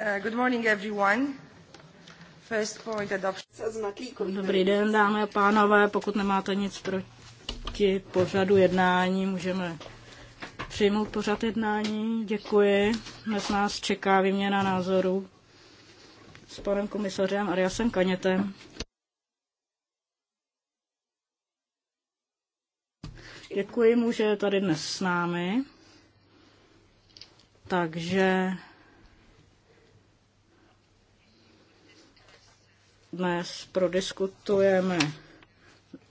Uh, Dobrý den, dámy a pánové, pokud nemáte nic proti pořadu jednání, můžeme přijmout pořad jednání. Děkuji. Dnes nás čeká výměna názorů s panem komisařem Ariasem Kanětem. Děkuji mu, že je tady dnes s námi. Takže dnes prodiskutujeme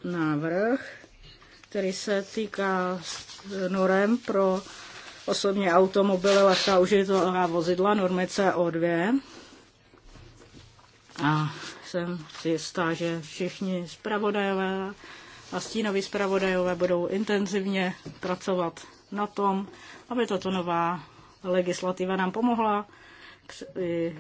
návrh, který se týká norem pro osobní automobily, lehká užitová vozidla, normy CO2. A jsem si jistá, že všichni zpravodajové a stínoví zpravodajové budou intenzivně pracovat na tom, aby tato nová legislativa nám pomohla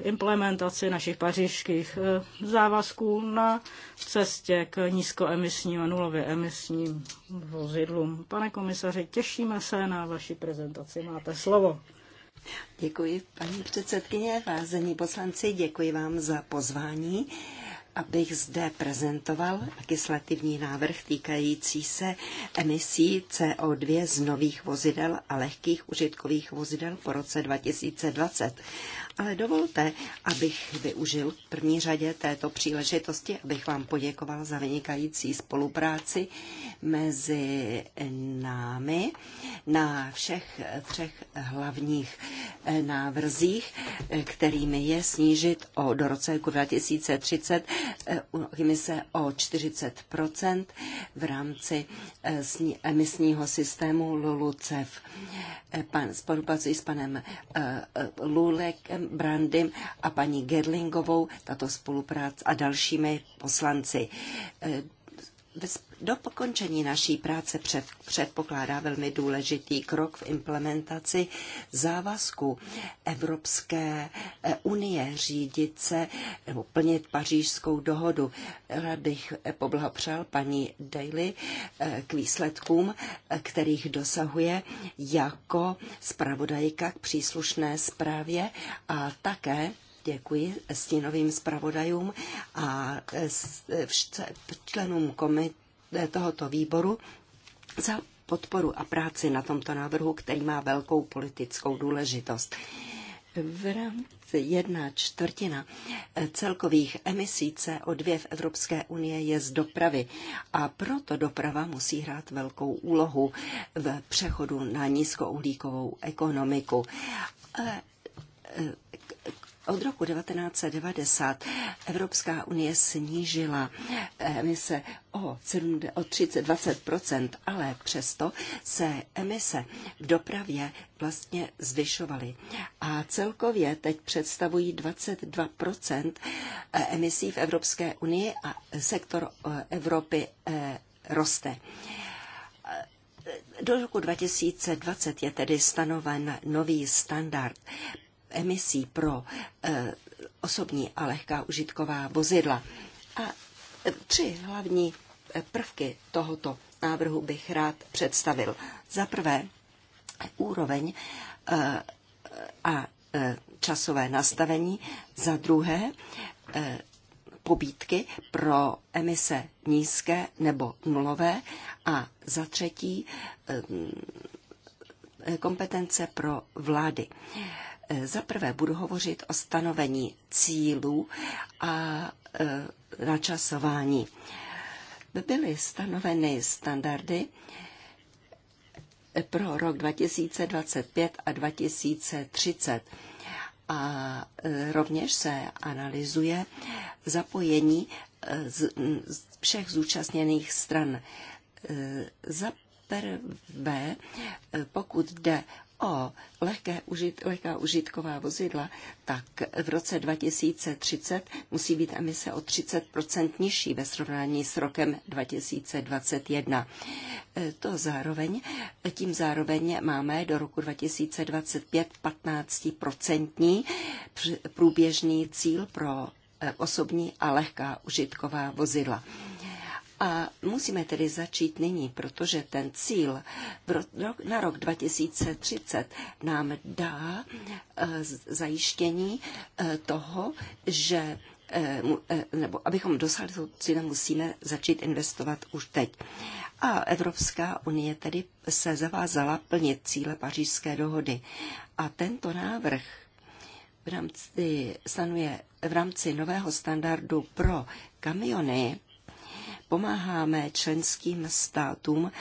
implementaci našich pařížských eh, závazků na cestě k nízkoemisním a nulově emisním vozidlům. Pane komisaři, těšíme se na vaši prezentaci. Máte slovo. Děkuji, paní předsedkyně, vázení poslanci, děkuji vám za pozvání abych zde prezentoval legislativní návrh týkající se emisí CO2 z nových vozidel a lehkých užitkových vozidel po roce 2020. Ale dovolte, abych využil v první řadě této příležitosti, abych vám poděkoval za vynikající spolupráci mezi námi na všech třech hlavních eh, návrzích, kterými je snížit o, do roce 2030 emise o 40 v rámci eh, emisního systému LULUCEF. Eh, pan, spolupracuji s panem Lulek, Brandym a paní Gerlingovou, tato spolupráce a dalšími poslanci. Eh, do pokončení naší práce předpokládá velmi důležitý krok v implementaci závazku Evropské eh, unie řídit se nebo plnit pařížskou dohodu. Rád bych eh, poblahopřál paní Daly eh, k výsledkům, kterých dosahuje jako zpravodajka k příslušné zprávě a také děkuji stínovým zpravodajům a členům komit tohoto výboru za podporu a práci na tomto návrhu, který má velkou politickou důležitost. V rámci jedna čtvrtina eh, celkových emisí CO2 v Evropské unie je z dopravy a proto doprava musí hrát velkou úlohu v přechodu na nízkouhlíkovou ekonomiku eh, eh, od roku 1990 Evropská unie snížila emise o, o 30, 20%, ale přesto se emise v dopravě vlastně zvyšovaly. A celkově teď představují 22% eh, emisí v Evropské unii a sektor eh, Evropy eh, roste. Do roku 2020 je tedy stanoven nový standard emisí pro eh, osobní a lehká užitková vozidla. A eh, tři hlavní eh, prvky tohoto návrhu bych rád představil. Za prvé úroveň a časové nastavení, za druhé pobídky pro emise nízké nebo nulové a za třetí kompetence pro vlády. Za prvé budu hovořit o stanovení cílů a e, načasování. Byly stanoveny standardy pro rok 2025 a 2030 a e, rovněž se analyzuje zapojení e, z, všech zúčastněných stran. Za prvé, pokud jde o lehké, lehká užitková vozidla, tak v roce 2030 musí být emise o 30 nižší ve srovnání s rokem 2021. E, to zároveň, tím zároveň máme do roku 2025 15 průběžný cíl pro e, osobní a lehká užitková vozidla. A musíme tedy začít nyní, protože ten cíl na rok 2030 nám dá eh, zajištění eh, toho, že eh, nebo abychom dosáhli toho cíle, musíme začít investovat už teď. A Evropská unie tedy se zavázala plnit cíle pařížské dohody. A tento návrh v rámci, stanuje v rámci nového standardu pro kamiony pomáháme členským státům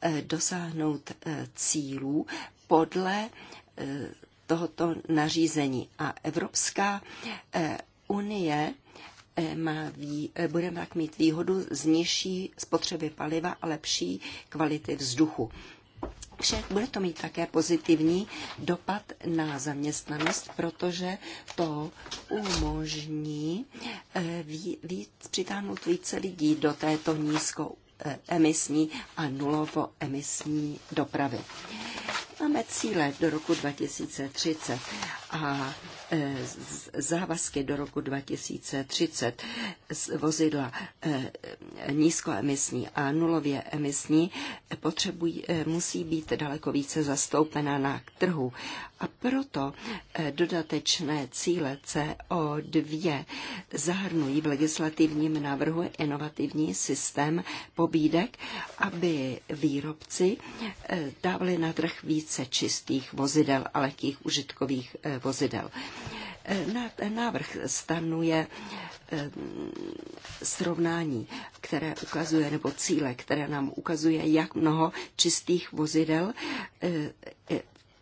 eh, dosáhnout eh, cílů podle eh, tohoto nařízení. A Evropská unie má, bude tak mít výhodu z nižší spotřeby paliva a lepší kvality vzduchu všech. Bude to mít také pozitivní dopad na zaměstnanost, protože to umožní eh, víc, přitáhnout více lidí do této nízkou emisní a nulovo emisní dopravy. Máme cíle do roku 2030 a Eh, závazky do roku 2030 vozidla eh, nízkoemisní a nulově emisní potřebují, eh, musí být daleko více zastoupena na trhu a proto eh, dodatečné cíle CO2 zahrnují v legislativním návrhu inovativní systém pobídek, aby výrobci eh, dávali na trh více čistých vozidel a lehkých užitkových eh, vozidel. Návrh stanuje srovnání, které ukazuje, nebo cíle, které nám ukazuje, jak mnoho čistých vozidel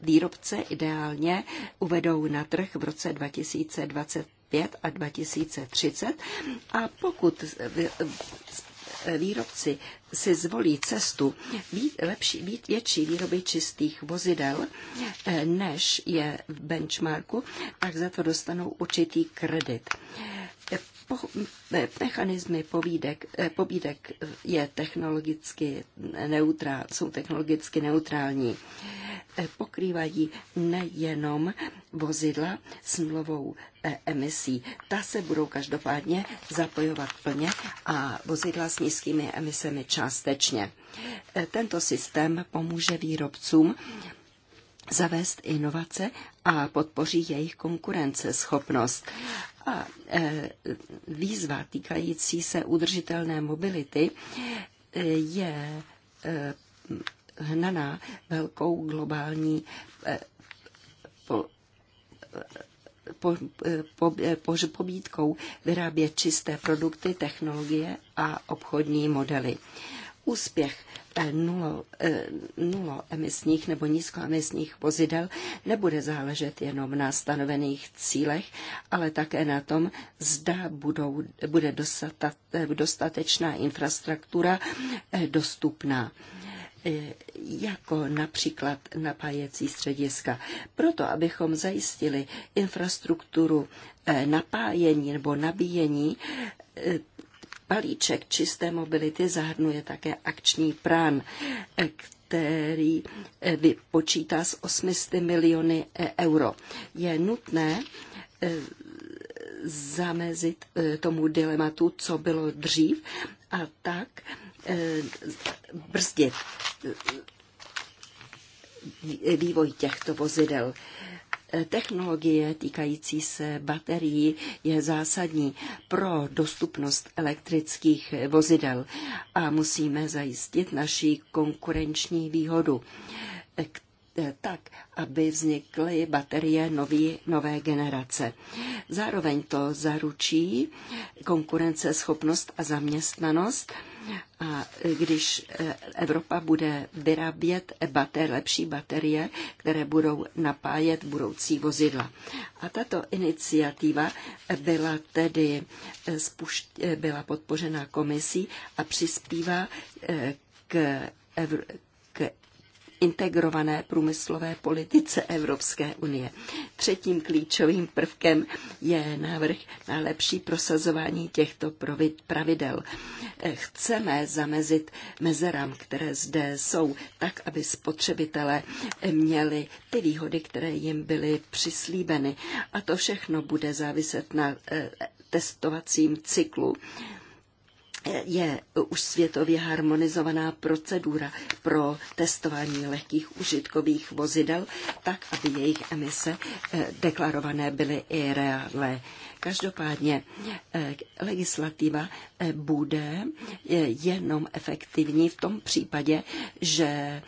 výrobce ideálně uvedou na trh v roce 2025 a 2030. A pokud výrobci si zvolí cestu být lepší, být větší výroby čistých vozidel, eh, než je v benchmarku, tak za to dostanou určitý kredit po, mechanismy povídek, eh, pobídek je technologicky neutrál, jsou technologicky neutrální. Eh, pokrývají nejenom vozidla s nulovou eh, emisí. Ta se budou každopádně zapojovat plně a vozidla s nízkými emisemi částečně. Tento systém pomůže výrobcům zavést inovace a podpoří jejich konkurenceschopnost. A e, výzva týkající se udržitelné mobility e, je e, hnaná velkou globální pobídkou vyrábět čisté produkty, technologie a obchodní modely. Úspěch nulo, eh, nuloemisních nebo nízkoemisních vozidel nebude záležet jenom na stanovených cílech, ale také na tom, zda budou, bude eh, dostatečná infrastruktura eh, dostupná jako například napájecí střediska. Proto, abychom zajistili infrastrukturu napájení nebo nabíjení, Balíček čisté mobility zahrnuje také akční plán, který eh, vypočítá s 800 miliony eh, euro. Je nutné eh, zamezit tomu dilematu, co bylo dřív, a tak brzdit vývoj těchto vozidel. Technologie týkající se baterií je zásadní pro dostupnost elektrických vozidel a musíme zajistit naší konkurenční výhodu tak, aby vznikly baterie nový, nové generace. Zároveň to zaručí konkurenceschopnost a zaměstnanost a když eh, Evropa bude vyrábět bater, lepší baterie, které budou napájet budoucí vozidla. A tato iniciativa byla tedy eh, spuště, eh, byla podpořena komisí a přispívá k, integrované průmyslové politice Evropské unie. Třetím klíčovým prvkem je návrh na lepší prosazování těchto pravidel. Eh, chceme zamezit mezerám, které zde jsou, tak, aby spotřebitelé měli ty výhody, které jim byly přislíbeny. A to všechno bude záviset na eh, testovacím cyklu je už světově harmonizovaná procedura pro testování lehkých užitkových vozidel, tak aby jejich emise eh, deklarované byly i reálné. Každopádně eh, legislativa eh, bude jenom efektivní v tom případě, že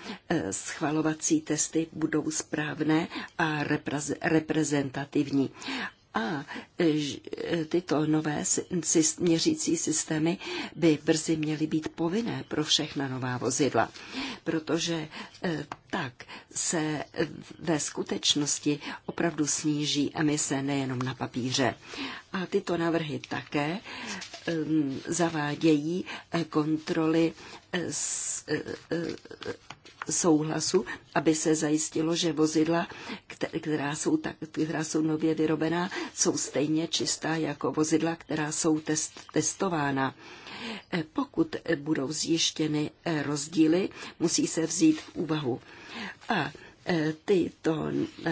schvalovací testy budou správné a reprezentativní a e, e, tyto nové měřící systémy by brzy měly být povinné pro všechna nová vozidla, protože e, tak se ve skutečnosti opravdu sníží emise nejenom na papíře. A tyto návrhy také zavádějí kontroly souhlasu, aby se zajistilo, že vozidla, která jsou, tak, která jsou nově vyrobená, jsou stejně čistá jako vozidla, která jsou test, testována. E, pokud budou zjištěny e, rozdíly, musí se vzít v úvahu. A Tyto,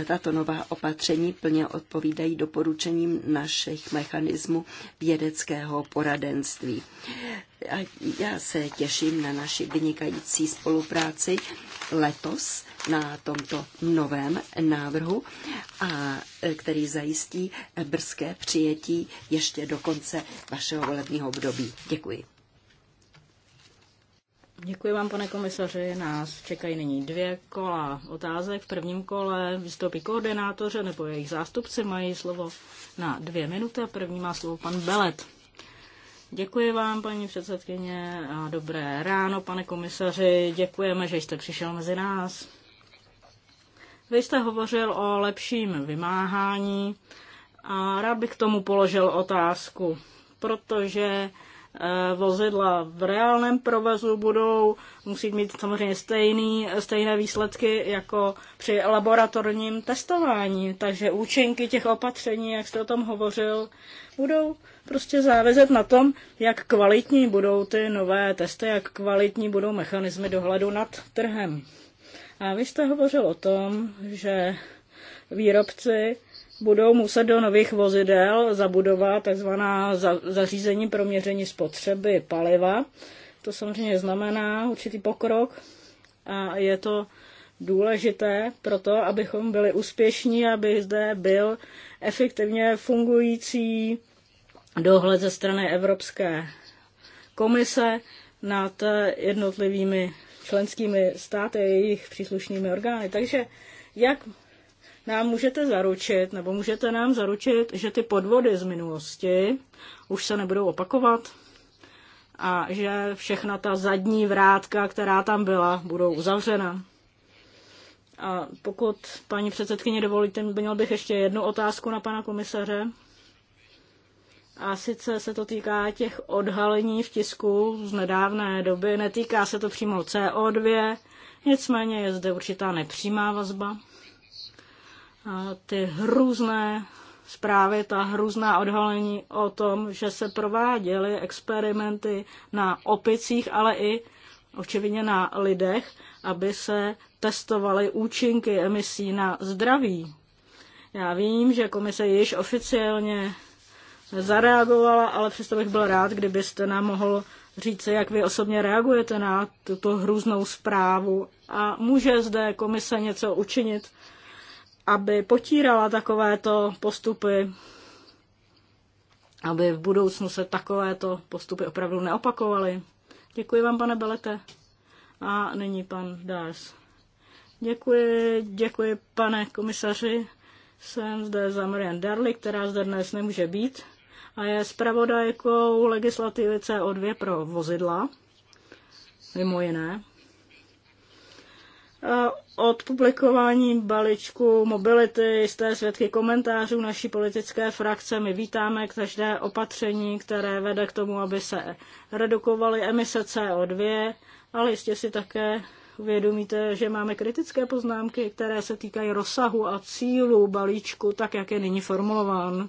tato nová opatření plně odpovídají doporučením našich mechanismů vědeckého poradenství. A já se těším na naši vynikající spolupráci letos na tomto novém návrhu, a e, který zajistí brzké přijetí ještě do konce vašeho volebního období. Děkuji. Děkuji vám, pane komisaři. Nás čekají nyní dvě kola otázek. V prvním kole vystoupí koordinátoře nebo jejich zástupci mají slovo na dvě minuty a první má slovo pan Belet. Děkuji vám, paní předsedkyně, a dobré ráno, pane komisaři. Děkujeme, že jste přišel mezi nás. Vy jste hovořil o lepším vymáhání a rád bych k tomu položil otázku, protože Eh, vozidla v reálném provozu budou musí mít samozřejmě stejný, stejné výsledky jako při laboratorním testování. Takže účinky těch opatření, jak jste o tom hovořil, budou prostě záviset na tom, jak kvalitní budou ty nové testy, jak kvalitní budou mechanismy dohledu nad trhem. A vy jste hovořil o tom, že výrobci budou muset do nových vozidel zabudovat tzv. zařízení pro měření spotřeby paliva. To samozřejmě znamená určitý pokrok a je to důležité pro to, abychom byli úspěšní, aby zde byl efektivně fungující dohled ze strany Evropské komise nad jednotlivými členskými státy a jejich příslušnými orgány. Takže jak nám můžete zaručit, nebo můžete nám zaručit, že ty podvody z minulosti už se nebudou opakovat a že všechna ta zadní vrátka, která tam byla, budou uzavřena. A pokud, paní předsedkyně, dovolíte, měl bych ještě jednu otázku na pana komisaře. A sice se to týká těch odhalení v tisku z nedávné doby, netýká se to přímo CO2, nicméně je zde určitá nepřímá vazba ty hrůzné zprávy, ta hrůzná odhalení o tom, že se prováděly experimenty na opicích, ale i očividně na lidech, aby se testovaly účinky emisí na zdraví. Já vím, že komise již oficiálně zareagovala, ale přesto bych byl rád, kdybyste nám mohl říct, jak vy osobně reagujete na tuto hrůznou zprávu a může zde komise něco učinit aby potírala takovéto postupy, aby v budoucnu se takovéto postupy opravdu neopakovaly. Děkuji vám, pane Belete. A nyní pan Dars. Děkuji, děkuji, pane komisaři. Jsem zde za Marian Darly, která zde dnes nemůže být a je zpravodajkou legislativy CO2 pro vozidla, mimo jiné. Eh, od publikování balíčku mobility jste svědky komentářů naší politické frakce. My vítáme každé opatření, které vede k tomu, aby se redukovaly emise CO2, ale jistě si také uvědomíte, že máme kritické poznámky, které se týkají rozsahu a cílu balíčku, tak jak je nyní formulován.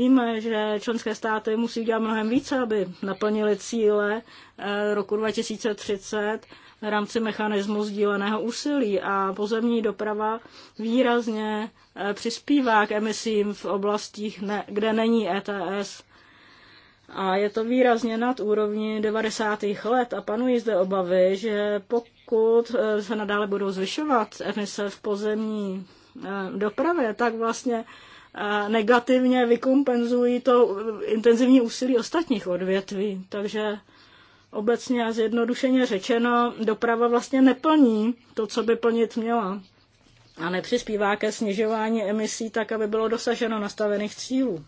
Víme, že členské státy musí dělat mnohem více, aby naplnili cíle eh, roku 2030 v rámci mechanismu sdíleného úsilí a pozemní doprava výrazně eh, přispívá k emisím v oblastích, kde není ETS. A je to výrazně nad úrovni 90. let a panují zde obavy, že pokud eh, se nadále budou zvyšovat emise v pozemní dopravě, tak vlastně negativně vykompenzují to intenzivní úsilí ostatních odvětví. Takže obecně a zjednodušeně řečeno, doprava vlastně neplní to, co by plnit měla a nepřispívá ke snižování emisí tak, aby bylo dosaženo nastavených cílů.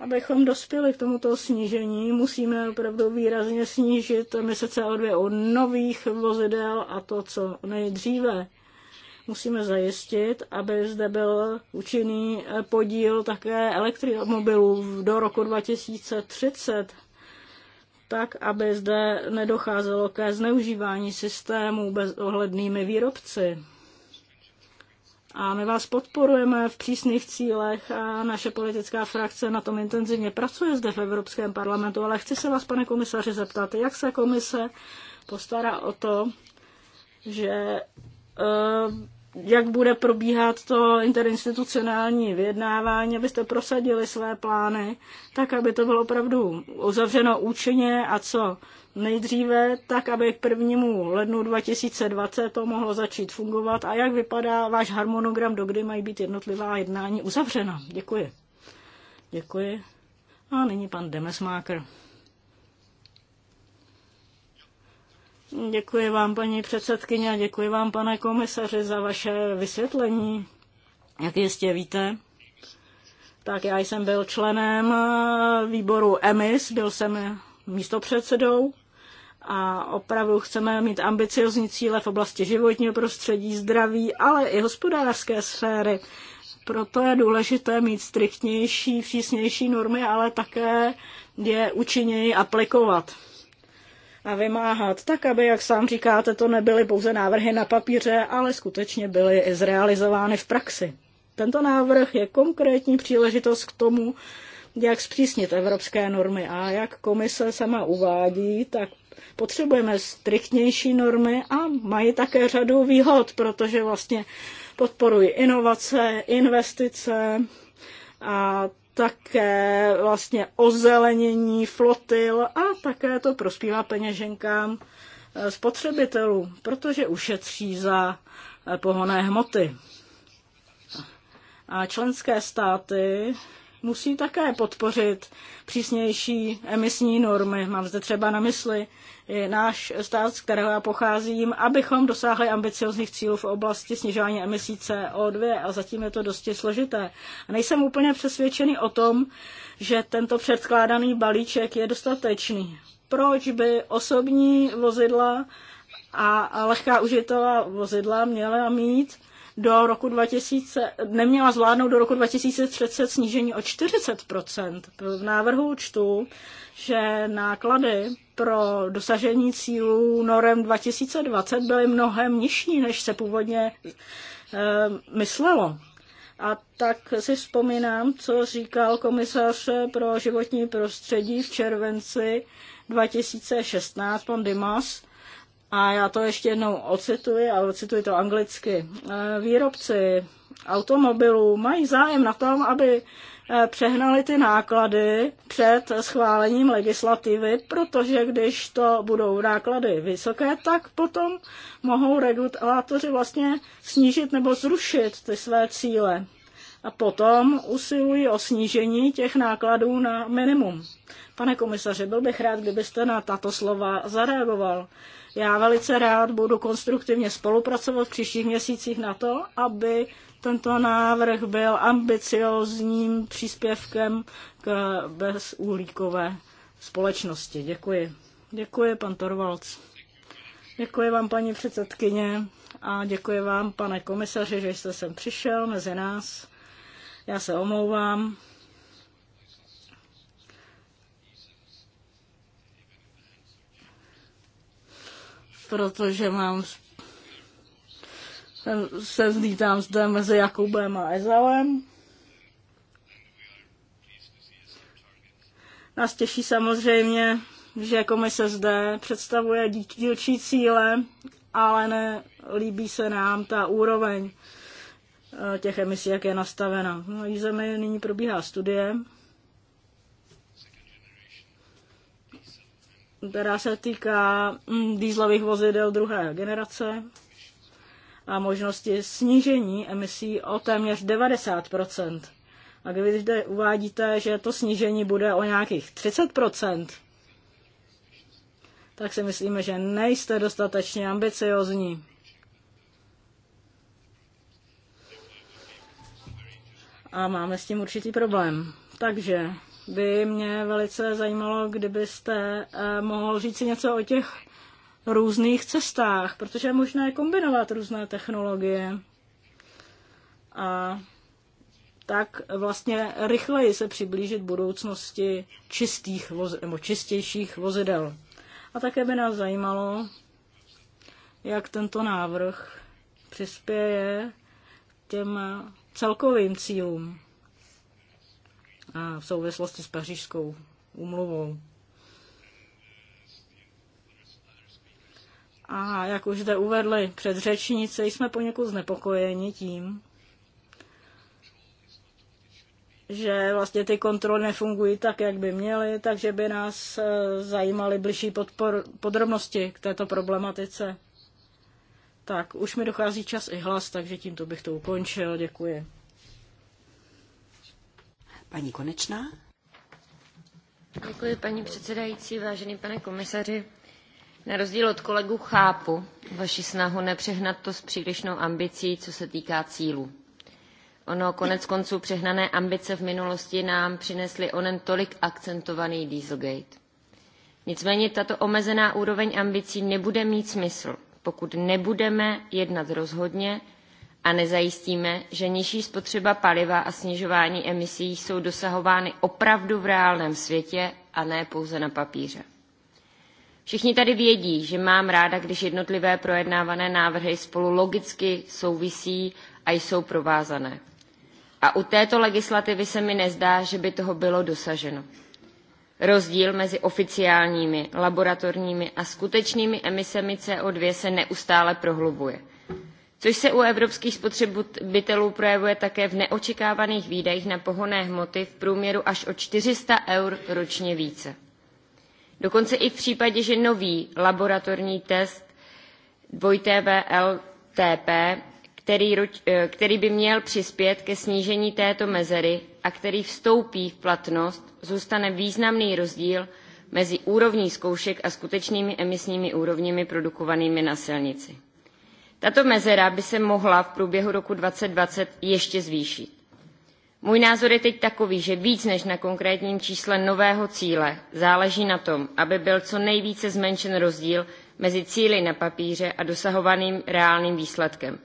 Abychom dospěli k tomuto snížení, musíme opravdu výrazně snížit emise CO2 od nových vozidel a to, co nejdříve musíme zajistit, aby zde byl účinný eh, podíl také elektromobilů do roku 2030, tak aby zde nedocházelo ke zneužívání systému bezohlednými výrobci. A my vás podporujeme v přísných cílech a naše politická frakce na tom intenzivně pracuje zde v Evropském parlamentu, ale chci se vás, pane komisaři, zeptat, jak se komise postará o to, že eh, jak bude probíhat to interinstitucionální vyjednávání, abyste prosadili své plány, tak aby to bylo opravdu uzavřeno účinně a co nejdříve, tak aby k prvnímu lednu 2020 to mohlo začít fungovat a jak vypadá váš harmonogram, do kdy mají být jednotlivá jednání uzavřena. Děkuji. Děkuji. A nyní pan Demesmáker. Děkuji vám, paní předsedkyně, a děkuji vám, pane komisaři, za vaše vysvětlení. Jak jistě víte, tak já jsem byl členem výboru EMIS, byl jsem místopředsedou a opravdu chceme mít ambiciozní cíle v oblasti životního prostředí, zdraví, ale i hospodářské sféry. Proto je důležité mít striktnější, přísnější normy, ale také je učiněji aplikovat a vymáhat, tak aby, jak sám říkáte, to nebyly pouze návrhy na papíře, ale skutečně byly i zrealizovány v praxi. Tento návrh je konkrétní příležitost k tomu, jak zpřísnit evropské normy a jak komise sama uvádí, tak potřebujeme striktnější normy a mají také řadu výhod, protože vlastně podporují inovace, investice a také vlastně ozelenění flotil a také to prospívá peněženkám eh, spotřebitelů, protože ušetří za eh, pohoné hmoty. A členské státy musí také podpořit přísnější emisní normy. Mám zde třeba na mysli náš stát, z kterého já pocházím, abychom dosáhli ambiciozních cílů v oblasti snižování emisí CO2 a zatím je to dosti složité. A nejsem úplně přesvědčený o tom, že tento předkládaný balíček je dostatečný. Proč by osobní vozidla a lehká užitová vozidla měla mít do roku 2000, neměla zvládnout do roku 2030 snížení o 40 V návrhu čtu, že náklady pro dosažení cílů norem 2020 byly mnohem nižší, než se původně e, myslelo. A tak si vzpomínám, co říkal komisař pro životní prostředí v červenci 2016, pan Dimas, a já to ještě jednou ocituji a ocituji to anglicky. E, Výrobci automobilů mají zájem na tom, aby e, přehnali ty náklady před schválením legislativy, protože když to budou náklady vysoké, tak potom mohou regulátoři vlastně snížit nebo zrušit ty své cíle. A potom usilují o snížení těch nákladů na minimum. Pane komisaři, byl bych rád, kdybyste na tato slova zareagoval. Já velice rád budu konstruktivně spolupracovat v příštích měsících na to, aby tento návrh byl ambiciozním příspěvkem k bezúhlíkové společnosti. Děkuji. Děkuji, pan Torvalc. Děkuji vám, paní předsedkyně, a děkuji vám, pane komisaři, že jste sem přišel mezi nás. Já se omlouvám, protože mám se zlítám zde mezi Jakubem a Ezalem. Nás těší samozřejmě, že komise zde představuje dílčí cíle, ale ne líbí se nám ta úroveň eh, těch emisí, jak je nastavena. V zemi nyní probíhá studie, která se týká mm, dýzlových vozidel druhé generace a možnosti snížení emisí o téměř 90 A když zde uvádíte, že to snížení bude o nějakých 30 tak si myslíme, že nejste dostatečně ambiciozní. A máme s tím určitý problém. Takže by mě velice zajímalo, kdybyste eh, mohl říct si něco o těch různých cestách, protože je možné kombinovat různé technologie. A tak vlastně rychleji se přiblížit budoucnosti čistých voz, nebo čistějších vozidel. A také by nás zajímalo, jak tento návrh přispěje k těm celkovým cílům v souvislosti s pařížskou úmluvou. A jak už zde uvedli předřečníci, jsme poněkud znepokojeni tím, že vlastně ty kontroly nefungují tak, jak by měly, takže by nás eh, zajímaly bližší podpor, podrobnosti k této problematice. Tak, už mi dochází čas i hlas, takže tímto bych to ukončil. Děkuji. Paní Konečná. Děkuji, paní předsedající, vážený pane komisaři. Na rozdíl od kolegů chápu vaši snahu nepřehnat to s přílišnou ambicí, co se týká cílů. Ono konec konců přehnané ambice v minulosti nám přinesly onen tolik akcentovaný Dieselgate. Nicméně tato omezená úroveň ambicí nebude mít smysl, pokud nebudeme jednat rozhodně a nezajistíme, že nižší spotřeba paliva a snižování emisí jsou dosahovány opravdu v reálném světě a ne pouze na papíře. Všichni tady vědí, že mám ráda, když jednotlivé projednávané návrhy spolu logicky souvisí a jsou provázané. A u této legislativy se mi nezdá, že by toho bylo dosaženo. Rozdíl mezi oficiálními, laboratorními a skutečnými emisemi CO2 se neustále prohlubuje – což se u evropských spotřebitelů projevuje také v neočekávaných výdajích na pohonné hmoty v průměru až o 400 eur ročně více. Dokonce i v případě, že nový laboratorní test 2TVLTP, který, eh, který by měl přispět ke snížení této mezery a který vstoupí v platnost, zůstane významný rozdíl mezi úrovní zkoušek a skutečnými emisními úrovněmi produkovanými na silnici tato mezera by se mohla v průběhu roku 2020 ještě zvýšit. Můj názor je teď takový, že víc než na konkrétním čísle nového cíle záleží na tom, aby byl co nejvíce zmenšen rozdíl mezi cíli na papíře a dosahovaným reálným výsledkem.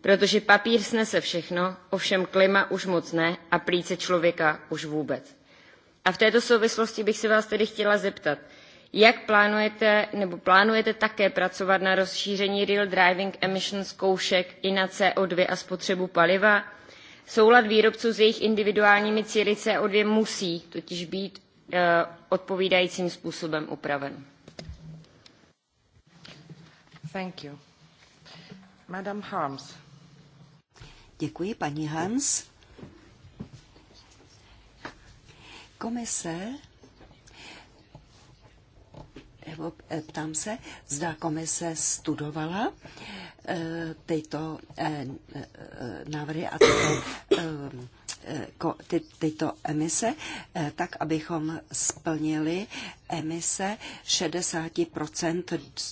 Protože papír snese všechno, ovšem klima už moc ne a plíce člověka už vůbec. A v této souvislosti bych se vás tedy chtěla zeptat, jak plánujete nebo plánujete také pracovat na rozšíření real driving emission zkoušek i na CO2 a spotřebu paliva? Soulad výrobců s jejich individuálními cíli CO2 musí totiž být eh, odpovídajícím způsobem upraven. Thank you. Madam Harms. Děkuji, paní Hans. Komise nebo eh, ptám se, zda komise studovala eh, tyto eh, návrhy a tyto, tyto emise, tak abychom splnili emise 60%,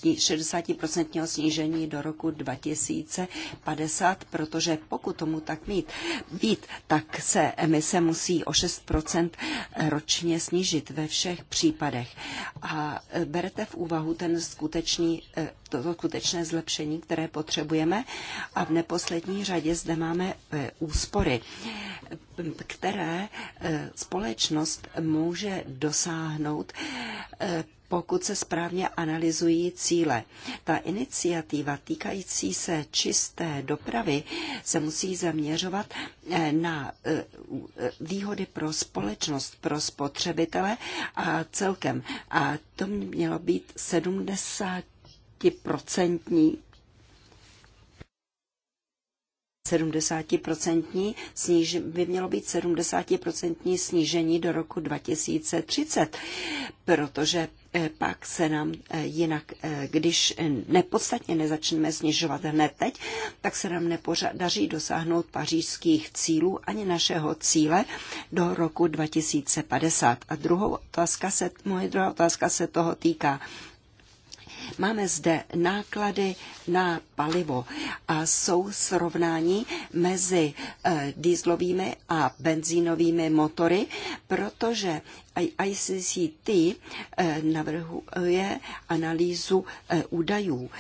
60% snížení do roku 2050, protože pokud tomu tak mít, být, tak se emise musí o 6% ročně snížit ve všech případech. A e, berete v úvahu ten skutečný e, toto skutečné zlepšení, které potřebujeme. A v neposlední řadě zde máme e, úspory které eh, společnost může dosáhnout, eh, pokud se správně analyzují cíle. Ta iniciativa týkající se čisté dopravy se musí zaměřovat eh, na výhody pro společnost, pro spotřebitele a celkem. A to mělo být 70% 70% sníž, by mělo být 70% snížení do roku 2030, protože eh, pak se nám eh, jinak, eh, když nepodstatně nezačneme snižovat hned teď, tak se nám nepodaří dosáhnout pařížských cílů ani našeho cíle do roku 2050. A druhou otázka se, moje druhá otázka se toho týká. Máme zde náklady na palivo a jsou srovnání mezi eh, dýzlovými a benzínovými motory, protože ICCT eh, navrhuje analýzu eh, údajů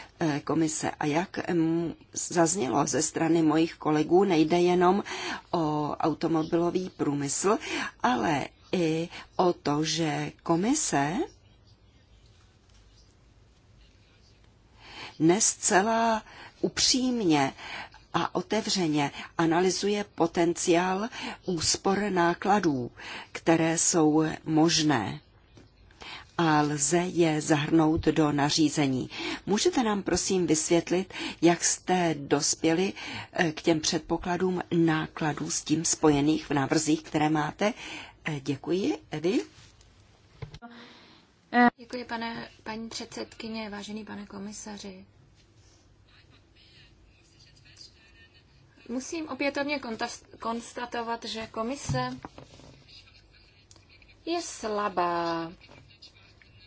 komise. A jak mm, zaznělo ze strany mojich kolegů, nejde jenom o automobilový průmysl, ale i o to, že komise nescela upřímně a otevřeně analyzuje potenciál úspor nákladů, které jsou možné a lze je zahrnout do nařízení. Můžete nám prosím vysvětlit, jak jste dospěli eh, k těm předpokladům nákladů s tím spojených v návrzích, které máte? Eh, děkuji, Evi. Děkuji, pane, paní předsedkyně, vážený pane komisaři. Musím opětovně konstatovat, že komise je slabá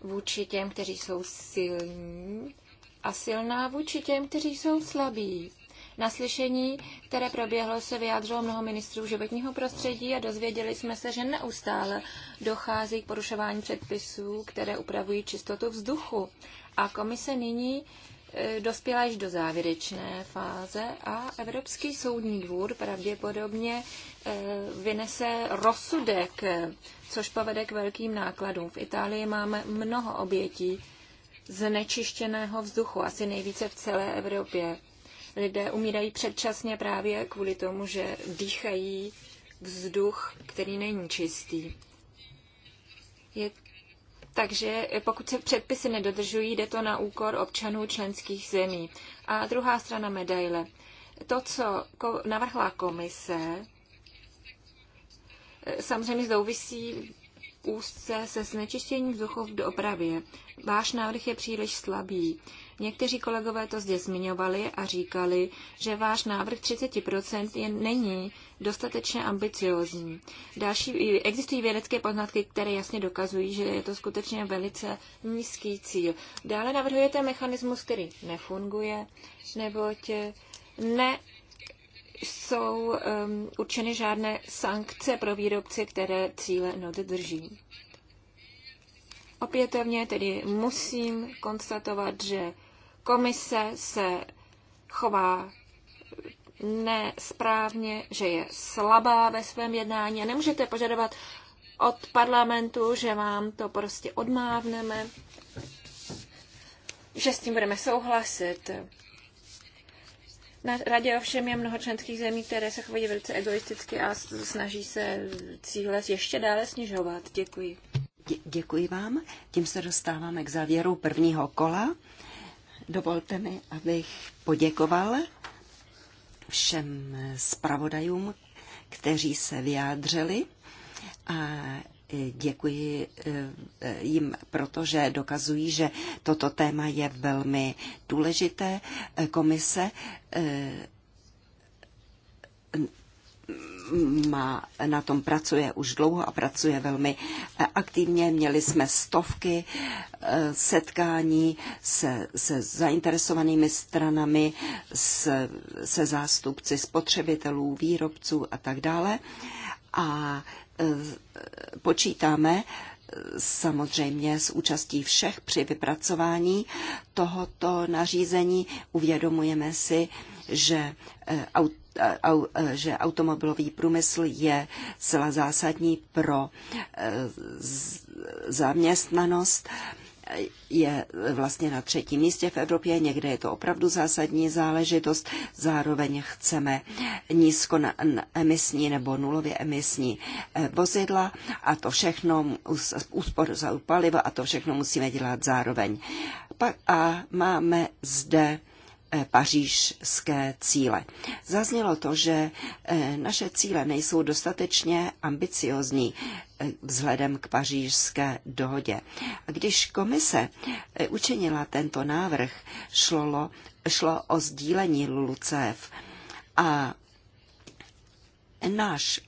vůči těm, kteří jsou silní a silná vůči těm, kteří jsou slabí. Na slyšení, které proběhlo, se vyjádřilo mnoho ministrů životního prostředí a dozvěděli jsme se, že neustále dochází k porušování předpisů, které upravují čistotu vzduchu. A komise nyní e, dospěla již do závěrečné fáze a Evropský soudní dvůr pravděpodobně e, vynese rozsudek, e, což povede k velkým nákladům. V Itálii máme mnoho obětí znečištěného vzduchu, asi nejvíce v celé Evropě. Lidé umírají předčasně právě kvůli tomu, že dýchají vzduch, který není čistý. Je takže pokud se předpisy nedodržují, jde to na úkor občanů členských zemí. A druhá strana medaile. To, co navrhla komise, samozřejmě souvisí úzce se znečištěním vzduchu v dopravě. Váš návrh je příliš slabý. Někteří kolegové to zde zmiňovali a říkali, že váš návrh 30% je, není dostatečně ambiciozní. Další, existují vědecké poznatky, které jasně dokazují, že je to skutečně velice nízký cíl. Dále navrhujete mechanismus, který nefunguje, neboť eh, ne jsou um, určeny žádné sankce pro výrobce, které cíle nedodrží. Opětovně tedy musím konstatovat, že komise se chová nesprávně, že je slabá ve svém jednání a nemůžete požadovat od parlamentu, že vám to prostě odmávneme, že s tím budeme souhlasit. Na radě ovšem je mnoho členských zemí, které se chovají velice egoisticky a snaží se cíle ještě dále snižovat. Děkuji. Děkuji vám. Tím se dostáváme k závěru prvního kola. Dovolte mi, abych poděkoval všem zpravodajům, kteří se vyjádřili a děkuji eh, jim, protože dokazují, že toto téma je velmi důležité. Komise eh, má, na tom pracuje už dlouho a pracuje velmi eh, aktivně. Měli jsme stovky eh, setkání se, se zainteresovanými stranami, se, se zástupci spotřebitelů, výrobců a tak dále. A eh, počítáme, samozřejmě s účastí všech při vypracování tohoto nařízení. Uvědomujeme si, že že automobilový průmysl je zcela zásadní pro e, zaměstnanost je vlastně na třetím místě v Evropě, někde je to opravdu zásadní záležitost, zároveň chceme nízkoemisní nebo nulově emisní e, vozidla a to všechno, úspor za paliva a to všechno musíme dělat zároveň. Pak a máme zde Eh, pařížské cíle. Zaznělo to, že eh, naše cíle nejsou dostatečně ambiciozní eh, vzhledem k pařížské dohodě. A když komise učinila tento návrh, šlo, šlo o sdílení LULUCEF a náš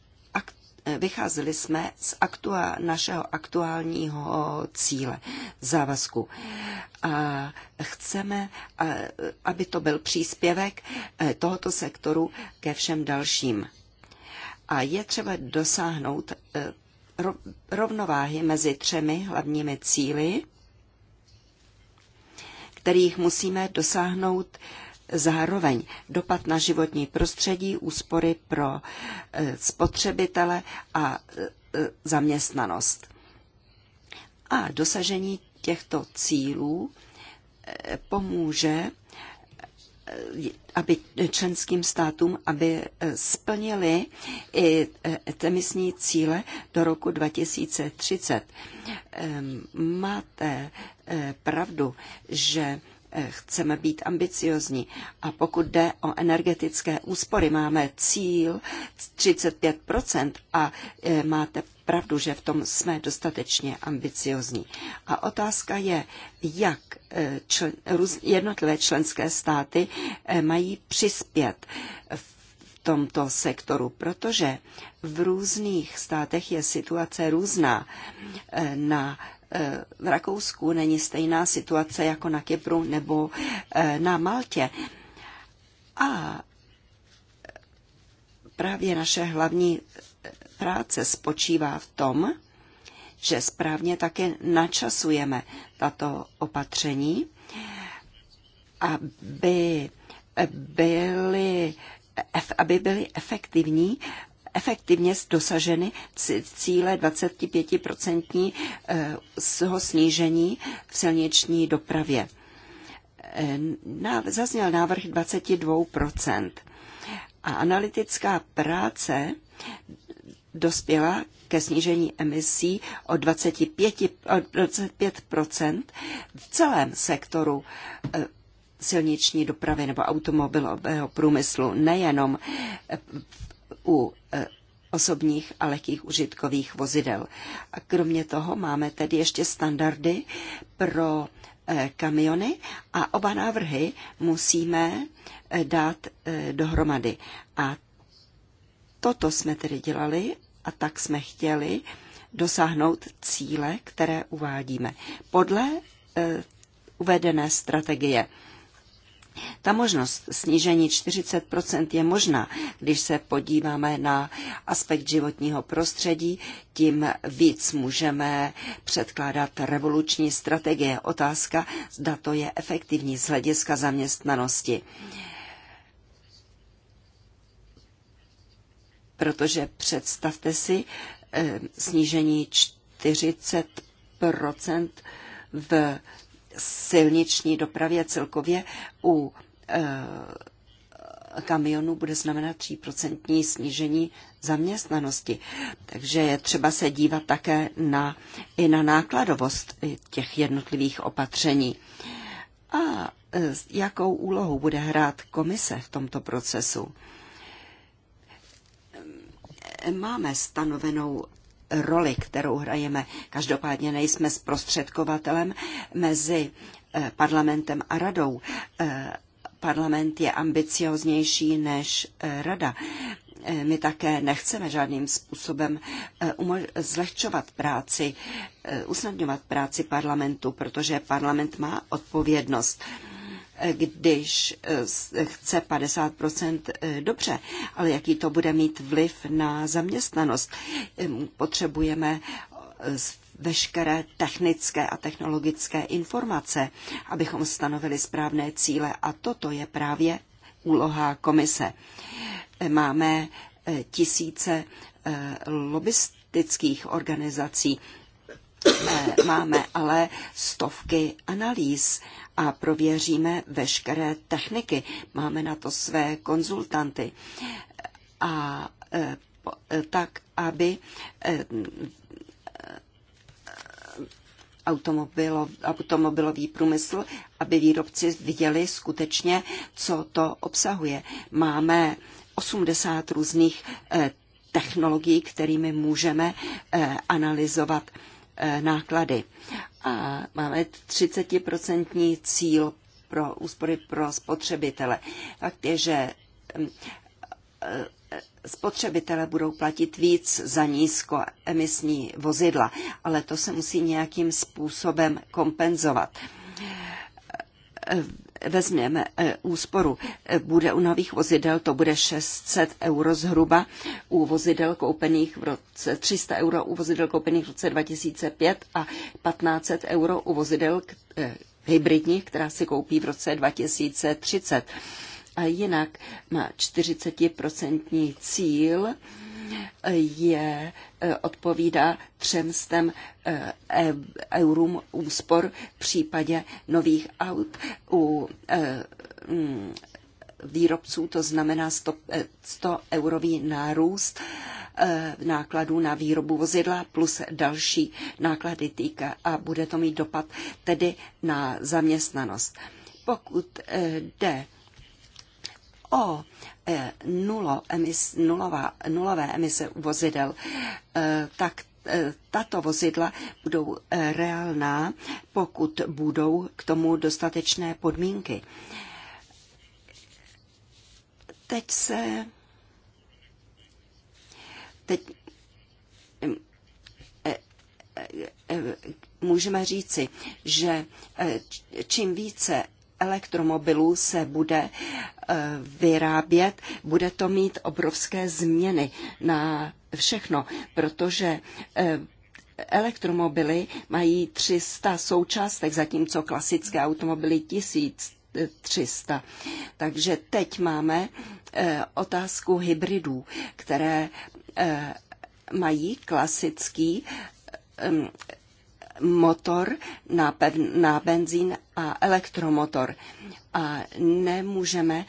vycházeli jsme z aktua, našeho aktuálního cíle, závazku. A chceme, aby to byl příspěvek e, tohoto sektoru ke všem dalším. A je třeba dosáhnout e, rovnováhy mezi třemi hlavními cíly, kterých musíme dosáhnout zároveň dopad na životní prostředí, úspory pro e, spotřebitele a e, e, zaměstnanost. A dosažení těchto cílů pomůže aby členským státům, aby splnili i emisní cíle do roku 2030. Ehm, máte pravdu, že Eh, chceme být ambiciozní. A pokud jde o energetické úspory, máme cíl 35 a eh, máte pravdu, že v tom jsme dostatečně ambiciozní. A otázka je, jak eh, člen, jednotlivé členské státy mají přispět v tomto sektoru, protože v různých státech je situace různá na Eh, v Rakousku není stejná situace jako na Kypru nebo eh, na Maltě. A právě naše hlavní eh, práce spočívá v tom, že správně také načasujeme tato opatření, aby byly, aby byly efektivní efektivně dosaženy cíle 25% eh, snížení v silniční dopravě. Eh, zazněl návrh 22%. A analytická práce dospěla ke snížení emisí o 25, o 25 v celém sektoru eh, silniční dopravy nebo automobilového průmyslu, nejenom u e, osobních a lehkých užitkových vozidel. A kromě toho máme tedy ještě standardy pro e, kamiony a oba návrhy musíme e, dát dohromady. A toto jsme tedy dělali a tak jsme chtěli dosáhnout cíle, které uvádíme podle uvedené strategie. Ta možnost snížení 40 je možná, když se podíváme na aspekt životního prostředí, tím víc můžeme předkládat revoluční strategie. Otázka, zda to je efektivní z hlediska zaměstnanosti. Protože představte si eh, snížení 40 v silniční dopravě celkově u eh, kamionů bude znamenat 3% snížení zaměstnanosti. Takže je třeba se dívat také na, i na nákladovost těch jednotlivých opatření. A eh, jakou úlohu bude hrát komise v tomto procesu? Máme stanovenou roli, kterou hrajeme. Každopádně nejsme zprostředkovatelem mezi eh, parlamentem a radou. Eh, parlament je ambicioznější než eh, rada. My také nechceme žádným způsobem zlehčovat práci, usnadňovat práci parlamentu, protože parlament má odpovědnost když eh, chce 50 eh, dobře, ale jaký to bude mít vliv na zaměstnanost. Potřebujeme eh, veškeré technické a technologické informace, abychom stanovili správné cíle a toto je právě úloha komise. Máme tisíce lobistických organizací, máme ale stovky analýz a prověříme veškeré techniky. Máme na to své konzultanty. A e, e, tak, aby e, automobilový průmysl, aby výrobci viděli skutečně, co to obsahuje. Máme 80 různých technologií, kterými můžeme analyzovat náklady a máme 30% cíl pro úspory pro spotřebitele. Fakt je, že e, spotřebitele budou platit víc za nízkoemisní vozidla, ale to se musí nějakým způsobem kompenzovat vezměme e, úsporu, e, bude u nových vozidel, to bude 600 euro zhruba, u vozidel koupených v roce 300 euro u vozidel koupených v roce 2005 a 1500 euro u vozidel e, hybridních, která si koupí v roce 2030. A jinak má 40% cíl je, eh, odpovídá třemstem eh, eurům úspor v případě nových aut. U eh, mm, výrobců to znamená 100, 100 eurový nárůst nákladů na výrobu vozidla plus další náklady týka a bude to mít dopad tedy na zaměstnanost. Pokud jde o nulo emis, nulová, nulové emise vozidel, eh, tak eh, tato vozidla budou eh, reálná, pokud budou k tomu dostatečné podmínky. Teď se... Teď můžeme říci, že čím více elektromobilů se bude eh, vyrábět, bude to mít obrovské změny na všechno, protože eh, elektromobily mají 300 součástek, zatímco klasické automobily 1300. Takže teď máme eh, otázku hybridů, které mají klasický motor na, pev, na benzín a elektromotor. A nemůžeme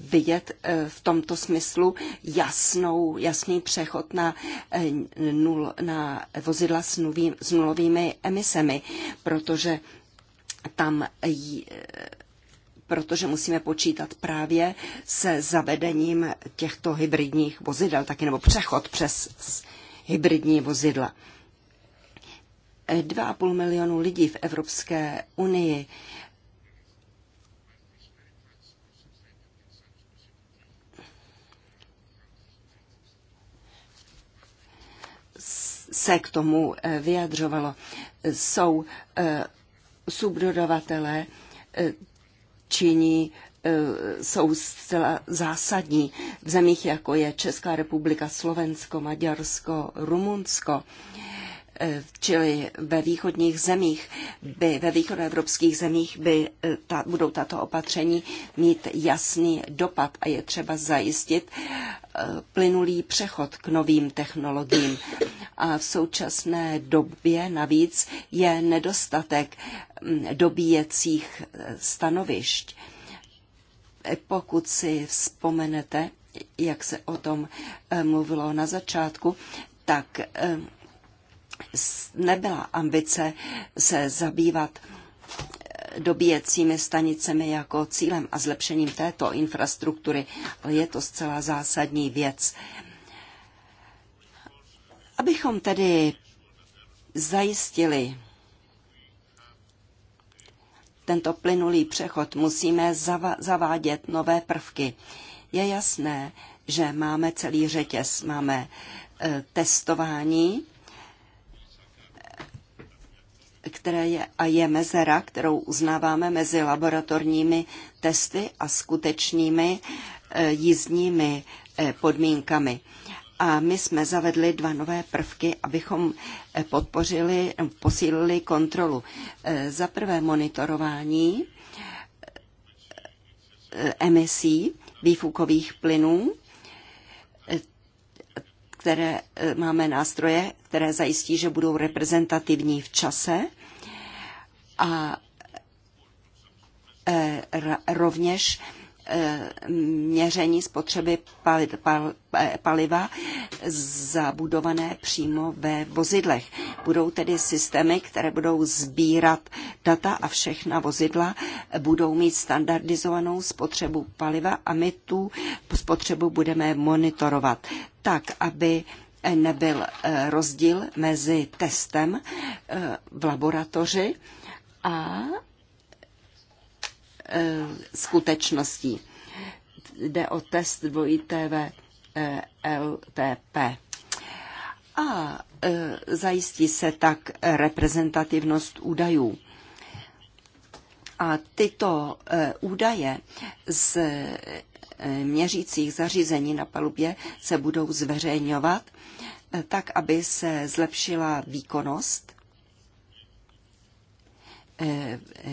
vidět e, v tomto smyslu jasnou, jasný přechod na, e, nul, na vozidla s, nový, s nulovými emisemi, protože tam jí, e, protože musíme počítat právě se zavedením těchto hybridních vozidel, taky nebo přechod přes hybridní vozidla. 2,5 milionu lidí v Evropské unii. se k tomu eh, vyjadřovalo. Jsou eh, subdodavatele, eh, činí jsou zcela zásadní v zemích, jako je Česká republika, Slovensko, Maďarsko, Rumunsko čili ve východních zemích, by, ve východoevropských zemích by e, ta, budou tato opatření mít jasný dopad a je třeba zajistit e, plynulý přechod k novým technologiím. A v současné době navíc je nedostatek dobíjecích e, stanovišť. Pokud si vzpomenete, jak se o tom mluvilo na začátku, tak nebyla ambice se zabývat eh, dobíjecími stanicemi jako cílem a zlepšením této infrastruktury, ale je to zcela zásadní věc. Abychom tedy zajistili tento plynulý přechod, musíme zavádět nové prvky. Je jasné, že máme celý řetěz, máme eh, testování, které je, a je mezera, kterou uznáváme mezi laboratorními testy a skutečnými eh, jízdními eh, podmínkami. A my jsme zavedli dva nové prvky, abychom eh, podpořili, posílili kontrolu. Za prvé monitorování emisí výfukových plynů které eh, máme nástroje, které zajistí, že budou reprezentativní v čase a eh, rovněž měření spotřeby paliva zabudované přímo ve vozidlech. Budou tedy systémy, které budou sbírat data a všechna vozidla budou mít standardizovanou spotřebu paliva a my tu spotřebu budeme monitorovat tak, aby nebyl eh, rozdíl mezi testem eh, v laboratoři a Eh, skutečností. Jde o test dvojité eh, LTP. A eh, zajistí se tak reprezentativnost údajů. A tyto údaje z měřících zařízení na palubě se budou zveřejňovat, tak aby se zlepšila výkonnost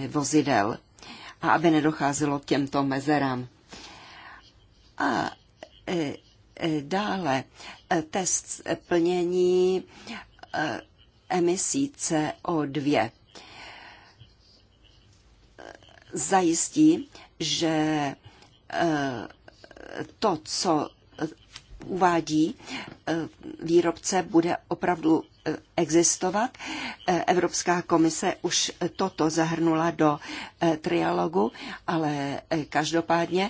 vozidel a aby nedocházelo k těmto mezerám. A e, e, dále e, test plnění emisí CO2 zajistí, že to, co uvádí výrobce, bude opravdu existovat. E, Evropská komise už toto zahrnula do e, trialogu, ale e, každopádně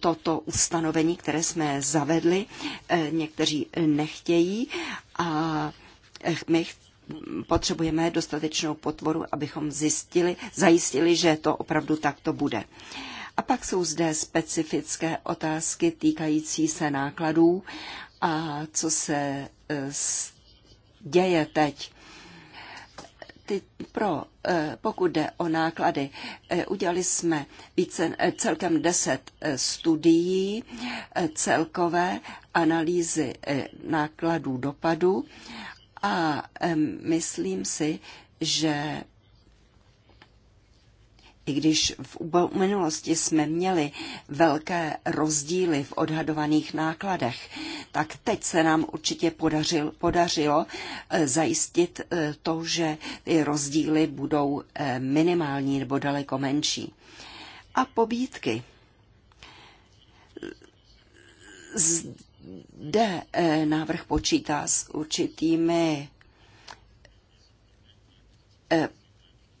toto ustanovení, které jsme zavedli, někteří nechtějí a my potřebujeme dostatečnou potvoru, abychom zjistili, zajistili, že to opravdu takto bude. A pak jsou zde specifické otázky týkající se nákladů a co se stane děje teď ty pro, eh, pokud jde o náklady, eh, udělali jsme více, eh, celkem 10 studií, celkové analýzy nákladů dopadu a myslím si, že i když v minulosti jsme měli velké rozdíly v odhadovaných nákladech, tak teď se nám určitě podařil, podařilo eh, zajistit eh, to, že ty rozdíly budou eh, minimální nebo daleko menší. A pobídky. Zde návrh počítá s určitými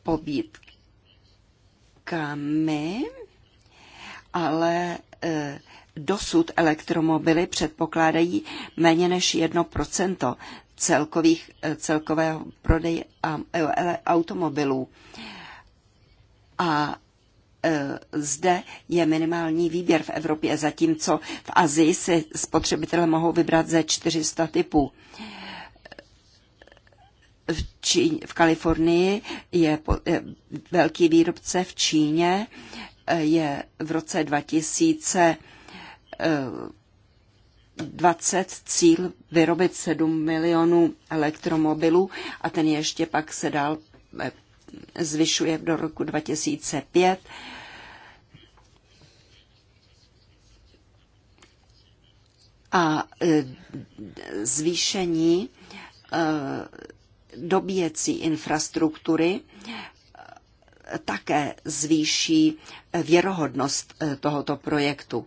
pobídkami my, ale e, dosud elektromobily předpokládají méně než 1% celkových, e, celkového prodeje e, automobilů. A zde je minimální výběr v Evropě, zatímco v Azii si spotřebitelé mohou vybrat ze 400 typů v, Číně, v Kalifornii je, po, je velký výrobce, v Číně e, je v roce 2020 e, cíl vyrobit 7 milionů elektromobilů a ten ještě pak se dál e, zvyšuje do roku 2005. A zvýšení dobíjecí infrastruktury také zvýší věrohodnost e, tohoto projektu.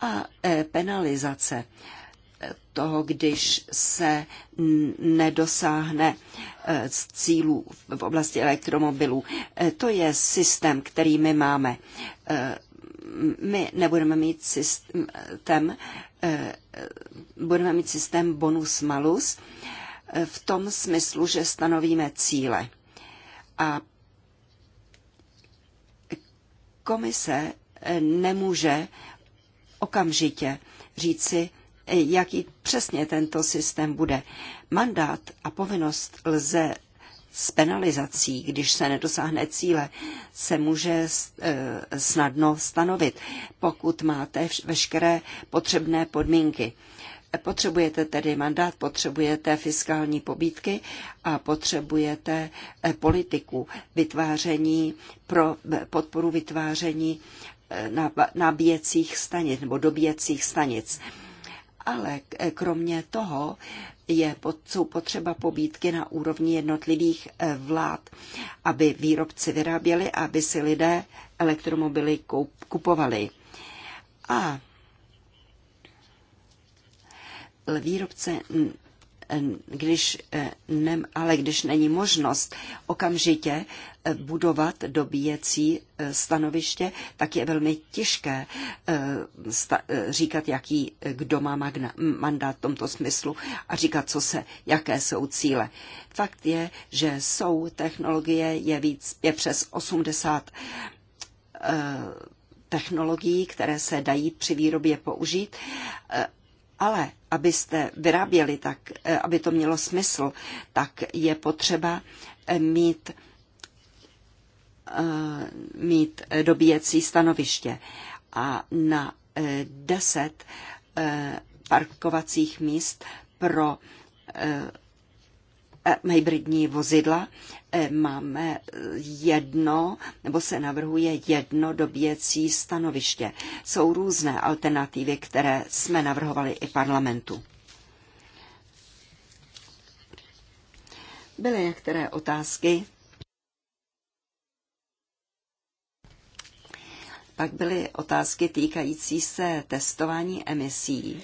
A e, penalizace e, toho, když se nedosáhne z cílů v oblasti elektromobilů. To je systém, který my máme. My nebudeme mít systém, budeme mít systém bonus-malus, v tom smyslu, že stanovíme cíle. A komise nemůže okamžitě říci, jaký přesně tento systém bude. Mandát a povinnost lze s penalizací, když se nedosáhne cíle, se může eh, snadno stanovit, pokud máte veškeré potřebné podmínky. Potřebujete tedy mandát, potřebujete fiskální pobídky a potřebujete eh, politiku vytváření pro eh, podporu vytváření eh, nabíjecích stanic nebo dobíjecích stanic. Ale kromě toho je, jsou potřeba pobídky na úrovni jednotlivých vlád, aby výrobci vyráběli, aby si lidé elektromobily kupovali. A výrobce když, e, ne, ale když není možnost okamžitě e, budovat dobíjecí e, stanoviště, tak je velmi těžké říkat, jaký, kdo má magna, mandát v tomto smyslu a říkat, co se, jaké jsou cíle. Fakt je, že jsou technologie, je, víc, je přes 80 technologií, které se dají při výrobě použít ale abyste vyráběli tak, eh, aby to mělo smysl, tak je potřeba eh, mít, eh, mít dobíjecí stanoviště. A na deset parkovacích míst pro hybridní vozidla Eh, máme jedno, nebo se navrhuje jedno dobíjecí stanoviště. Jsou různé alternativy, které jsme navrhovali i parlamentu. Byly některé otázky. Pak byly otázky týkající se testování emisí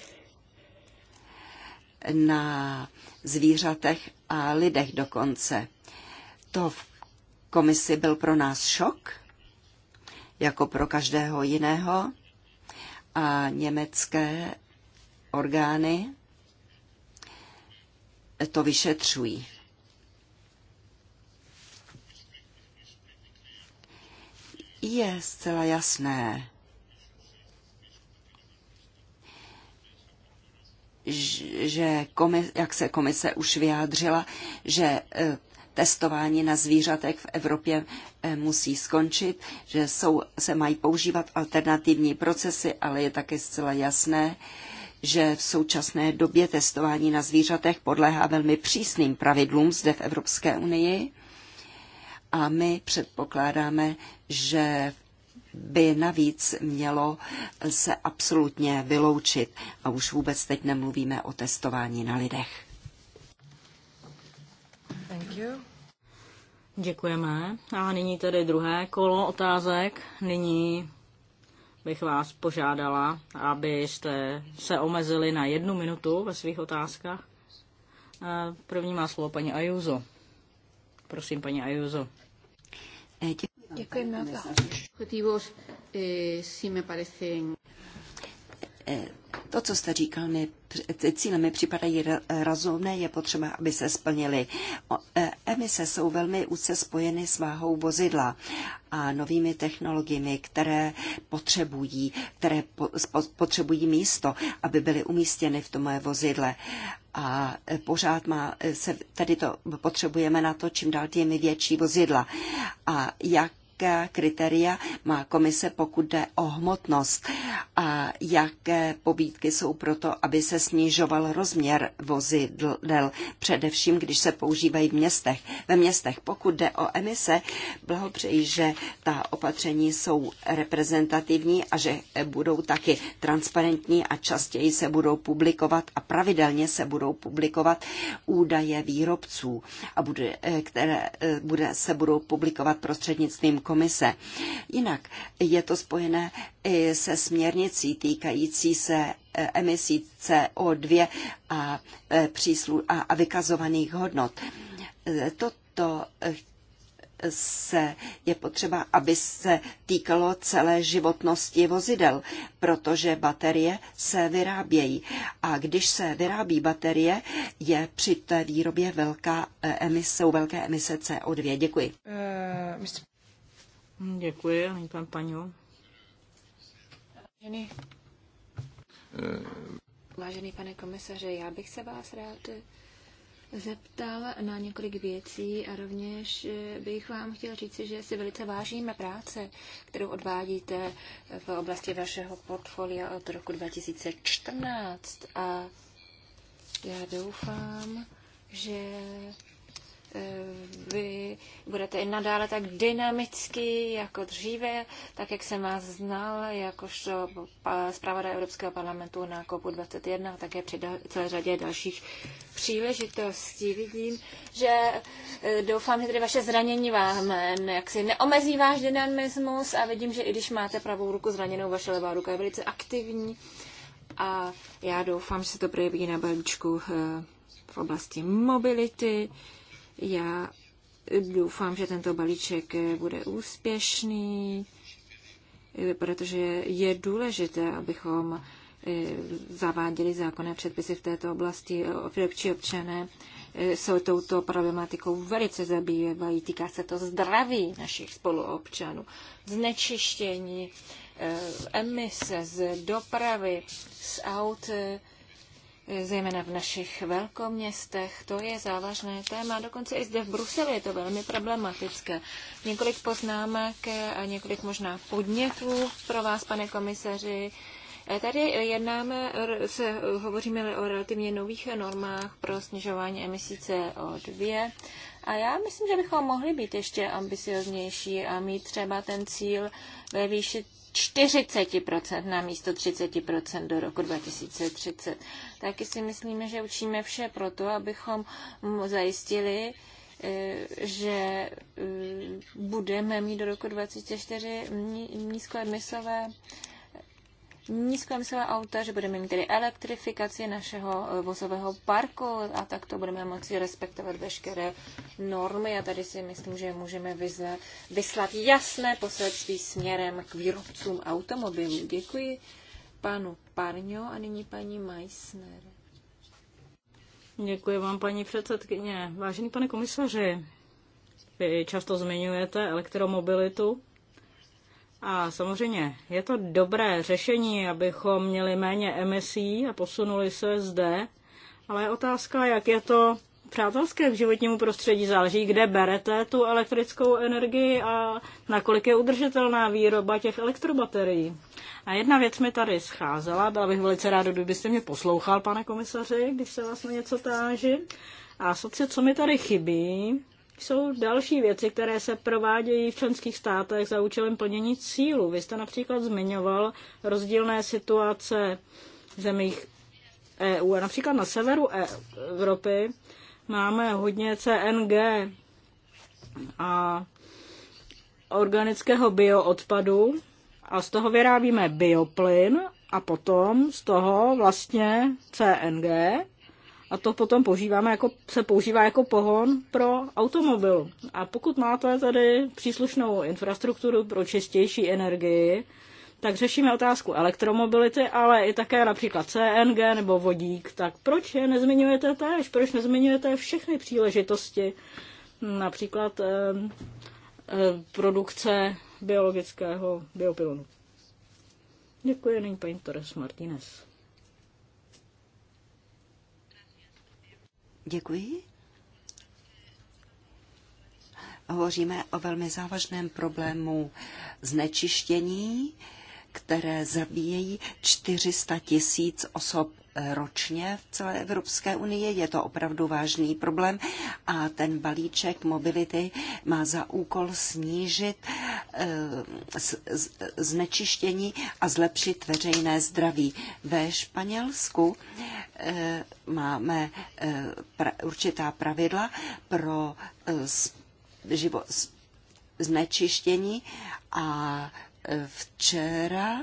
na zvířatech a lidech dokonce to v komisi byl pro nás šok, jako pro každého jiného, a německé orgány to vyšetřují. Je zcela jasné, že komis, jak se komise už vyjádřila, že eh, testování na zvířatech v Evropě eh, musí skončit, že jsou, se mají používat alternativní procesy, ale je také zcela jasné, že v současné době testování na zvířatech podléhá velmi přísným pravidlům zde v Evropské unii a my předpokládáme, že by navíc mělo se absolutně vyloučit. A už vůbec teď nemluvíme o testování na lidech. Thank you. Děkujeme. A nyní tedy druhé kolo otázek. Nyní bych vás požádala, abyste se omezili na jednu minutu ve svých otázkách. První má slovo paní Ajuzo. Prosím, paní Ajuzo. Děkuji mnohokrát. To, co jste říkal, mi, ty cíle mi připadají rozumné, je potřeba, aby se splnily. E, emise jsou velmi úzce spojeny s váhou vozidla a novými technologiemi, které potřebují, které potřebují místo, aby byly umístěny v tom vozidle a e, pořád má, e, se, tady to potřebujeme na to, čím dál tím větší vozidla. A jak jaká kritéria má komise, pokud jde o hmotnost a jaké pobídky jsou proto, aby se snižoval rozměr vozidel, především když se používají v městech. Ve městech, pokud jde o emise, blahopřeji, že ta opatření jsou reprezentativní a že budou taky transparentní a častěji se budou publikovat a pravidelně se budou publikovat údaje výrobců, a bude, eh, které eh, bude, se budou publikovat prostřednictvím komise. Jinak je to spojené i se směrnicí týkající se e, emisí CO2 a, e, příslu a, a vykazovaných hodnot. E, toto se je potřeba, aby se týkalo celé životnosti vozidel, protože baterie se vyrábějí. A když se vyrábí baterie, je při té výrobě velká emise, jsou velké emise CO2. Děkuji. Uh, Děkuji, ani pan Paňo. Vážený. Vážený pane komisaře, já bych se vás rád zeptal na několik věcí a rovněž eh, bych vám chtěl říct, že si velice vážíme práce, kterou odvádíte v oblasti vašeho portfolia od roku 2014 a já doufám, že Eh, vy budete i nadále tak dynamický jako dříve, tak jak jsem vás znal, jakožto zpravodaj Evropského parlamentu na COP21 a také při celé řadě dalších příležitostí. Vidím, že eh, doufám, že tedy vaše zranění vám eh, jaksi neomezí váš dynamismus a vidím, že i když máte pravou ruku zraněnou, vaše levá ruka je velice aktivní a já doufám, že se to projeví na balíčku v oblasti mobility já doufám, že tento balíček bude úspěšný, protože je důležité, abychom eh, zaváděli zákonné předpisy v této oblasti. Evropští občané eh, se touto problematikou velice zabývají. Týká se to zdraví našich spoluobčanů, znečištění, eh, emise z dopravy, z aut, zejména v našich velkoměstech. To je závažné téma, dokonce i zde v Bruselu je to velmi problematické. Několik poznámek a několik možná podnětů pro vás, pane komisaři. Eh, Tady jednáme, se, hovoříme o relativně nových normách pro snižování emisí CO2 a já myslím, že bychom mohli být ještě ambicioznější a mít třeba ten cíl ve výši 40% na místo 30% do roku 2030. Taky si myslíme, že učíme vše proto, abychom zajistili, e, že e, budeme mít do roku 2024 nízkoemisové nízkoemisové auta, že budeme mít tedy elektrifikaci našeho eh, vozového parku a tak to budeme moci respektovat veškeré normy a tady si myslím, že můžeme vyslat jasné poselství směrem k výrobcům automobilů. Děkuji panu Parňo a nyní paní Meissner. Děkuji vám, paní předsedkyně. Vážený pane komisaři, vy často zmiňujete elektromobilitu a samozřejmě je to dobré řešení, abychom měli méně emisí a posunuli se zde, ale je otázka, jak je to přátelské k životnímu prostředí. Záleží, kde berete tu elektrickou energii a nakolik je udržitelná výroba těch elektrobaterií. A jedna věc mi tady scházela, byla bych velice ráda, kdybyste mě poslouchal, pane komisaři, když se vás na něco táži. A asociace, co mi tady chybí, jsou další věci, které se provádějí v členských státech za účelem plnění cílů. Vy jste například zmiňoval rozdílné situace v zemích EU. A například na severu e- Evropy máme hodně CNG a organického bioodpadu a z toho vyrábíme bioplyn a potom z toho vlastně CNG a to potom používáme jako, se používá jako pohon pro automobil. A pokud máte tady příslušnou infrastrukturu pro čistější energii, tak řešíme otázku elektromobility, ale i také například CNG nebo vodík. Tak proč je nezmiňujete též? Proč nezmiňujete všechny příležitosti? Například eh, eh, produkce biologického biopilonu. Děkuji, není paní Torres Martinez. Děkuji. Hovoříme o velmi závažném problému znečištění, které zabíjejí 400 tisíc osob ročně v celé Evropské unii. Je to opravdu vážný problém a ten balíček mobility má za úkol snížit eh, znečištění a zlepšit veřejné zdraví. Ve Španělsku eh, máme eh, určitá pravidla pro znečištění a Včera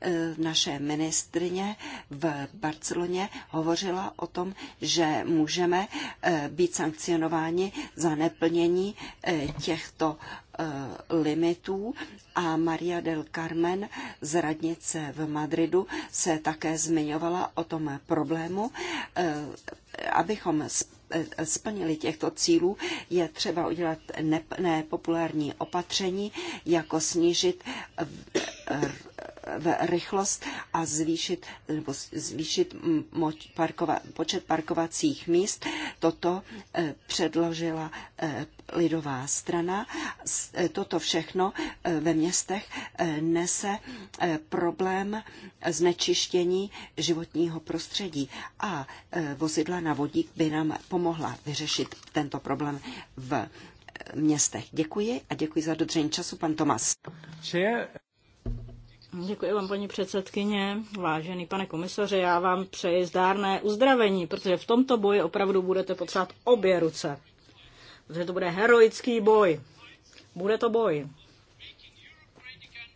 eh, naše ministrině v Barceloně hovořila o tom, že můžeme eh, být sankcionováni za neplnění eh, těchto limitů a Maria del Carmen z radnice v Madridu se také zmiňovala o tom problému, abychom splnili těchto cílů, je třeba udělat nepopulární opatření, jako snížit v rychlost a zvýšit, nebo zvýšit moč, parkova, počet parkovacích míst. Toto eh, předložila eh, lidová strana. Eh, toto všechno ve městech nese problém znečištění životního prostředí a vozidla na vodík by nám pomohla vyřešit tento problém v městech. Děkuji a děkuji za dodržení času, pan Tomas. Děkuji vám, paní předsedkyně. Vážený pane komisaře, já vám přeji zdárné uzdravení, protože v tomto boji opravdu budete potřebovat obě ruce. Protože to bude heroický boj. Bude to boj.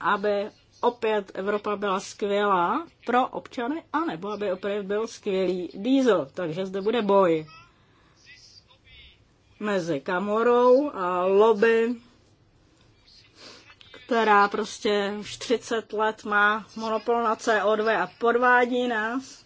Aby opět Evropa byla skvělá pro občany, anebo aby opět byl skvělý diesel. Takže zde bude boj mezi Kamorou a lobby která prostě už 30 let má monopol na CO2 a podvádí nás.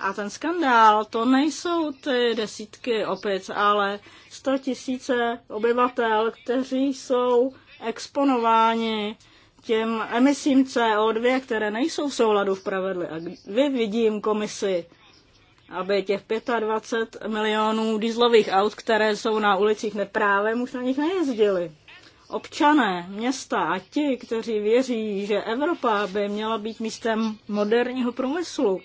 A ten skandál, to nejsou ty desítky opic, ale 100 tisíce obyvatel, kteří jsou exponováni těm emisím CO2, které nejsou v souladu v pravidly. A vy vidím komisi, aby těch 25 milionů dieslových aut, které jsou na ulicích neprávem, už na nich nejezdili občané města a ti, kteří věří, že Evropa by měla být místem moderního průmyslu,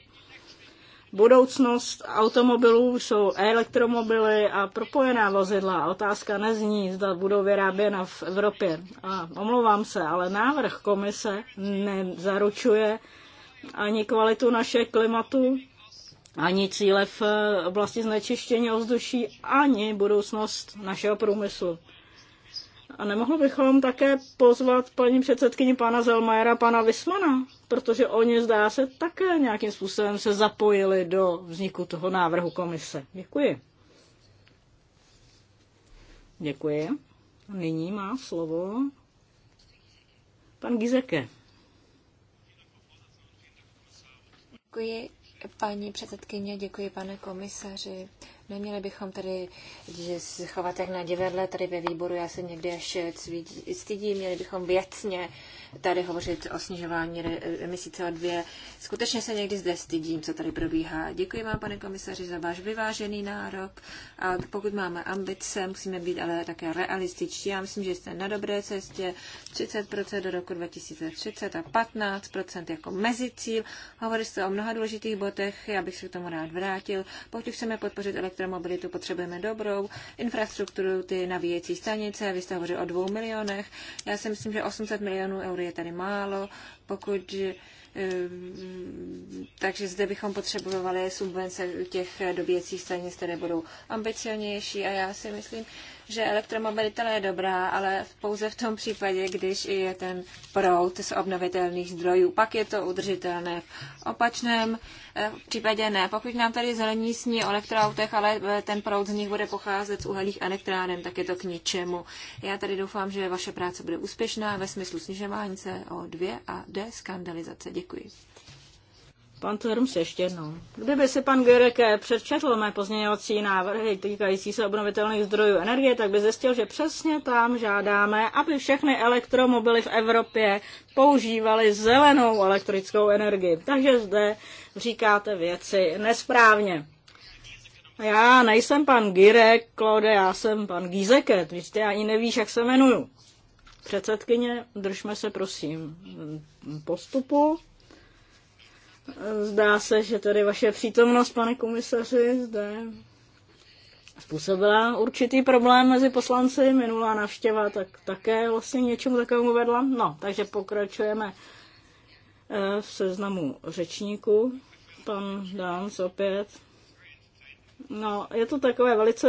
budoucnost automobilů jsou elektromobily a propojená vozidla. Otázka nezní, zda budou vyráběna v Evropě. A omlouvám se, ale návrh komise nezaručuje ani kvalitu naše klimatu, ani cíle v oblasti znečištění ovzduší, ani budoucnost našeho průmyslu. A nemohli bychom také pozvat paní předsedkyni pana Zelmajera, pana Vismana, protože oni zdá se také nějakým způsobem se zapojili do vzniku toho návrhu komise. Děkuji. Děkuji. Nyní má slovo pan Gizeke. Děkuji, paní předsedkyně, děkuji, pane komisaři. Neměli bychom tady se chovat jak na divadle tady ve výboru, já se někdy až stydím, měli bychom věcně tady hovořit o snižování emisí CO2. Skutečně se někdy zde stydím, co tady probíhá. Děkuji vám, pane komisaři, za váš vyvážený nárok. A pokud máme ambice, musíme být ale také realističtí. Já myslím, že jste na dobré cestě. 30% do roku 2030 a 15% jako mezicíl. Hovořili jste o mnoha důležitých botech, já bych se k tomu rád vrátil. Pokud chceme podpořit elektronizaci, elektromobilitu, potřebujeme dobrou infrastrukturu, ty navíjecí stanice, vy jste hovořili o dvou milionech. Já si myslím, že 800 milionů eur je tady málo, pokud eh, takže zde bychom potřebovali subvence těch dobíjecích stanic, které budou ambicionější a já si myslím, že elektromobilita je dobrá, ale pouze v tom případě, když je ten prout z obnovitelných zdrojů. Pak je to udržitelné. V opačném eh, v případě ne. Pokud nám tady zelení sní o elektroautech, ale eh, ten proud z nich bude pocházet z uhelných elektráren, tak je to k ničemu. Já tady doufám, že vaše práce bude úspěšná ve smyslu snižování se o 2 a D skandalizace. Děkuji. Pan se ještě jednou. Kdyby si pan Gereke přečetl mé pozměňovací návrhy týkající se obnovitelných zdrojů energie, tak by zjistil, že přesně tam žádáme, aby všechny elektromobily v Evropě používaly zelenou elektrickou energii. Takže zde říkáte věci nesprávně. Já nejsem pan Girek, Klode, já jsem pan Gizeket. Víš, ty ani nevíš, jak se jmenuju. Předsedkyně, držme se prosím postupu. Zdá se, že tady vaše přítomnost, pane komisaři, zde způsobila určitý problém mezi poslanci. Minulá navštěva tak také vlastně něčemu takovému vedla. No, takže pokračujeme eh, v seznamu řečníků. Pan Dánc opět. No, je to takové velice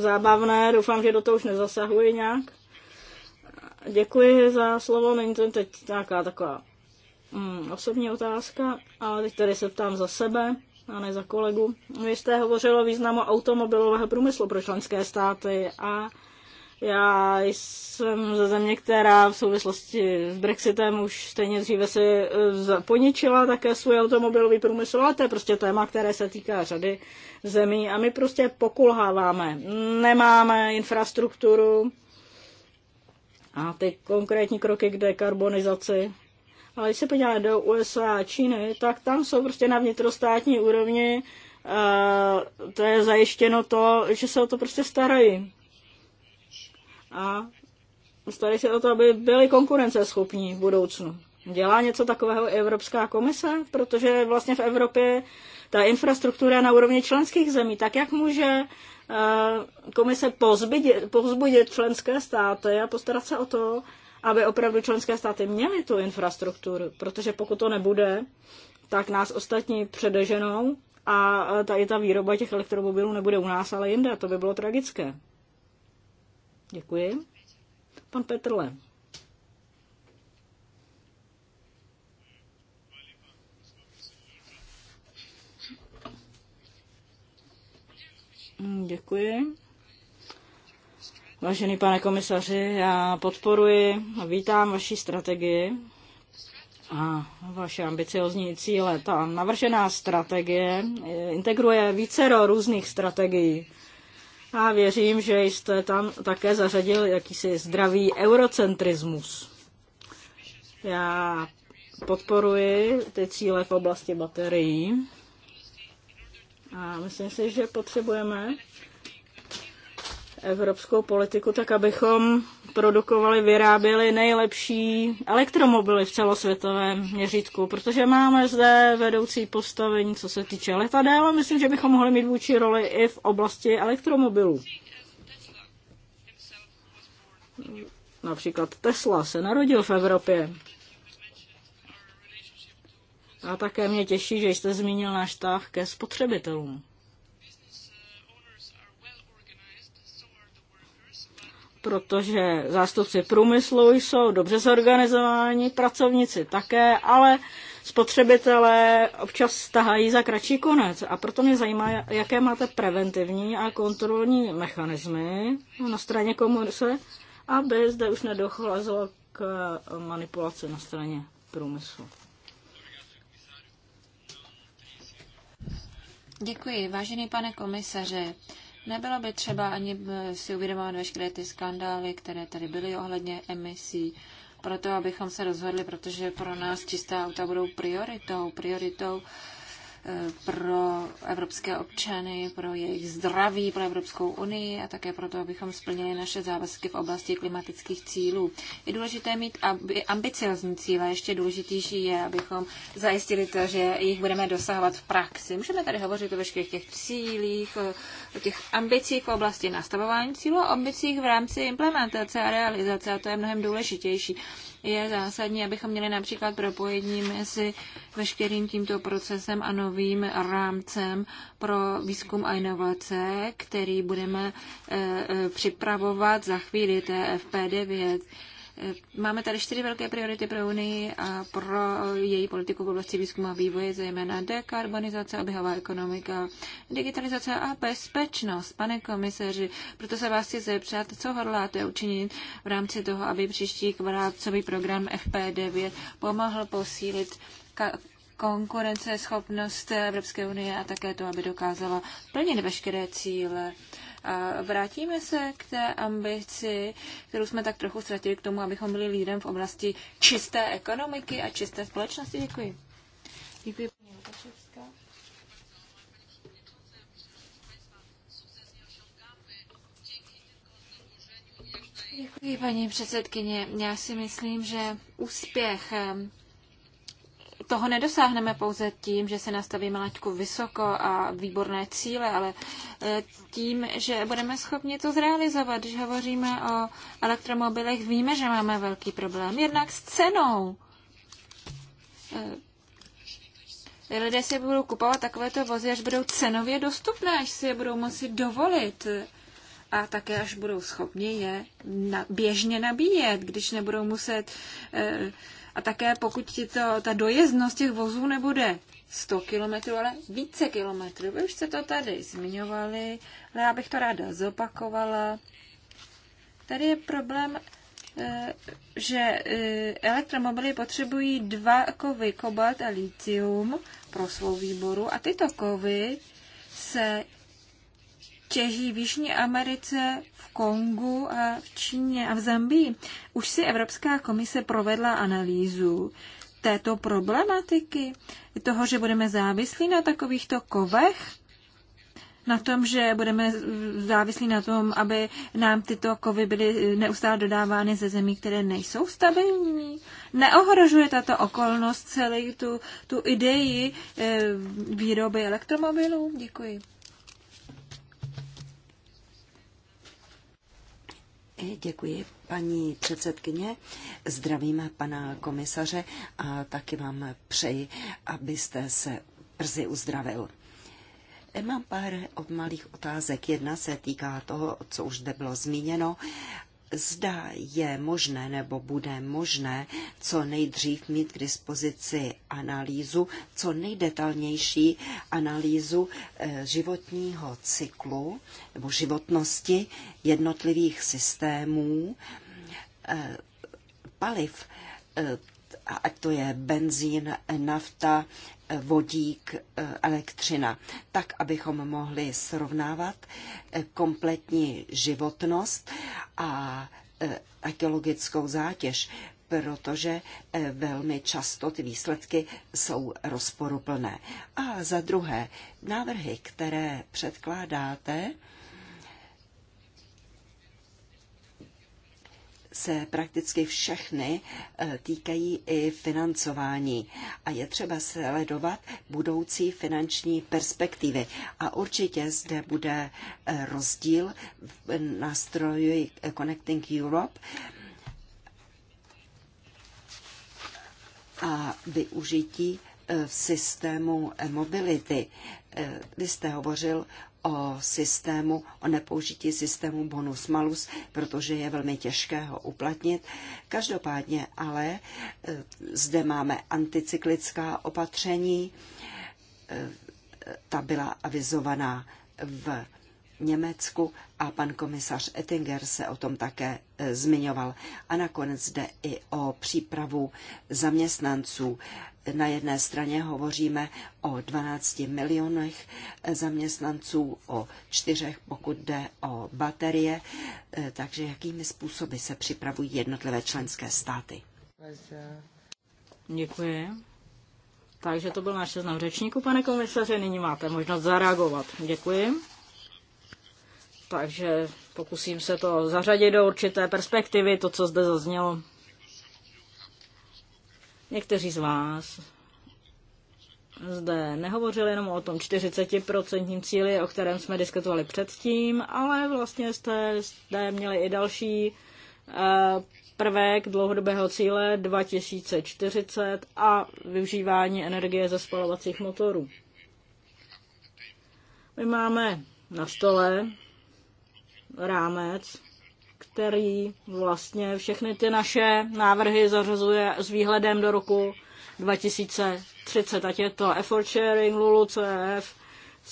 zábavné, doufám, že do toho už nezasahuji nějak. Děkuji za slovo, není to teď nějaká taková mm, osobní otázka, ale teď tady se ptám za sebe a ne za kolegu. Vy jste hovořil o významu automobilového průmyslu pro členské státy a já jsem ze země, která v souvislosti s Brexitem už stejně dříve si eh, poničila také svůj automobilový průmysl, ale to je prostě téma, které se týká řady zemí a my prostě pokulháváme. Nemáme infrastrukturu a ty konkrétní kroky k dekarbonizaci ale když se podíváme do USA a Číny, tak tam jsou prostě na vnitrostátní úrovni uh, to je zajištěno to, že se o to prostě starají. A starají se o to, aby byli konkurenceschopní v budoucnu. Dělá něco takového i Evropská komise, protože vlastně v Evropě ta infrastruktura na úrovni členských zemí, tak jak může eh, komise pozbudit, pozbudit členské státy a postarat se o to, aby opravdu členské státy měly tu infrastrukturu, protože pokud to nebude, tak nás ostatní předeženou a ta, i ta výroba těch elektromobilů nebude u nás, ale jinde. To by bylo tragické. Děkuji. Pan Petrle. Děkuji. Vážený pane komisaři, já podporuji a vítám vaši strategii a vaše ambiciozní cíle. Ta navržená strategie integruje vícero různých strategií. A věřím, že jste tam také zařadil jakýsi zdravý eurocentrismus. Já podporuji ty cíle v oblasti baterií. A myslím si, že potřebujeme evropskou politiku, tak abychom produkovali, vyráběli nejlepší elektromobily v celosvětovém měřítku, protože máme zde vedoucí postavení, co se týče letadel a myslím, že bychom mohli mít vůči roli i v oblasti elektromobilů. Například Tesla se narodil v Evropě. A také mě těší, že jste zmínil náš vztah ke spotřebitelům. protože zástupci průmyslu jsou dobře zorganizováni, pracovníci také, ale spotřebitelé občas stahají za kratší konec. A proto mě zajímá, jaké máte preventivní a kontrolní mechanismy na straně komise, aby zde už nedocházelo k manipulaci na straně průmyslu. Děkuji, vážený pane komisaře. Nebylo by třeba ani eh, si uvědomovat veškeré ty skandály, které tady byly ohledně emisí, proto abychom se rozhodli, protože pro nás čistá auta budou prioritou, prioritou pro evropské občany, pro jejich zdraví, pro Evropskou unii a také proto, abychom splnili naše závazky v oblasti klimatických cílů. Je důležité mít ambiciozní cíle, ještě důležitější je, abychom zajistili to, že jich budeme dosahovat v praxi. Můžeme tady hovořit o veškerých těch cílích, o těch ambicích v oblasti nastavování cílů a ambicích v rámci implementace a realizace a to je mnohem důležitější je zásadní, abychom měli například propojení mezi veškerým tímto procesem a novým rámcem pro výzkum a inovace, který budeme eh, eh, připravovat za chvíli TFP 9. Eh, máme tady čtyři velké priority pro Unii a pro její politiku v oblasti výzkumu a vývoje, zejména dekarbonizace, oběhová ekonomika, digitalizace a bezpečnost. Pane komiseři, proto se vás chci zeptat, co hodláte učinit v rámci toho, aby příští kvrácový program FP9 pomohl posílit konkurenceschopnost Evropské unie a také to, aby dokázala plnit veškeré cíle a vrátíme se k té ambici, kterou jsme tak trochu ztratili k tomu, abychom byli lídrem v oblasti čisté ekonomiky a čisté společnosti. Děkuji. Děkuji, paní Lukačevská. Děkuji, paní předsedkyně. Já si myslím, že úspěch toho nedosáhneme pouze tím, že se nastavíme laťku vysoko a výborné cíle, ale eh, tím, že budeme schopni to zrealizovat. Když hovoříme o elektromobilech, víme, že máme velký problém. Jednak s cenou. Eh, lidé si budou kupovat takovéto vozy, až budou cenově dostupné, až si je budou moci dovolit a také až budou schopni je na, běžně nabíjet, když nebudou muset eh, a také pokud to, ta dojezdnost těch vozů nebude 100 kilometrů, ale více kilometrů. Vy už jste to tady zmiňovali, ale já bych to ráda zopakovala. Tady je problém, eh, že eh, elektromobily potřebují dva kovy, kobalt a litium pro svou výboru a tyto kovy se těží v Jižní Americe, v Kongu a v Číně a v Zambii. Už si Evropská komise provedla analýzu této problematiky, toho, že budeme závislí na takovýchto kovech, na tom, že budeme závislí na tom, aby nám tyto kovy byly neustále dodávány ze zemí, které nejsou stabilní. Neohrožuje tato okolnost celý tu, tu ideji eh, výroby elektromobilů? Děkuji. Děkuji, paní předsedkyně. Zdravím pana komisaře a taky vám přeji, abyste se brzy uzdravil. Mám pár malých otázek. Jedna se týká toho, co už zde bylo zmíněno, Zda je možné nebo bude možné co nejdřív mít k dispozici analýzu, co nejdetalnější analýzu eh, životního cyklu nebo životnosti jednotlivých systémů eh, paliv eh, ať to je benzín, nafta, eh, vodík, eh, elektřina, tak, abychom mohli srovnávat eh, kompletní životnost a ekologickou zátěž, protože velmi často ty výsledky jsou rozporuplné. A za druhé, návrhy, které předkládáte, se prakticky všechny eh, týkají i financování a je třeba sledovat budoucí finanční perspektivy. A určitě zde bude eh, rozdíl v nástroji Connecting Europe a využití eh, v systému mobility. Vy jste hovořil o systému, o nepoužití systému bonus malus, protože je velmi těžké ho uplatnit. Každopádně ale e, zde máme anticyklická opatření, e, e, ta byla avizovaná v Německu a pan komisař Ettinger se o tom také e, zmiňoval. A nakonec jde i o přípravu zaměstnanců. Na jedné straně hovoříme o 12 milionech e, zaměstnanců, o čtyřech, pokud jde o baterie, e, takže jakými způsoby se připravují jednotlivé členské státy. Děkuji. Takže to byl náš seznam řečníků, pane komisaře, nyní máte možnost zareagovat. Děkuji. Takže pokusím se to zařadit do určité perspektivy, to, co zde zaznělo. Někteří z vás zde nehovořili jenom o tom 40% cíli, o kterém jsme diskutovali předtím, ale vlastně jste zde měli i další eh, prvek dlouhodobého cíle 2040 a využívání energie ze spalovacích motorů. My máme na stole rámec, který vlastně všechny ty naše návrhy zařazuje s výhledem do roku 2030, ať je to effort sharing, LULU, CF, e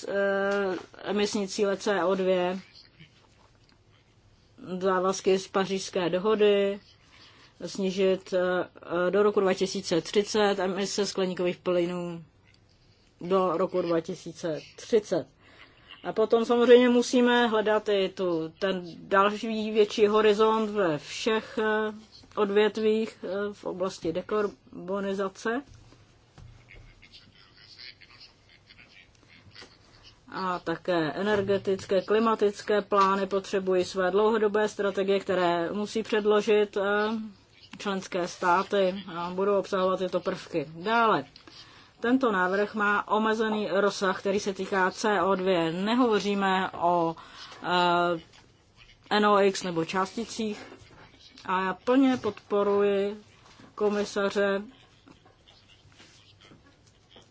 e, emisní cíle CO2, závazky z pařížské dohody, snížit e, do roku 2030 emise skleníkových plynů do roku 2030. A potom samozřejmě musíme hledat i tu, ten další větší horizont ve všech eh, odvětvích eh, v oblasti dekarbonizace. A také energetické, klimatické plány potřebují své dlouhodobé strategie, které musí předložit eh, členské státy a budou obsahovat tyto prvky. Dále tento návrh má omezený rozsah, který se týká CO2. Nehovoříme o e, eh, NOx nebo částicích. A já plně podporuji komisaře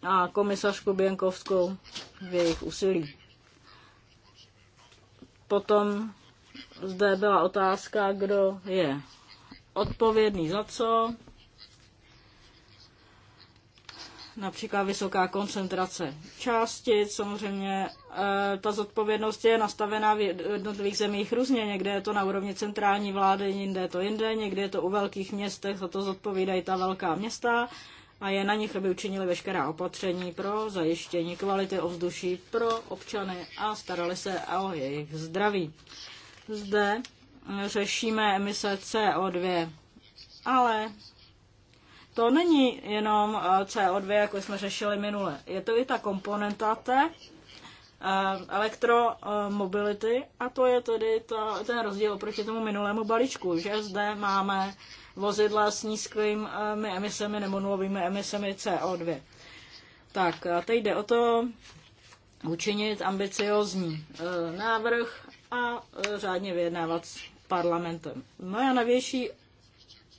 a komisařku Běnkovskou v jejich úsilí. Potom zde byla otázka, kdo je odpovědný za co například vysoká koncentrace částic. Samozřejmě eh, ta zodpovědnost je nastavená v jednotlivých zemích různě. Někde je to na úrovni centrální vlády, jinde je to jinde, někde je to u velkých městech, za to zodpovídají ta velká města a je na nich, aby učinili veškerá opatření pro zajištění kvality ovzduší pro občany a starali se o jejich zdraví. Zde eh, řešíme emise CO2, ale to není jenom eh, CO2, jako jsme řešili minule. Je to i ta komponenta té eh, elektromobility a to je tedy ta, ten rozdíl oproti tomu minulému balíčku, že zde máme vozidla s nízkými emisemi nebo nulovými emisemi CO2. Tak, a teď jde o to učinit ambiciozní eh, návrh a řádně vyjednávat s parlamentem. Moja no největší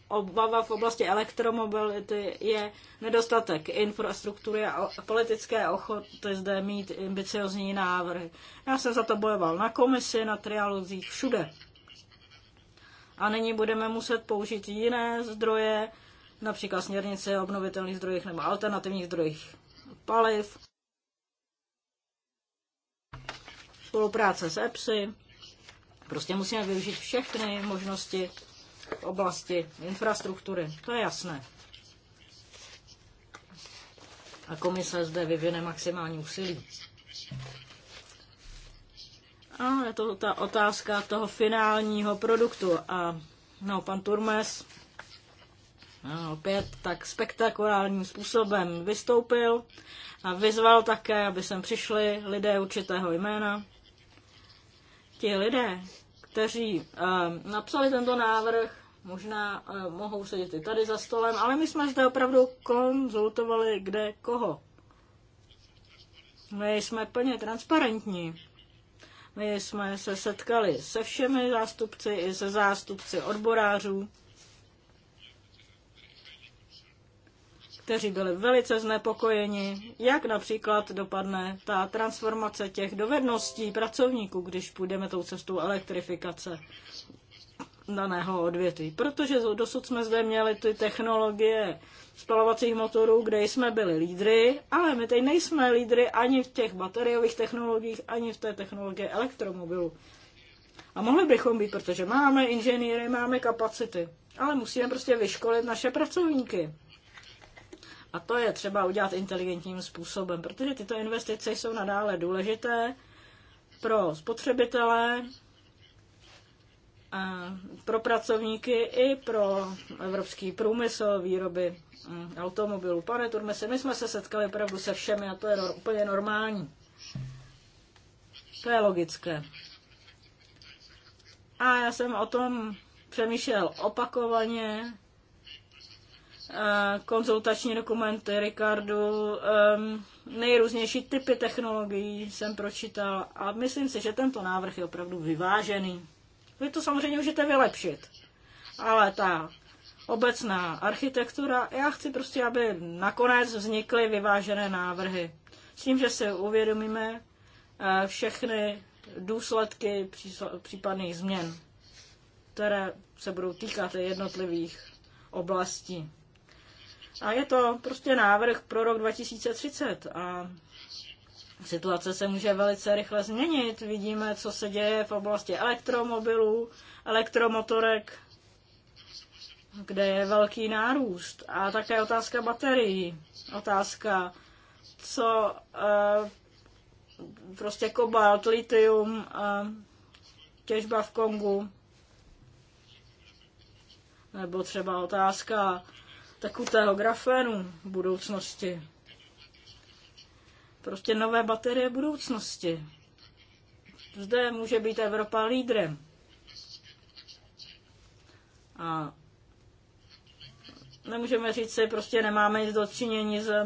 obava v oblasti elektromobility je nedostatek infrastruktury a politické ochoty zde mít ambiciozní návrhy. Já jsem za to bojoval na komisi, na trialozích, všude. A nyní budeme muset použít jiné zdroje, například směrnice o obnovitelných zdrojích nebo alternativních zdrojích paliv, spolupráce s EPSy. Prostě musíme využít všechny možnosti v oblasti infrastruktury. To je jasné. A komise zde vyvine maximální úsilí. A je to ta otázka toho finálního produktu. A no, pan Turmes no, opět tak spektakulárním způsobem vystoupil a vyzval také, aby sem přišli lidé určitého jména. Ti lidé, kteří eh, napsali tento návrh, možná eh, mohou sedět i tady za stolem, ale my jsme zde opravdu konzultovali kde koho. My jsme plně transparentní. My jsme se setkali se všemi zástupci i se zástupci odborářů. kteří byli velice znepokojeni, jak například dopadne ta transformace těch dovedností pracovníků, když půjdeme tou cestou elektrifikace daného odvětví. Protože dosud jsme zde měli ty technologie spalovacích motorů, kde jsme byli lídry, ale my teď nejsme lídry ani v těch bateriových technologiích, ani v té technologii elektromobilů. A mohli bychom být, protože máme inženýry, máme kapacity, ale musíme prostě vyškolit naše pracovníky. A to je třeba udělat inteligentním způsobem, protože tyto investice jsou nadále důležité pro spotřebitele, pro pracovníky i pro evropský průmysl výroby mm, automobilů. Pane Turmese, my jsme se setkali opravdu se všemi a to je úplně normální. To je logické. A já jsem o tom přemýšlel opakovaně konzultační dokumenty Ricardu, nejrůznější typy technologií jsem pročítal a myslím si, že tento návrh je opravdu vyvážený. Vy to samozřejmě můžete vylepšit, ale ta obecná architektura, já chci prostě, aby nakonec vznikly vyvážené návrhy. S tím, že si uvědomíme eh, všechny důsledky případných změn, které se budou týkat jednotlivých oblastí. A je to prostě návrh pro rok 2030 a situace se může velice rychle změnit. Vidíme, co se děje v oblasti elektromobilů, elektromotorek, kde je velký nárůst. A také otázka baterií. Otázka, co e, prostě kobalt, litium, e, těžba v Kongu. Nebo třeba otázka tekutého grafénu v budoucnosti. Prostě nové baterie budoucnosti. Zde může být Evropa lídrem. A nemůžeme říct si, prostě nemáme nic dočinění s eh,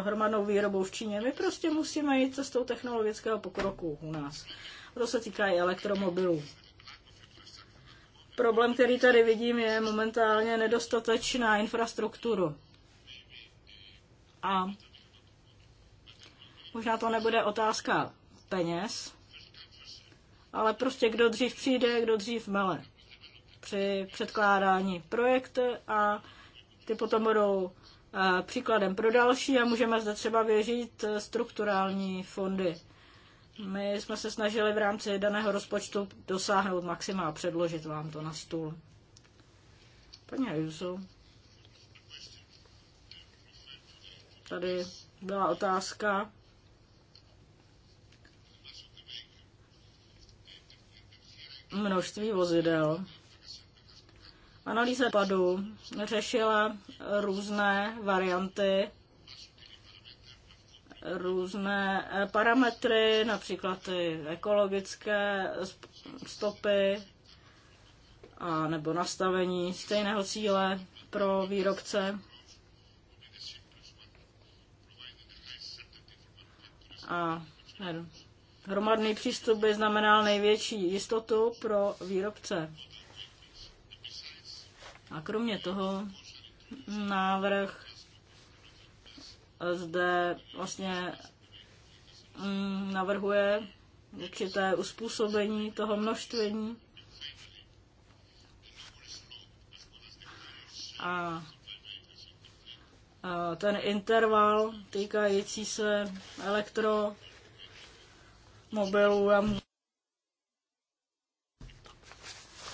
hromadnou výrobou v Číně. My prostě musíme jít cestou technologického pokroku u nás. to se týká i elektromobilů. Problém, který tady vidím, je momentálně nedostatečná infrastrukturu. A možná to nebude otázka peněz, ale prostě kdo dřív přijde, kdo dřív mele při předkládání projektu a ty potom budou eh, příkladem pro další a můžeme zde třeba věřit eh, strukturální fondy. My jsme se snažili v rámci daného rozpočtu dosáhnout maxima a předložit vám to na stůl. Paní Ayuso, tady byla otázka. Množství vozidel. Analýza padu řešila různé varianty různé eh, parametry, například ty ekologické stopy a nebo nastavení stejného cíle pro výrobce. A hromadný přístup by znamenal největší jistotu pro výrobce. A kromě toho návrh zde vlastně mm, navrhuje určité uspůsobení toho množstvení. A ten interval týkající se elektromobilů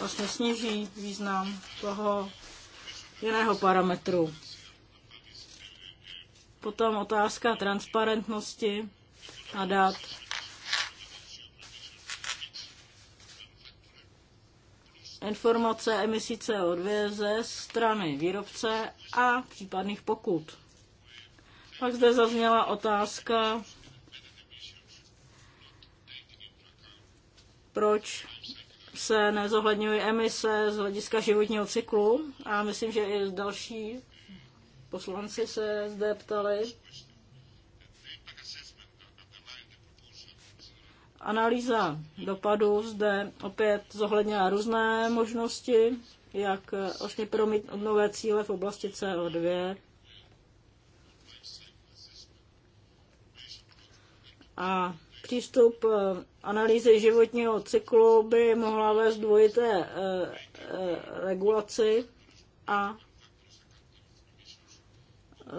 vlastně sníží význam toho jiného parametru. Potom otázka transparentnosti a dat. Informace emisí CO2 ze strany výrobce a případných pokut. Pak zde zazněla otázka, proč se nezohledňují emise z hlediska životního cyklu a myslím, že i další poslanci se zde ptali. Analýza dopadů zde opět zohledňuje různé možnosti, jak vlastně promít nové cíle v oblasti CO2. A přístup eh, analýzy životního cyklu by mohla vést dvojité eh, eh, regulaci a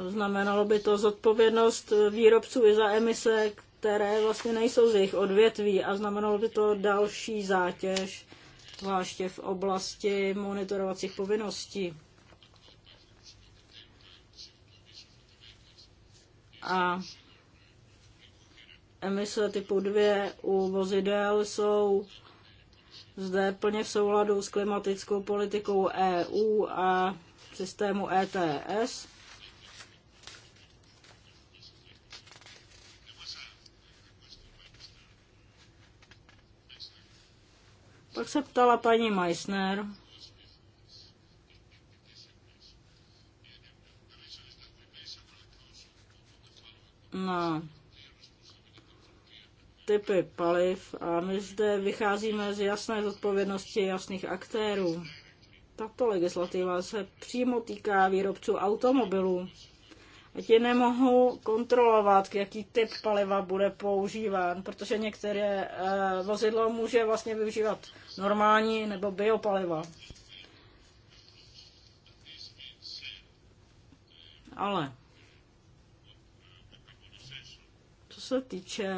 Znamenalo by to zodpovědnost výrobců i za emise, které vlastně nejsou z jejich odvětví a znamenalo by to další zátěž, zvláště v oblasti monitorovacích povinností. A emise typu 2 u vozidel jsou zde plně v souladu s klimatickou politikou EU a systému ETS. Pak se ptala paní Meissner. Na typy paliv a my zde vycházíme z jasné zodpovědnosti jasných aktérů. Tato legislativa se přímo týká výrobců automobilů ti nemohou kontrolovat, jaký typ paliva bude používán, protože některé eh, vozidlo může vlastně využívat normální nebo biopaliva. Ale co se týče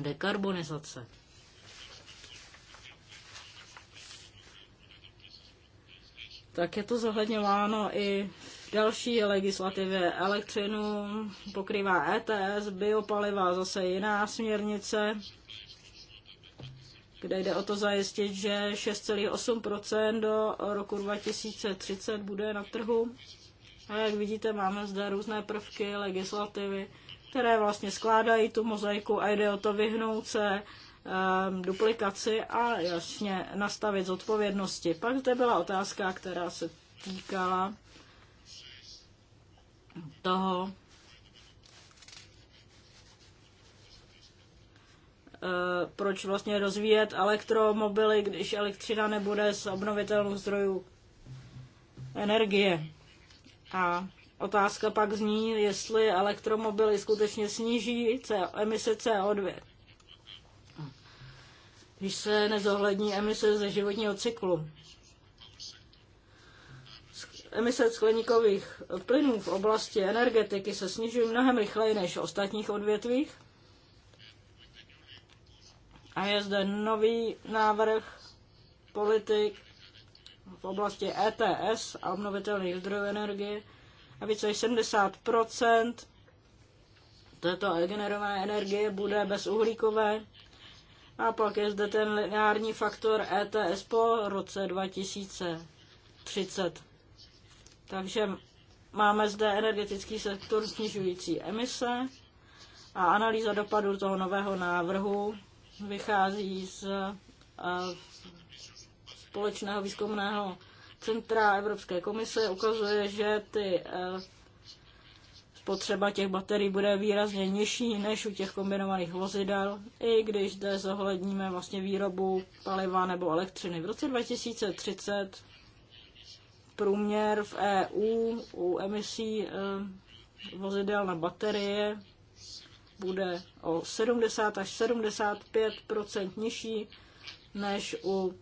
dekarbonizace, tak je to zohledňováno i v další legislativě elektřinu, pokrývá ETS, biopaliva, zase jiná směrnice, kde jde o to zajistit, že 6,8 do roku 2030 bude na trhu. A jak vidíte, máme zde různé prvky legislativy, které vlastně skládají tu mozaiku a jde o to vyhnout se um, duplikaci a jasně nastavit zodpovědnosti. Pak zde byla otázka, která se týkala toho, eh, proč vlastně rozvíjet elektromobily, když elektřina nebude z obnovitelných zdrojů energie. A otázka pak zní, jestli elektromobily skutečně sníží emise CO2 když se nezohlední emise ze životního cyklu emise skleníkových plynů v oblasti energetiky se snižují mnohem rychleji než v ostatních odvětvích. A je zde nový návrh politik v oblasti ETS a obnovitelných zdrojů energie a více než 70 této generované energie bude bezuhlíkové. A pak je zde ten lineární faktor ETS po roce 2030. Takže máme zde energetický sektor snižující emise a analýza dopadu toho nového návrhu vychází z eh, společného výzkumného centra Evropské komise. Ukazuje, že ty eh, spotřeba těch baterií bude výrazně nižší než u těch kombinovaných vozidel, i když zde zohledníme vlastně výrobu paliva nebo elektřiny. V roce 2030 průměr v EU u emisí eh, vozidel na baterie bude o 70 až 75 nižší než u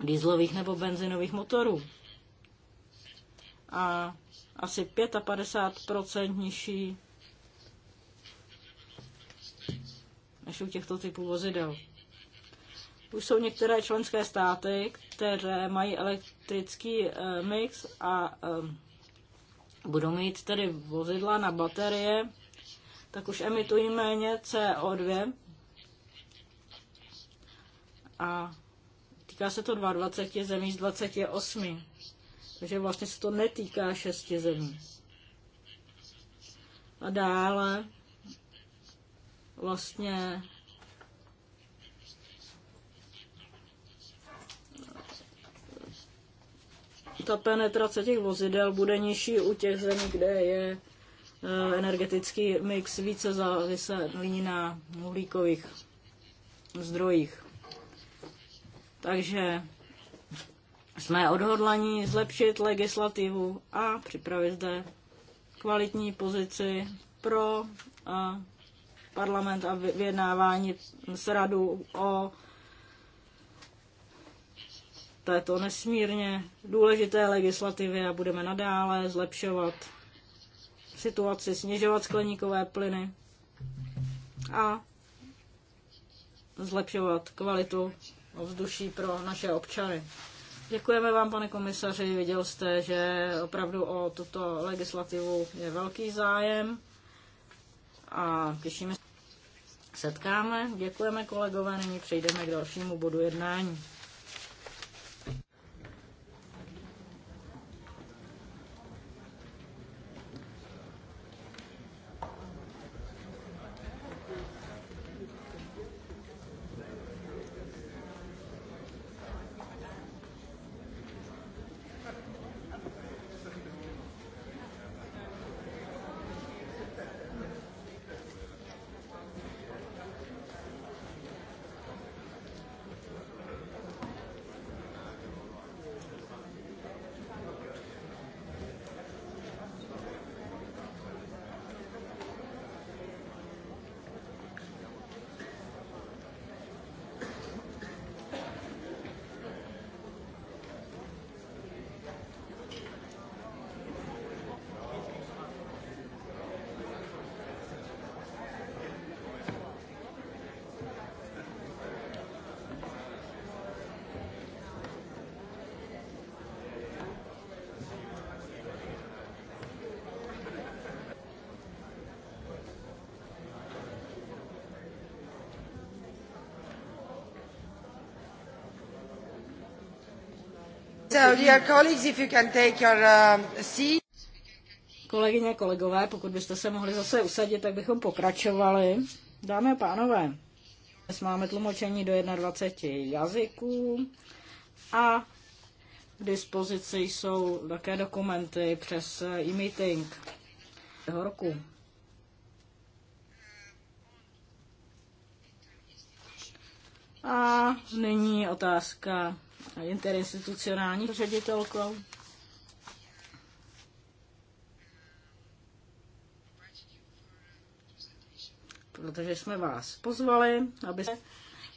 dýzlových nebo benzinových motorů. A asi 55 nižší než u těchto typů vozidel. Už jsou některé členské státy, které mají elektrický uh, mix a um, budou mít tedy vozidla na baterie, tak už emitují méně CO2. A týká se to 22 zemí z 28. Takže vlastně se to netýká 6 zemí. A dále vlastně ta penetrace těch vozidel bude nižší u těch zemí, kde je eh, energetický mix více závislý na uhlíkových zdrojích. Takže jsme odhodlaní zlepšit legislativu a připravit zde kvalitní pozici pro eh, parlament a vyjednávání s radu o této nesmírně důležité legislativě a budeme nadále zlepšovat situaci, snižovat skleníkové plyny a zlepšovat kvalitu ovzduší pro naše občany. Děkujeme vám, pane komisaři. Viděl jste, že opravdu o tuto legislativu je velký zájem a těšíme se. Setkáme, děkujeme kolegové, nyní přejdeme k dalšímu bodu jednání. Um, Kolegyně, kolegové, pokud byste se mohli zase usadit, tak bychom pokračovali. Dámy a pánové, dnes máme tlumočení do 21 jazyků a k dispozici jsou také dokumenty přes e-meeting horku. A nyní otázka interinstitucionální ředitelkou. protože jsme vás pozvali, aby se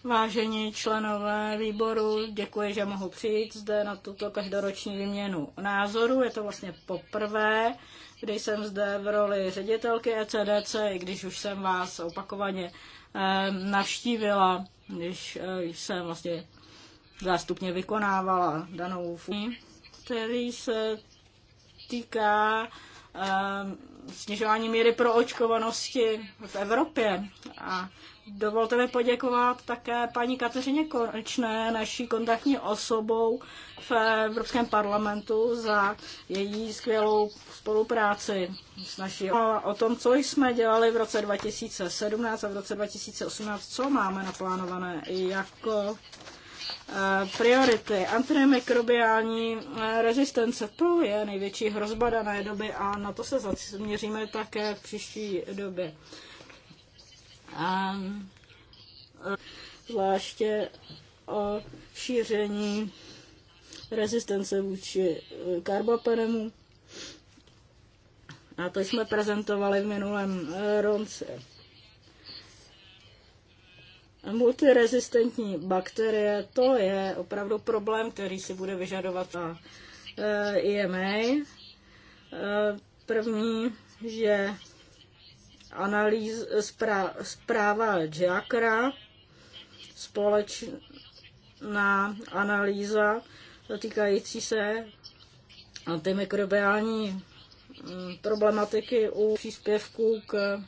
vážení členové výboru, děkuji, že mohu přijít zde na tuto každoroční výměnu názoru. Je to vlastně poprvé, kdy jsem zde v roli ředitelky ECDC, i když už jsem vás opakovaně eh, navštívila, když eh, jsem vlastně zástupně vykonávala danou funkci, který se týká ehm, snižování míry pro očkovanosti v Evropě. A dovolte mi poděkovat také paní Kateřině Konečné, naší kontaktní osobou v Evropském parlamentu za její skvělou spolupráci s naší. No o tom, co jsme dělali v roce 2017 a v roce 2018, co máme naplánované jako Eh, priority. Antimikrobiální eh, rezistence, to je největší hrozba dané doby a na to se zaměříme také v příští době. A ehm, eh, zvláště o šíření rezistence vůči karbapenemu. A to jsme prezentovali v minulém ronce Multirezistentní bakterie, to je opravdu problém, který si bude vyžadovat e, e a EMA. První že analýz, zpráva Jakra, společná analýza týkající se antimikrobiální mm, problematiky u příspěvků k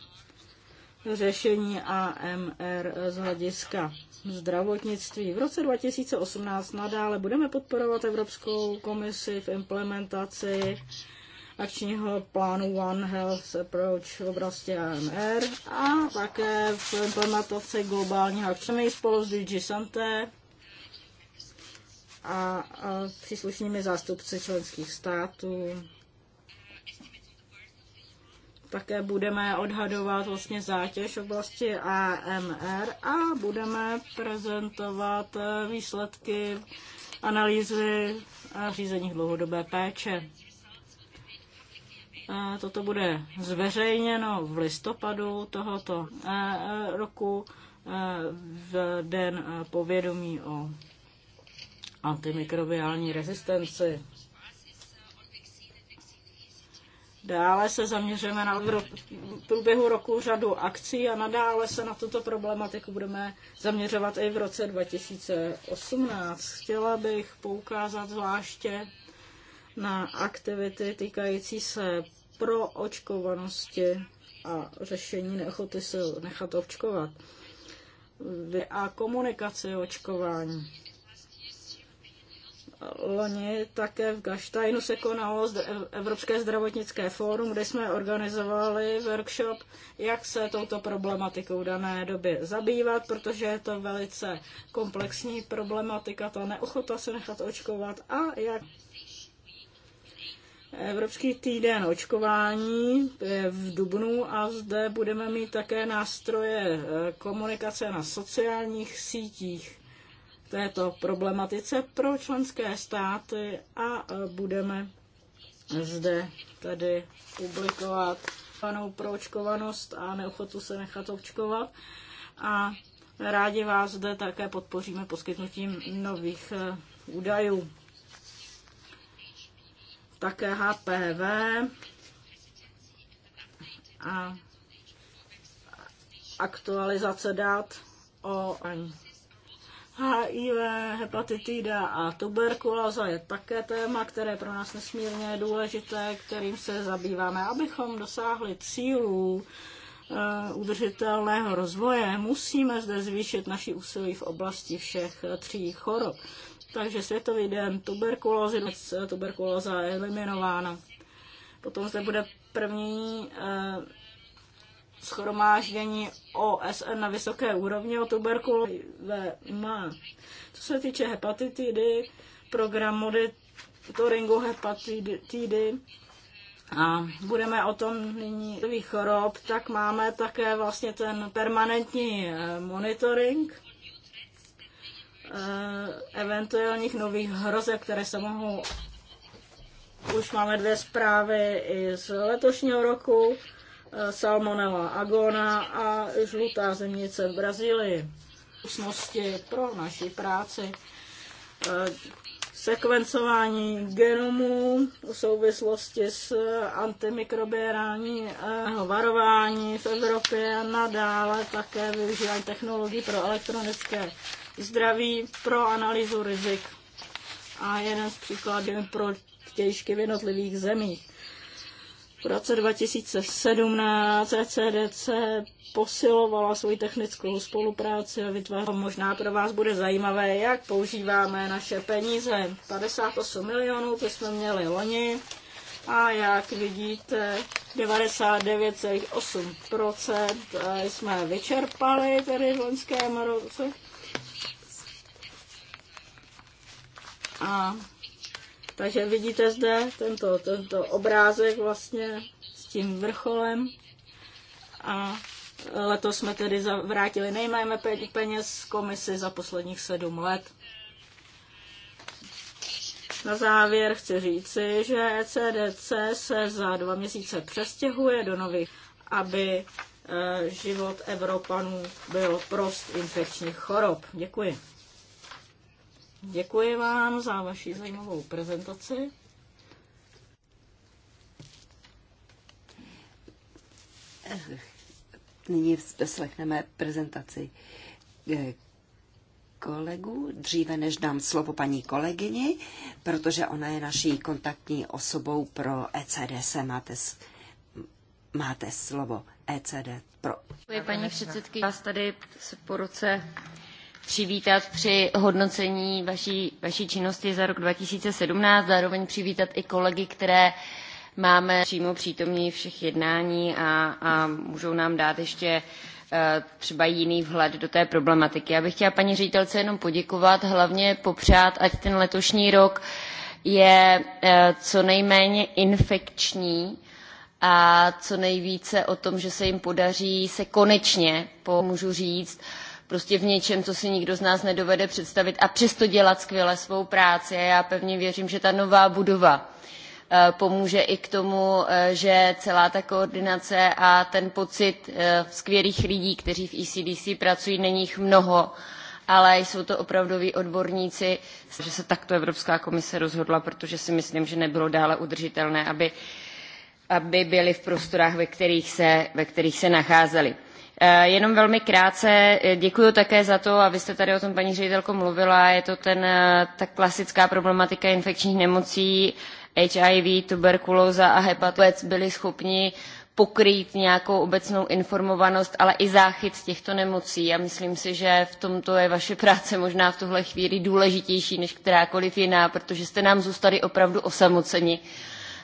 řešení AMR z hlediska zdravotnictví. V roce 2018 nadále budeme podporovat Evropskou komisi v implementaci akčního plánu One Health Approach v oblasti AMR a také v implementaci globálního akčního spolu s DG Santé a, a příslušnými zástupci členských států také budeme odhadovat vlastně zátěž v oblasti AMR a budeme prezentovat eh, výsledky analýzy a řízení dlouhodobé péče. Eh, toto bude zveřejněno v listopadu tohoto eh, roku v den povědomí o antimikrobiální rezistenci. Dále se zaměřujeme na průběhu roku řadu akcí a nadále se na tuto problematiku budeme zaměřovat i v roce 2018. Chtěla bych poukázat zvláště na aktivity týkající se pro očkovanosti a řešení neochoty se nechat očkovat a komunikaci očkování loni také v Gaštajnu se konalo Evropské zdravotnické fórum, kde jsme organizovali workshop, jak se touto problematikou dané doby zabývat, protože je to velice komplexní problematika, ta neochota se nechat očkovat a jak Evropský týden očkování je v Dubnu a zde budeme mít také nástroje eh, komunikace na sociálních sítích této problematice pro členské státy a e, budeme zde tedy publikovat panou proočkovanost a neochotu se nechat očkovat. A rádi vás zde také podpoříme poskytnutím nových e, údajů. Také HPV a aktualizace dát o HIV, hepatitida a tuberkulóza je také téma, které je pro nás nesmírně důležité, kterým se zabýváme. Abychom dosáhli cílů eh, udržitelného rozvoje, musíme zde zvýšit naši úsilí v oblasti všech tří chorob. Takže světový den tuberkulózy, eh, tuberkulóza je eliminována. Potom zde bude první eh, schromáždění OSN na vysoké úrovni o tuberkulóze má. Co se týče hepatitidy, program monitoringu hepatitidy, a budeme o tom nyní chorob, tak máme také vlastně ten permanentní eh, monitoring eh, eventuálních nových hrozeb, které se mohou už máme dvě zprávy i z letošního roku Eh, Salmonella agona a žlutá zemnice v Brazílii. Usnosti pro naši práci. Eh, sekvencování genomů v souvislosti s antimikrobiální varování v Evropě a nadále také využívání technologií pro elektronické zdraví pro analýzu rizik. A jeden z příkladů pro těžky v jednotlivých zemích. V roce 2017 ECDC posilovala svoji technickou spolupráci a vytvářela. Možná pro vás bude zajímavé, jak používáme naše peníze. 58 milionů, co jsme měli loni. A jak vidíte, 99,8% eh, jsme vyčerpali tedy v loňském roce. A takže vidíte zde tento, tento obrázek vlastně s tím vrcholem a letos jsme tedy vrátili nejméně peněz komisy za posledních sedm let. Na závěr chci říci, že ECDC se za dva měsíce přestěhuje do nových, aby e, život Evropanů byl prost infekčních chorob. Děkuji. Děkuji vám za vaši zajímavou prezentaci. Nyní doslechneme prezentaci eh, kolegu dříve než dám slovo paní kolegyni, protože ona je naší kontaktní osobou pro ECDS. Máte, máte slovo ECD. Pro. Děkuji, paní předsedky. Vás tady po roce přivítat při hodnocení vaší, vaší činnosti za rok 2017, zároveň přivítat i kolegy, které máme přímo přítomní všech jednání a, a můžou nám dát ještě eh, třeba jiný vhled do té problematiky. Já bych chtěla paní ředitelce jenom poděkovat, hlavně popřát, ať ten letošní rok je eh, co nejméně infekční a co nejvíce o tom, že se jim podaří se konečně, po, můžu říct, prostě v něčem, co si nikdo z nás nedovede představit a přesto dělat skvěle svou práci. A já pevně věřím, že ta nová budova eh, pomůže i k tomu, eh, že celá ta koordinace a ten pocit eh, skvělých lidí, kteří v ECDC pracují, není jich mnoho, ale jsou to opravdoví odborníci, že se takto Evropská komise rozhodla, protože si myslím, že nebylo dále udržitelné, aby, aby byli v prostorách, ve kterých se, ve kterých se nacházeli Eh, jenom velmi krátce eh, děkuji také za to, a vy jste tady o tom paní ředitelko mluvila, je to ten, eh, ta klasická problematika infekčních nemocí, HIV, tuberkulóza a hepatit byli schopni pokrýt nějakou obecnou informovanost, ale i záchyt těchto nemocí. A myslím si, že v tomto je vaše práce možná v tuhle chvíli důležitější než kterákoliv jiná, protože jste nám zůstali opravdu osamoceni.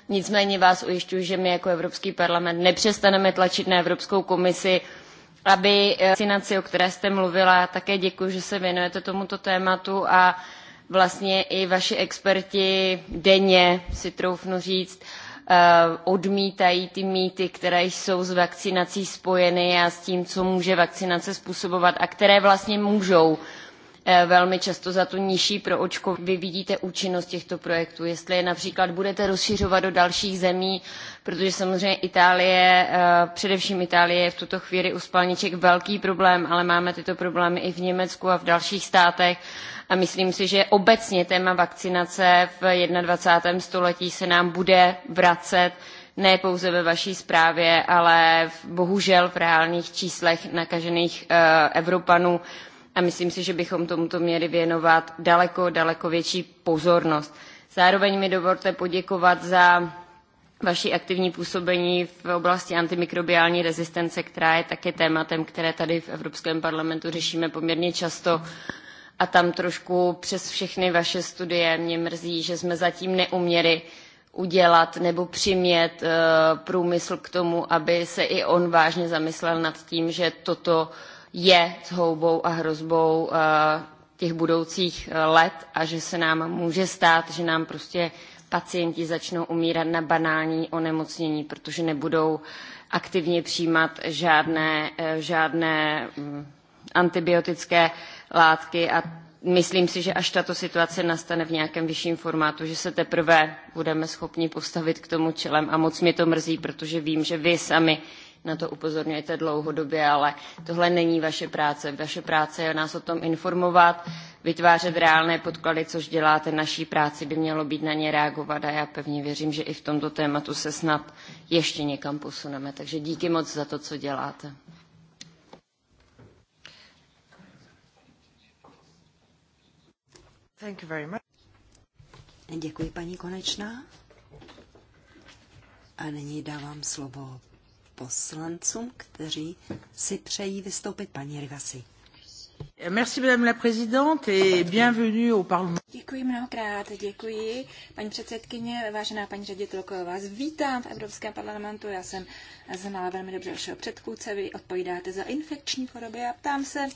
Nicméně vás ujišťuji, že my jako Evropský parlament nepřestaneme tlačit na Evropskou komisi, aby vakcinaci, eh, o které jste mluvila, také děkuji, že se věnujete tomuto tématu a vlastně i vaši experti denně, si troufnu říct, eh, odmítají ty mýty, které jsou s vakcinací spojeny a s tím, co může vakcinace způsobovat a které vlastně můžou Eh, velmi často za tu nižší proočko. Vy vidíte účinnost těchto projektů, jestli je například budete rozšiřovat do dalších zemí, protože samozřejmě Itálie, eh, především Itálie je v tuto chvíli u spalniček velký problém, ale máme tyto problémy i v Německu a v dalších státech a myslím si, že obecně téma vakcinace v 21. století se nám bude vracet ne pouze ve vaší zprávě, ale bohužel v reálných číslech nakažených eh, Evropanů a myslím si, že bychom tomuto měli věnovat daleko, daleko větší pozornost. Zároveň mi dovolte poděkovat za vaši aktivní působení v oblasti antimikrobiální rezistence, která je také tématem, které tady v Evropském parlamentu řešíme poměrně často. A tam trošku přes všechny vaše studie mě mrzí, že jsme zatím neuměli udělat nebo přimět eh, průmysl k tomu, aby se i on vážně zamyslel nad tím, že toto je houbou a hrozbou eh, těch budoucích eh, let a že se nám může stát, že nám prostě pacienti začnou umírat na banální onemocnění, protože nebudou aktivně přijímat žádné, eh, žádné mm, antibiotické látky a myslím si, že až tato situace nastane v nějakém vyšším formátu, že se teprve budeme schopni postavit k tomu čelem a moc mě to mrzí, protože vím, že vy sami na to upozorňujete dlouhodobě, ale tohle není vaše práce. Vaše práce je nás o tom informovat, vytvářet reálné podklady, což děláte naší práci, by mělo být na ně reagovat a já pevně věřím, že i v tomto tématu se snad ještě někam posuneme. Takže díky moc za to, co děláte. Thank you very much. Děkuji, paní Konečná. A nyní dávám slovo poslancům, kteří si přejí vystoupit paní Rivasi. Merci, madame la présidente, et bienvenue au Parlement. Děkuji mnohokrát, děkuji. Paní předsedkyně, vážená paní ředitelko, vás vítám v Evropském parlamentu. Já jsem znala velmi dobře vašeho předchůdce, vy odpovídáte za infekční choroby a ptám se,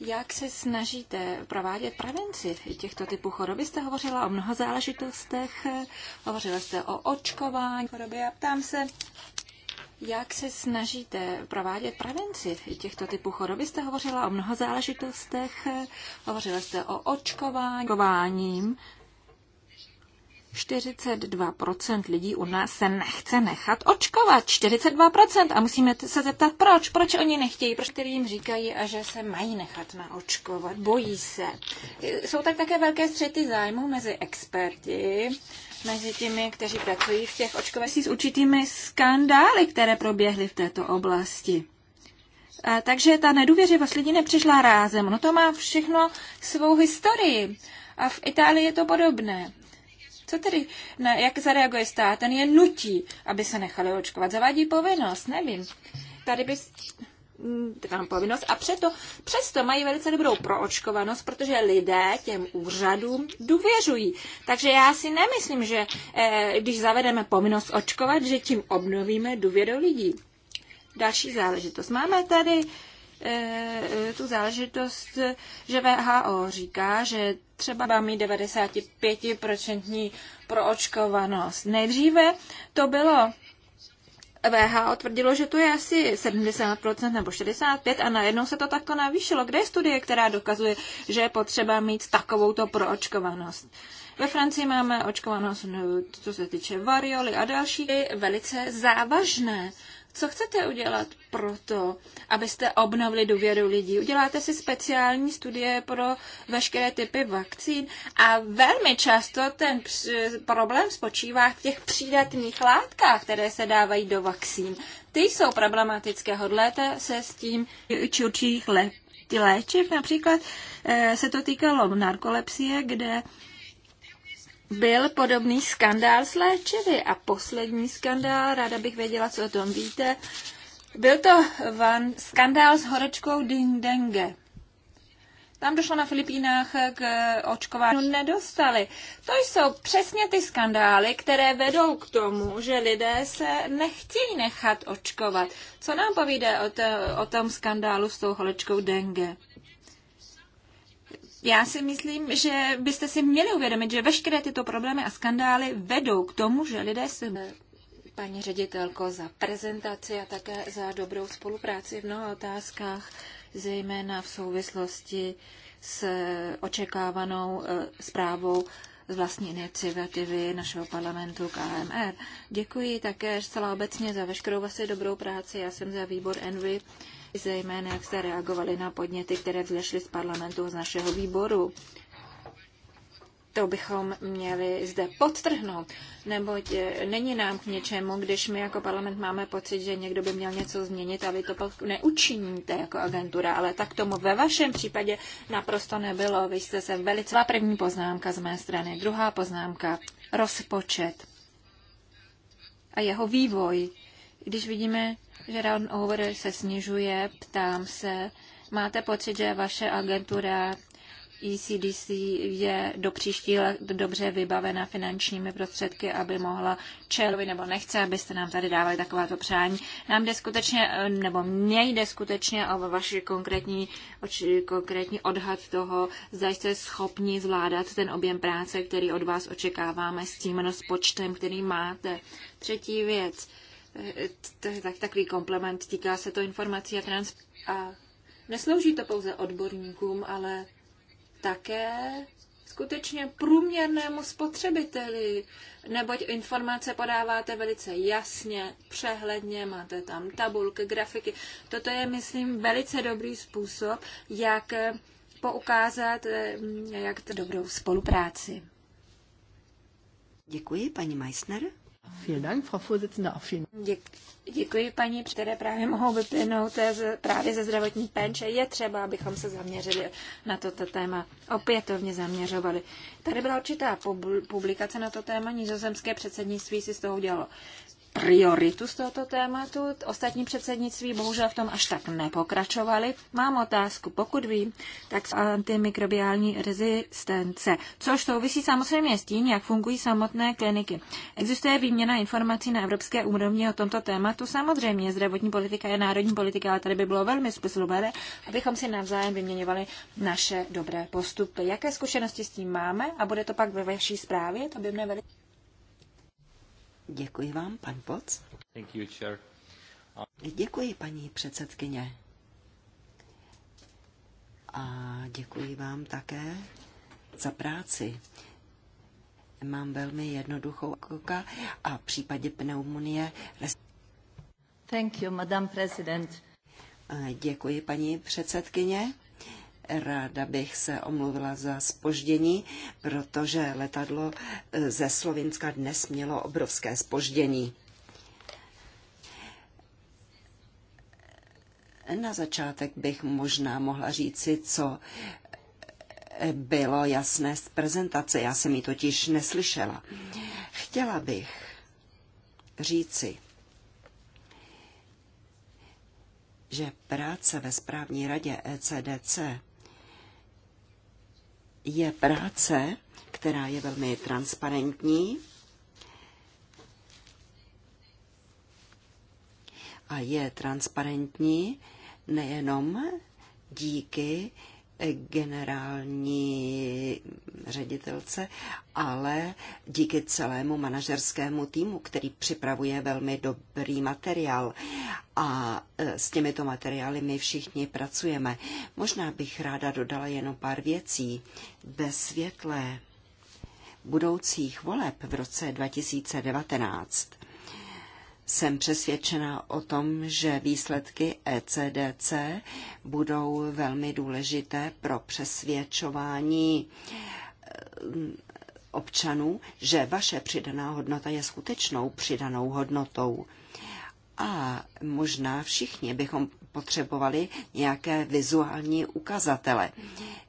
jak se snažíte provádět prevenci těchto typů choroby? Jste hovořila o mnoha záležitostech, hovořila jste o očkování choroby a ptám se, jak se snažíte provádět prevenci těchto typů choroby jste hovořila o mnoha záležitostech, hovořila jste o očkování, 42% lidí u nás se nechce nechat očkovat. 42%! A musíme se zeptat, proč? Proč oni nechtějí? Proč jim říkají, a že se mají nechat naočkovat? Bojí se. Jsou tak také velké střety zájmu mezi experti, mezi těmi, kteří pracují v těch očkovacích s určitými skandály, které proběhly v této oblasti. A takže ta nedůvěřivost lidí nepřišla rázem. No to má všechno svou historii. A v Itálii je to podobné. Co tedy, na, jak zareaguje stát? Ten je nutí, aby se nechali očkovat. Zavádí povinnost, nevím. Tady by mm, tam povinnost a přeto, přesto mají velice dobrou proočkovanost, protože lidé těm úřadům důvěřují. Takže já si nemyslím, že eh, když zavedeme povinnost očkovat, že tím obnovíme důvěru lidí. Další záležitost. Máme tady eh, tu záležitost, že VHO říká, že třeba mít 95% proočkovanost. Nejdříve to bylo VH otvrdilo, že to je asi 70% nebo 65% a najednou se to takto navýšilo. Kde je studie, která dokazuje, že je potřeba mít takovouto proočkovanost? Ve Francii máme očkovanost, no, co se týče varioly a další, velice závažné. Co chcete udělat proto, abyste obnovili důvěru lidí? Uděláte si speciální studie pro veškeré typy vakcín a velmi často ten problém spočívá v těch přídatných látkách, které se dávají do vakcín. Ty jsou problematické. Hodláte se s tím či určitých léčiv. Například eh, se to týkalo narkolepsie, kde byl podobný skandál s léčivy. A poslední skandál, ráda bych věděla, co o tom víte, byl to van, skandál s horečkou dengue. Tam došlo na Filipínách k očkování. No, nedostali. To jsou přesně ty skandály, které vedou k tomu, že lidé se nechtějí nechat očkovat. Co nám povíde o, to, o tom skandálu s tou horečkou dengue? já si myslím, že byste si měli uvědomit, že veškeré tyto problémy a skandály vedou k tomu, že lidé se... Paní ředitelko, za prezentaci a také za dobrou spolupráci v mnoha otázkách, zejména v souvislosti s eh, očekávanou eh, zprávou z vlastní iniciativy našeho parlamentu KMR. Děkuji také zcela obecně za veškerou vaši dobrou práci. Já jsem za výbor Envy zejména jak jste reagovali na podněty, které vzešly z parlamentu z našeho výboru. To bychom měli zde podtrhnout, neboť eh, není nám k něčemu, když my jako parlament máme pocit, že někdo by měl něco změnit a vy to pak neučiníte jako agentura, ale tak tomu ve vašem případě naprosto nebylo. Vy jste se velice... Tvá první poznámka z mé strany, druhá poznámka, rozpočet a jeho vývoj. Když vidíme, že turnover se snižuje. Ptám se, máte pocit, že vaše agentura ECDC je do příští let dobře vybavena finančními prostředky, aby mohla čelovi nebo nechce, abyste nám tady dávali takováto přání. Nám jde skutečně, nebo mně jde skutečně o vaši konkrétní, konkrétní odhad toho, zda jste schopni zvládat ten objem práce, který od vás očekáváme s tím rozpočtem, který máte. Třetí věc to je eh, tak, takový komplement, týká se to informací a trans... A neslouží to pouze odborníkům, ale také skutečně průměrnému spotřebiteli, neboť informace podáváte velice jasně, přehledně, máte tam tabulky, grafiky. Toto je, myslím, velice dobrý způsob, jak eh, poukázat, eh, jak to dobrou spolupráci. Děkuji, paní Meissner. Vielen Dank, Frau Vorsitzende, auch vielen Děkuji, paní, které právě mohou vyplynout právě ze zdravotní péče. Je třeba, abychom se zaměřili na toto téma, opětovně zaměřovali. Tady byla určitá publikace na to téma, nizozemské předsednictví si z toho udělalo prioritu z tohoto tématu. Ostatní předsednictví bohužel v tom až tak nepokračovali. Mám otázku, pokud vím, tak s antimikrobiální rezistence, což souvisí samozřejmě s tím, jak fungují samotné kliniky. Existuje výměna informací na evropské úrovni o tomto tématu. Samozřejmě zdravotní politika je národní politika, ale tady by bylo velmi smysluplné, abychom si navzájem vyměňovali naše dobré postupy. Jaké zkušenosti s tím máme a bude to pak ve vaší zprávě? To by mě velice Děkuji vám, pan Poc. Thank you, chair. Děkuji, paní předsedkyně. A děkuji vám také za práci. Mám velmi jednoduchou koka a v případě pneumonie... Thank you, madam president. Děkuji, paní předsedkyně. Ráda bych se omluvila za spoždění, protože letadlo eh, ze Slovinska dnes mělo obrovské spoždění. Na začátek bych možná mohla říci, co eh, bylo jasné z prezentace. Já jsem ji totiž neslyšela. Chtěla bych říci, že práce ve správní radě ECDC je práce, která je velmi transparentní a je transparentní nejenom díky generální ředitelce, ale díky celému manažerskému týmu, který připravuje velmi dobrý materiál. A e, s těmito materiály my všichni pracujeme. Možná bych ráda dodala jenom pár věcí ve světle budoucích voleb v roce 2019 jsem přesvědčena o tom, že výsledky ECDC budou velmi důležité pro přesvědčování eh, občanů, že vaše přidaná hodnota je skutečnou přidanou hodnotou. A možná všichni bychom potřebovali nějaké vizuální ukazatele.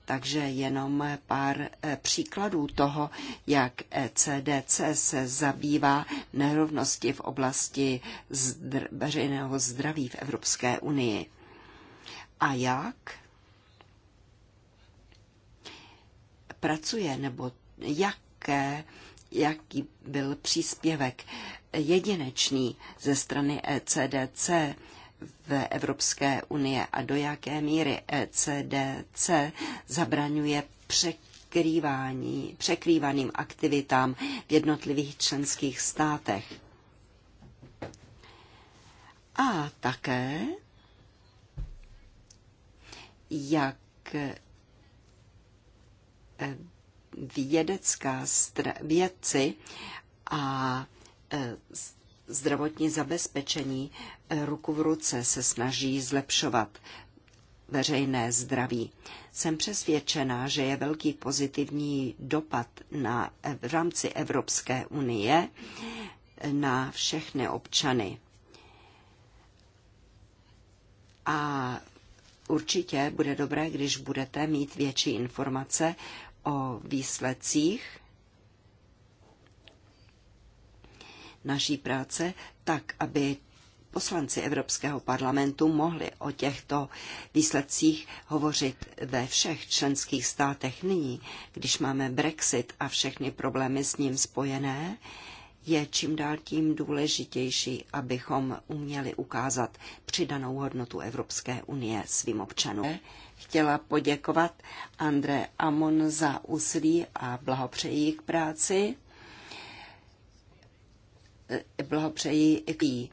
Takže jenom pár eh, příkladů toho, jak CDC e se zabývá nerovnosti v oblasti zdr- veřejného zdraví v Evropské unii. A jak pracuje, nebo jaké, jaký byl příspěvek jedinečný ze strany ECDC v Evropské unie a do jaké míry ECDC zabraňuje překrývání, překrývaným aktivitám v jednotlivých členských státech. A také, jak eh, vědecká vědci a eh, zdravotní zabezpečení ruku v ruce se snaží zlepšovat veřejné zdraví. Jsem přesvědčená, že je velký pozitivní dopad na, v rámci Evropské unie na všechny občany. A určitě bude dobré, když budete mít větší informace o výsledcích naší práce, tak aby poslanci Evropského parlamentu mohli o těchto výsledcích hovořit ve všech členských státech nyní, když máme Brexit a všechny problémy s ním spojené, je čím dál tím důležitější, abychom uměli ukázat přidanou hodnotu Evropské unie svým občanům. Chtěla poděkovat Andre Amon za úsilí a blahopřeji k práci. Blahopřeji k jí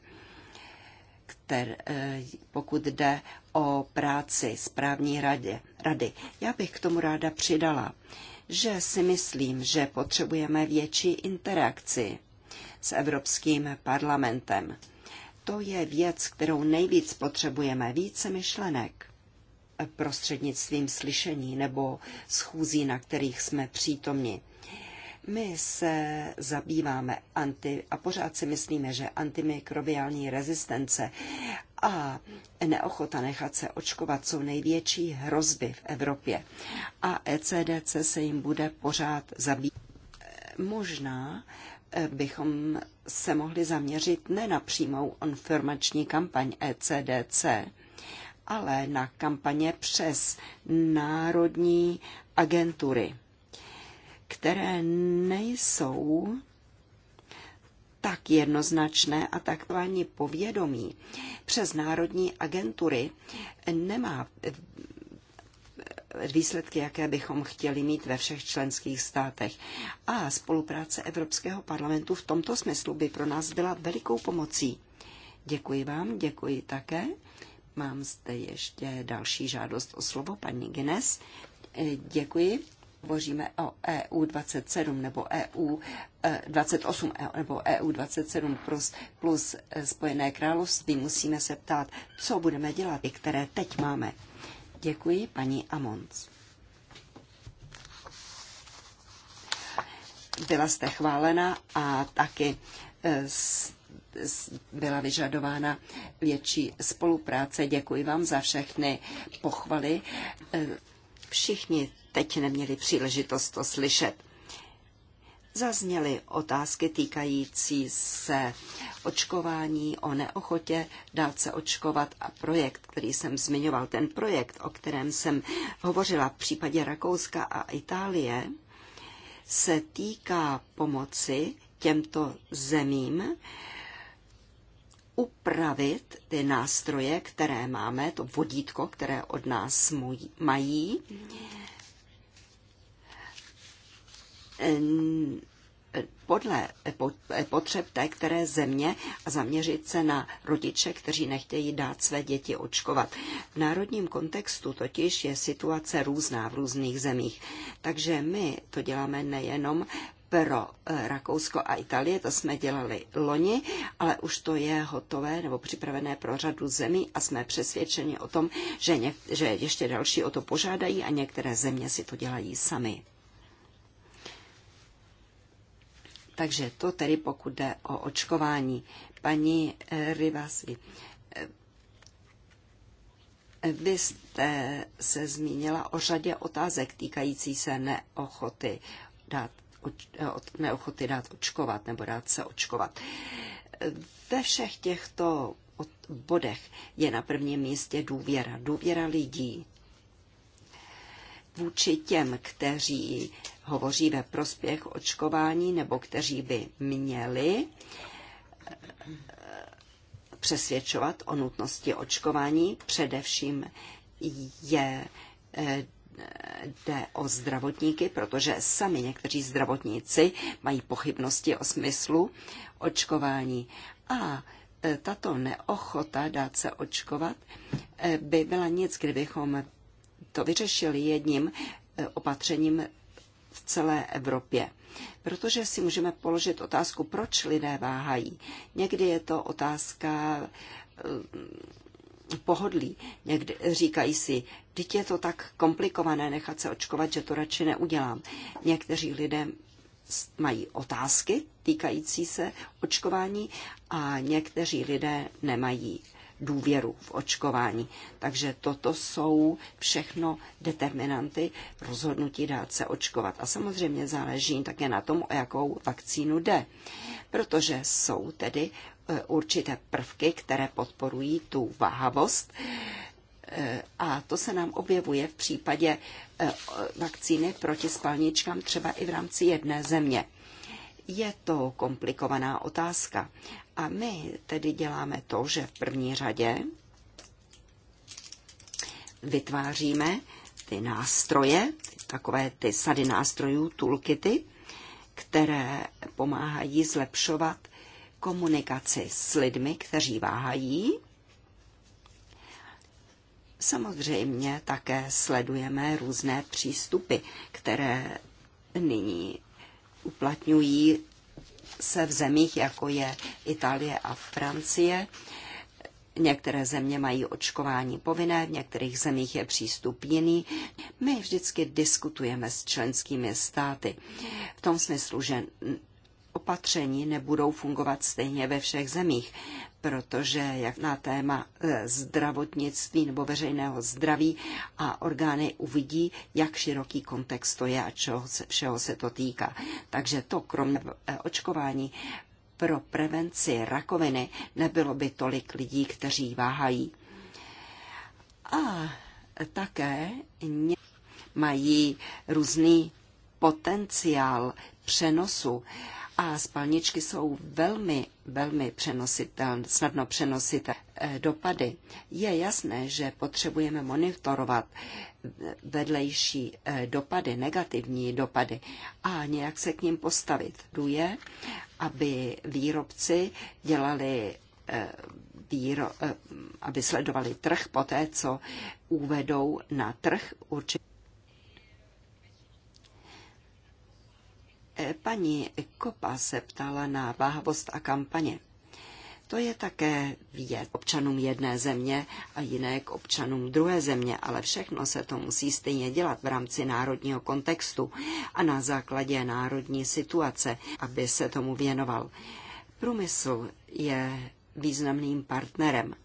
ter, eh, pokud jde o práci správní radě, rady. Já bych k tomu ráda přidala, že si myslím, že potřebujeme větší interakci s Evropským parlamentem. To je věc, kterou nejvíc potřebujeme, více myšlenek prostřednictvím slyšení nebo schůzí, na kterých jsme přítomni. My se zabýváme anti, a pořád si myslíme, že antimikrobiální rezistence a neochota nechat se očkovat jsou největší hrozby v Evropě. A ECDC se jim bude pořád zabývat. Možná eh, bychom se mohli zaměřit ne na přímou informační kampaň ECDC, ale na kampaně přes národní agentury které nejsou tak jednoznačné a tak ani povědomí přes národní agentury nemá výsledky, jaké bychom chtěli mít ve všech členských státech. A spolupráce Evropského parlamentu v tomto smyslu by pro nás byla velikou pomocí. Děkuji vám, děkuji také. Mám zde ještě další žádost o slovo, paní Gines. Děkuji hovoříme o EU 27 nebo EU 28 eh, eh, nebo EU 27 plus, plus eh, Spojené království, musíme se ptát, co budeme dělat, i které teď máme. Děkuji, paní Amons. Byla jste chválena a taky byla vyžadována větší spolupráce. Děkuji vám za všechny pochvaly. Všichni teď neměli příležitost to slyšet. Zazněly otázky týkající se očkování, o neochotě dát se očkovat a projekt, který jsem zmiňoval, ten projekt, o kterém jsem hovořila v případě Rakouska a Itálie, se týká pomoci těmto zemím upravit ty nástroje, které máme, to vodítko, které od nás mají, podle potřeb té které země a zaměřit se na rodiče, kteří nechtějí dát své děti očkovat. V národním kontextu totiž je situace různá v různých zemích. Takže my to děláme nejenom pro eh, Rakousko a Itálie, to jsme dělali loni, ale už to je hotové nebo připravené pro řadu zemí a jsme přesvědčeni o tom, že, něk- že ještě další o to požádají a některé země si to dělají sami. Takže to tedy pokud jde o očkování. Paní eh, Rivasi, eh, vy jste se zmínila o řadě otázek týkající se neochoty dát, eh, neochoty dát očkovat nebo dát se očkovat. Ve všech těchto bodech je na prvním místě důvěra. Důvěra lidí vůči těm, kteří hovoří ve prospěch očkování nebo kteří by měli eh, přesvědčovat o nutnosti očkování. Především je eh, jde o zdravotníky, protože sami někteří zdravotníci mají pochybnosti o smyslu očkování. A eh, tato neochota dát se očkovat by byla nic, kdybychom to vyřešili jedním opatřením v celé Evropě. Protože si můžeme položit otázku, proč lidé váhají. Někdy je to otázka eh, pohodlí. Někdy říkají si, teď je to tak komplikované nechat se očkovat, že to radši neudělám. Někteří lidé mají otázky týkající se očkování a někteří lidé nemají důvěru v očkování. Takže toto jsou všechno determinanty rozhodnutí dát se očkovat. A samozřejmě záleží také na tom, o jakou vakcínu jde. Protože jsou tedy e, určité prvky, které podporují tu váhavost, e, a to se nám objevuje v případě e, vakcíny proti spalničkám třeba i v rámci jedné země. Je to komplikovaná otázka a my tedy děláme to, že v první řadě vytváříme ty nástroje, takové ty sady nástrojů, toolkity, které pomáhají zlepšovat komunikaci s lidmi, kteří váhají. Samozřejmě také sledujeme různé přístupy, které nyní uplatňují se v zemích, jako je Itálie a Francie. Některé země mají očkování povinné, v některých zemích je přístup jiný. My vždycky diskutujeme s členskými státy v tom smyslu, že opatření nebudou fungovat stejně ve všech zemích protože jak na téma e, zdravotnictví nebo veřejného zdraví a orgány uvidí, jak široký kontext to je a čeho se, všeho se to týká. Takže to kromě e, očkování pro prevenci rakoviny nebylo by tolik lidí, kteří váhají. A také mají různý potenciál přenosu a spalničky jsou velmi, velmi přenositelné, snadno přenositelné eh, dopady. Je jasné, že potřebujeme monitorovat vedlejší eh, dopady, negativní dopady a nějak se k ním postavit. Duje, aby výrobci dělali eh, výro, aby sledovali trh poté, co uvedou na trh určitě Paní Kopa se ptala na váhavost a kampaně. To je také věc občanům jedné země a jiné k občanům druhé země, ale všechno se to musí stejně dělat v rámci národního kontextu a na základě národní situace, aby se tomu věnoval. Průmysl je významným partnerem,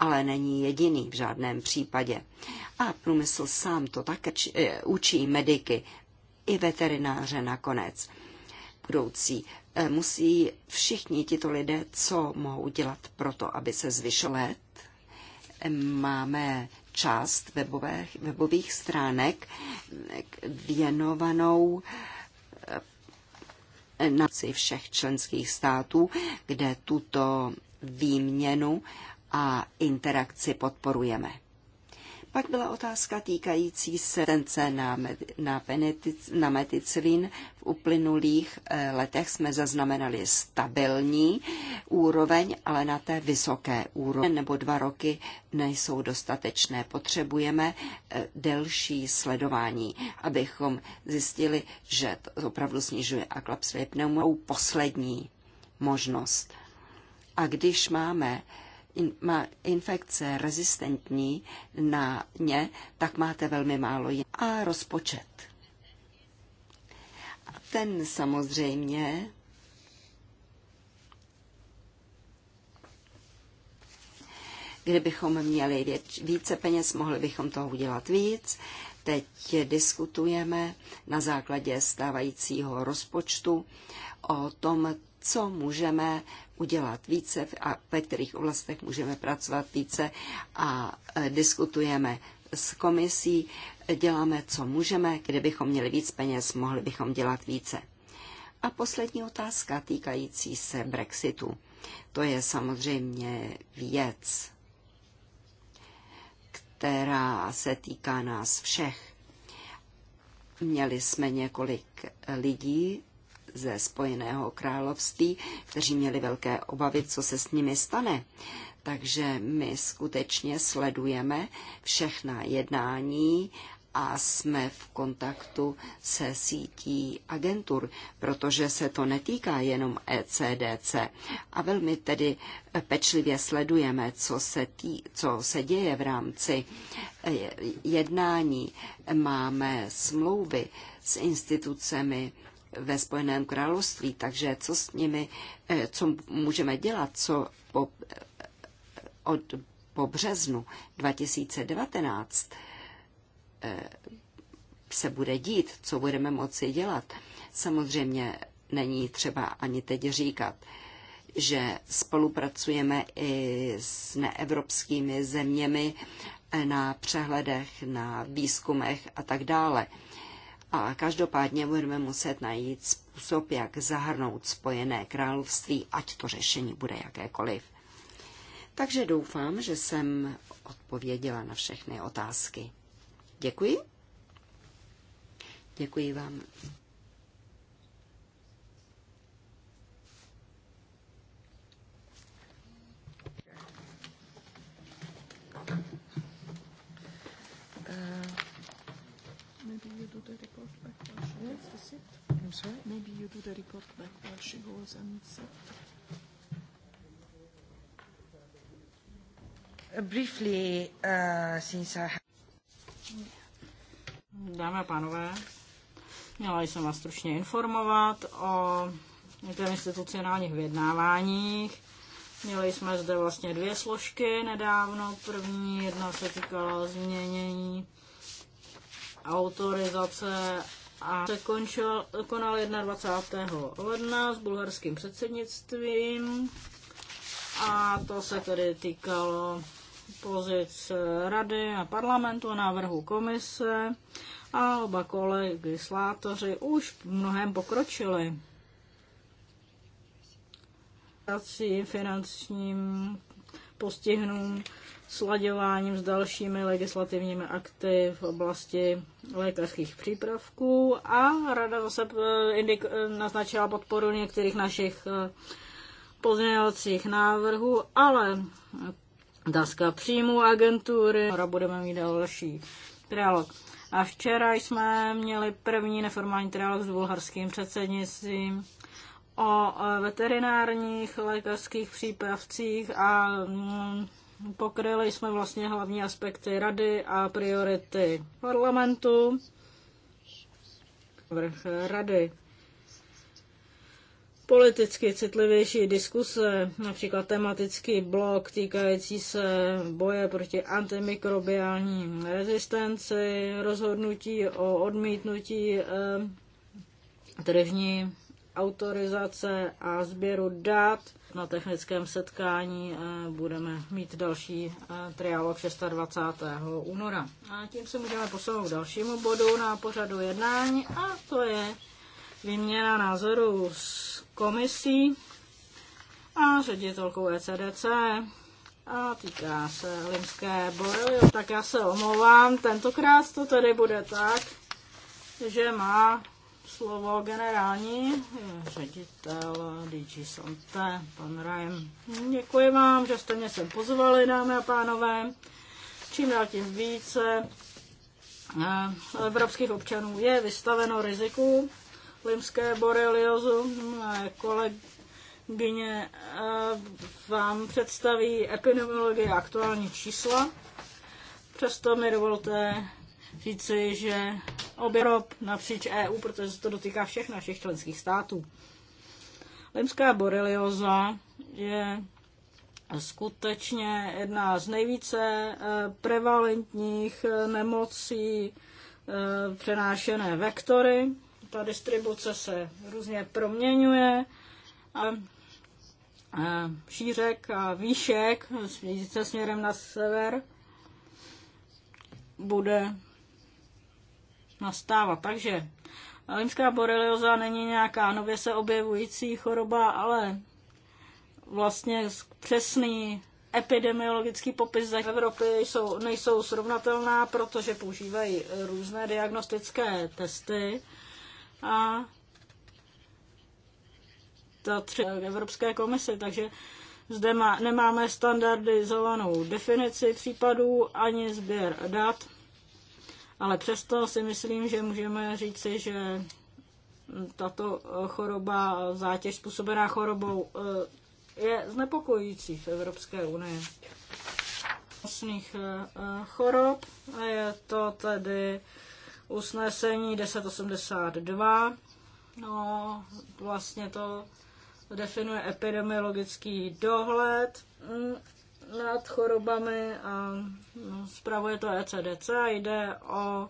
ale není jediný v žádném případě. A průmysl sám to také eh, učí mediky i veterináře nakonec budoucí. Eh, musí všichni tito lidé, co mohou dělat pro to, aby se zvyšil let. Máme část webových, webových stránek eh, věnovanou eh, na všech členských států, kde tuto výměnu a interakci podporujeme. Pak byla otázka týkající se tence na, na, penetic, na meticilin. V uplynulých eh, letech jsme zaznamenali stabilní úroveň, ale na té vysoké úrovni nebo dva roky nejsou dostatečné. Potřebujeme eh, delší sledování, abychom zjistili, že to opravdu snižuje aklapsvě pneumou poslední možnost. A když máme má infekce rezistentní na ně, tak máte velmi málo jen. A rozpočet. A ten samozřejmě Kdybychom měli věč, více peněz, mohli bychom toho udělat víc. Teď diskutujeme na základě stávajícího rozpočtu o tom, co můžeme udělat více a ve kterých oblastech můžeme pracovat více a e, diskutujeme s komisí, děláme, co můžeme, kdybychom měli víc peněz, mohli bychom dělat více. A poslední otázka týkající se Brexitu. To je samozřejmě věc, která se týká nás všech. Měli jsme několik lidí ze Spojeného království, kteří měli velké obavy, co se s nimi stane. Takže my skutečně sledujeme všechna jednání a jsme v kontaktu se sítí agentur, protože se to netýká jenom ECDC. A velmi tedy pečlivě sledujeme, co se, tý, co se děje v rámci eh, jednání. Máme smlouvy s institucemi ve Spojeném království, takže co s nimi, eh, co můžeme dělat, co po, eh, od, po březnu 2019 eh, se bude dít, co budeme moci dělat. Samozřejmě není třeba ani teď říkat, že spolupracujeme i s neevropskými zeměmi na přehledech, na výzkumech a tak dále. A každopádně budeme muset najít způsob, jak zahrnout spojené království, ať to řešení bude jakékoliv. Takže doufám, že jsem odpověděla na všechny otázky. Děkuji. Děkuji vám I'm maybe you do the report back while she goes and sit. Uh, briefly, uh, since I have... Dámy a pánové, měla jsem vás stručně informovat o institucionálních vyjednáváních. Měli jsme zde vlastně dvě složky nedávno. První jedna se týkala změnění autorizace a se končil, konal 21. ledna s bulharským předsednictvím a to se tedy týkalo pozic rady a parlamentu, návrhu komise a oba kolegy slátoři už mnohem pokročili. finančním postihnou sladěváním s dalšími legislativními akty v oblasti lékařských přípravků a rada zase eh, eh, naznačila podporu některých našich eh, pozměňovacích návrhů, ale Daska příjmu agentury, a budeme mít další trialog. A včera jsme měli první neformální trialog s bulharským předsednictvím o veterinárních lékařských přípravcích a mm, pokryli jsme vlastně hlavní aspekty rady a priority parlamentu. Vrch rady politicky citlivější diskuse, například tematický blok týkající se boje proti antimikrobiální rezistenci, rozhodnutí o odmítnutí eh, tržní autorizace a sběru dat. Na technickém setkání eh, budeme mít další eh, trialog 26. února. A tím se můžeme posunout k dalšímu bodu na pořadu jednání a to je výměna názorů s komisí a ředitelkou ECDC a týká se limské borely. Tak já se omlouvám, tentokrát to tedy bude tak, že má slovo generální ředitel DG Sante, pan Rajem. Děkuji vám, že jste mě sem pozvali, dámy a pánové. Čím dál tím více eh, evropských občanů je vystaveno riziku limské boreliozu. Moje kolegyně eh, vám představí epidemiologie aktuální čísla. Přesto mi dovolte říci, že obě rob napříč EU, protože se to dotýká všech našich členských států. Limská borelioza je skutečně jedna z nejvíce eh, prevalentních eh, nemocí eh, přenášené vektory. Ta distribuce se různě proměňuje a šířek a výšek se směrem na sever bude nastávat. Takže limská borelioza není nějaká nově se objevující choroba, ale vlastně přesný epidemiologický popis ze Evropy jsou, nejsou srovnatelná, protože používají různé diagnostické testy a ta tři Evropské komise, takže zde má, nemáme standardizovanou definici případů ani sběr dat ale přesto si myslím, že můžeme říci, že tato choroba, zátěž způsobená chorobou, eh, je znepokojící v Evropské unii. Eh, chorob chorob je to tedy usnesení 1082. No, vlastně to definuje epidemiologický dohled mm, nad chorobami a no, zpravuje to ECDC a jde o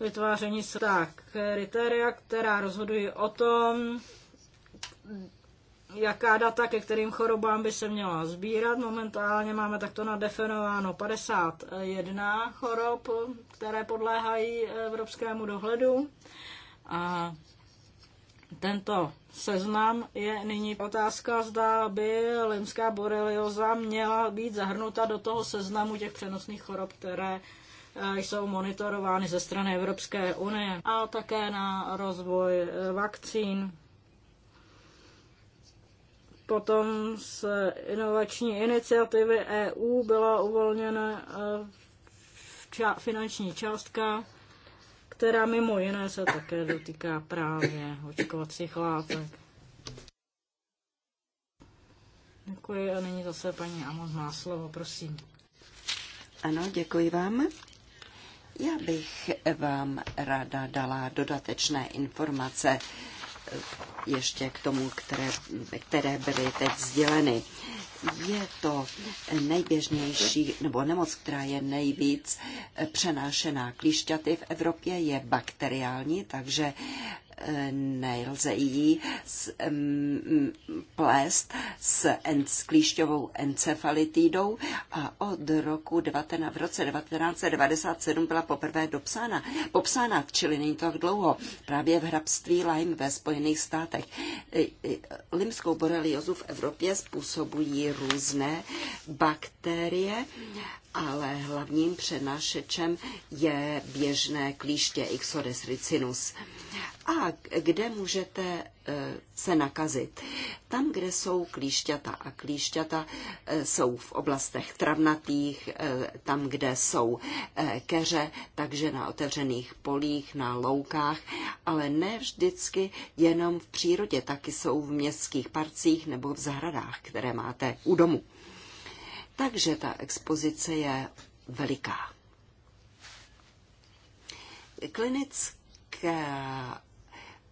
vytváření tak kritéria, která rozhodují o tom, jaká data, ke kterým chorobám by se měla sbírat. Momentálně máme takto nadefinováno 51 chorob, které podléhají e, evropskému dohledu. A tento seznam je nyní otázka, zda by limská borelioza měla být zahrnuta do toho seznamu těch přenosných chorob, které eh, jsou monitorovány ze strany Evropské unie a také na rozvoj eh, vakcín. Potom z inovační iniciativy EU byla uvolněna eh, finanční částka která mimo jiné se také dotýká právě očkovacích látek. Děkuji a nyní zase paní Amos má slovo, prosím. Ano, děkuji vám. Já bych vám ráda dala dodatečné informace eh, ještě k tomu, které, které byly teď sděleny. Je to nejběžnější, nebo nemoc, která je nejvíc přenášená klíšťaty v Evropě, je bakteriální, takže nelze jí s, um, plést s, en, s klíšťovou encefalitidou a od roku 19, v roce 1997 byla poprvé dopsána, popsána, čili není to tak dlouho, právě v hrabství Lyme ve Spojených státech. Limskou boreliozu v Evropě způsobují různé bakterie, ale hlavním přenášečem je běžné klíště Ixodes ricinus a kde můžete e, se nakazit. Tam, kde jsou klíšťata a klíšťata e, jsou v oblastech travnatých, e, tam, kde jsou keře, takže na otevřených polích, na loukách, ale ne vždycky jenom v přírodě, taky jsou v městských parcích nebo v zahradách, které máte u domu. Takže ta expozice je veliká. Klinická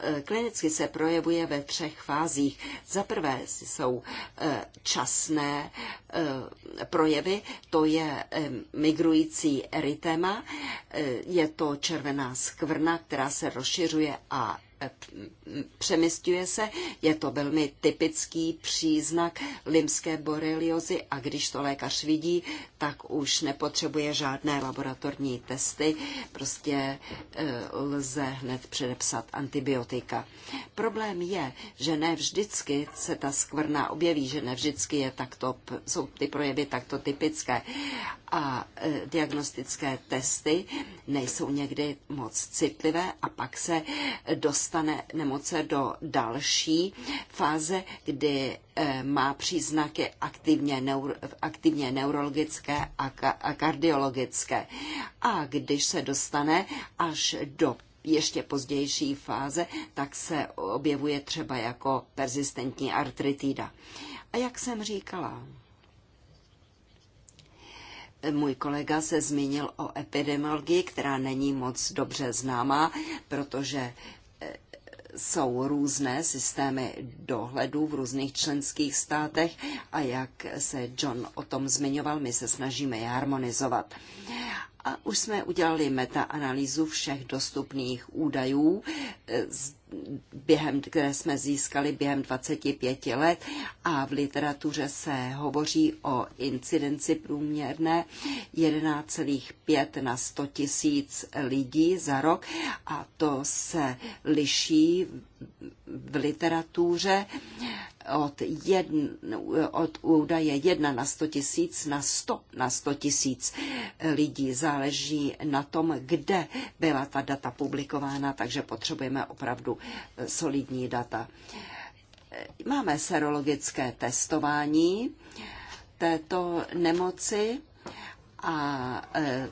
Eh, klinicky se projevuje ve třech fázích. Za prvé jsou eh, časné eh, projevy, to je migrující erytema, je to červená skvrna, která se rozšiřuje a přemysťuje se, je to velmi typický příznak limské boreliozy a když to lékař vidí, tak už nepotřebuje žádné laboratorní testy, prostě eh, lze hned předepsat antibiotika. Problém je, že ne vždycky se ta skvrna objeví, že ne vždycky je takto, jsou ty projevy takto typické a eh, diagnostické testy nejsou někdy moc citlivé a pak se dost dostane nemoce do další fáze, kdy eh, má příznaky aktivně, neuro, aktivně neurologické a, ka, a kardiologické. A když se dostane až do ještě pozdější fáze, tak se objevuje třeba jako persistentní artritida. A jak jsem říkala, můj kolega se zmínil o epidemiologii, která není moc dobře známá, protože jsou různé systémy dohledu v různých členských státech a jak se John o tom zmiňoval, my se snažíme je harmonizovat. A už jsme udělali metaanalýzu všech dostupných údajů eh, z během, které jsme získali během 25 let a v literatuře se hovoří o incidenci průměrné 11,5 na 100 tisíc lidí za rok a to se liší v literatuře od, jedn, od údaje 1 na 100 tisíc na 100 na 100 tisíc lidí. Záleží na tom, kde byla ta data publikována, takže potřebujeme opravdu eh, solidní data. Eh, máme serologické testování této nemoci a e,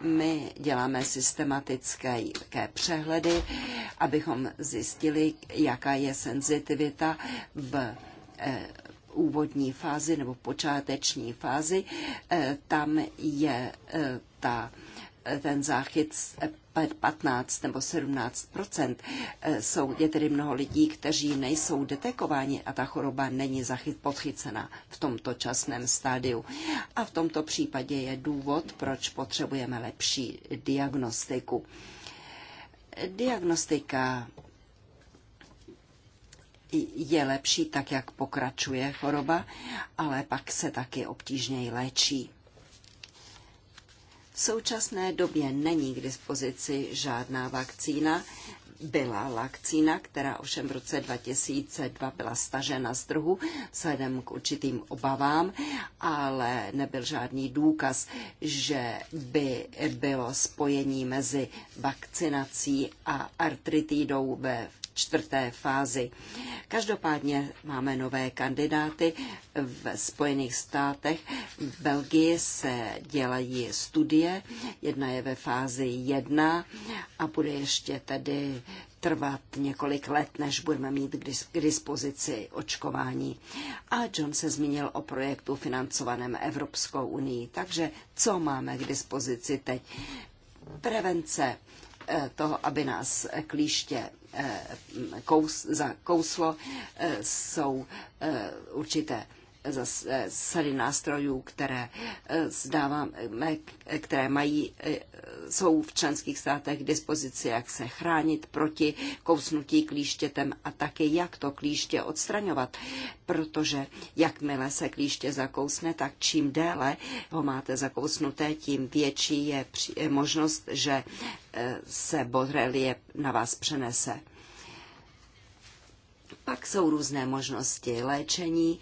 my děláme systematické přehledy, abychom zjistili, jaká je senzitivita v e, úvodní fázi nebo počáteční fázi. E, tam je ta ten záchyt 15 nebo 17 eh, jsou, je tedy mnoho lidí, kteří nejsou detekováni a ta choroba není zachyt, podchycena v tomto časném stádiu. A v tomto případě je důvod, proč potřebujeme lepší diagnostiku. Diagnostika je lepší tak, jak pokračuje choroba, ale pak se taky obtížněji léčí. V současné době není k dispozici žádná vakcína. Byla vakcína, která ovšem v roce 2002 byla stažena z trhu vzhledem k určitým obavám, ale nebyl žádný důkaz, že by bylo spojení mezi vakcinací a artritidou ve čtvrté fázi. Každopádně máme nové kandidáty v Spojených státech. V Belgii se dělají studie, jedna je ve fázi jedna a bude ještě tedy trvat několik let, než budeme mít k dispozici očkování. A John se zmínil o projektu financovaném Evropskou unii. Takže co máme k dispozici teď? Prevence Eh, toho, aby nás eh, klíště eh, kous, zakouslo, jsou určité Eh, sady nástrojů, které, eh, zdáváme, které mají, eh, jsou v členských státech k dispozici, jak se chránit proti kousnutí klíštětem a také jak to klíště odstraňovat, protože jakmile se klíště zakousne, tak čím déle ho máte zakousnuté, tím větší je možnost, že se borelie na vás přenese. Pak jsou různé možnosti léčení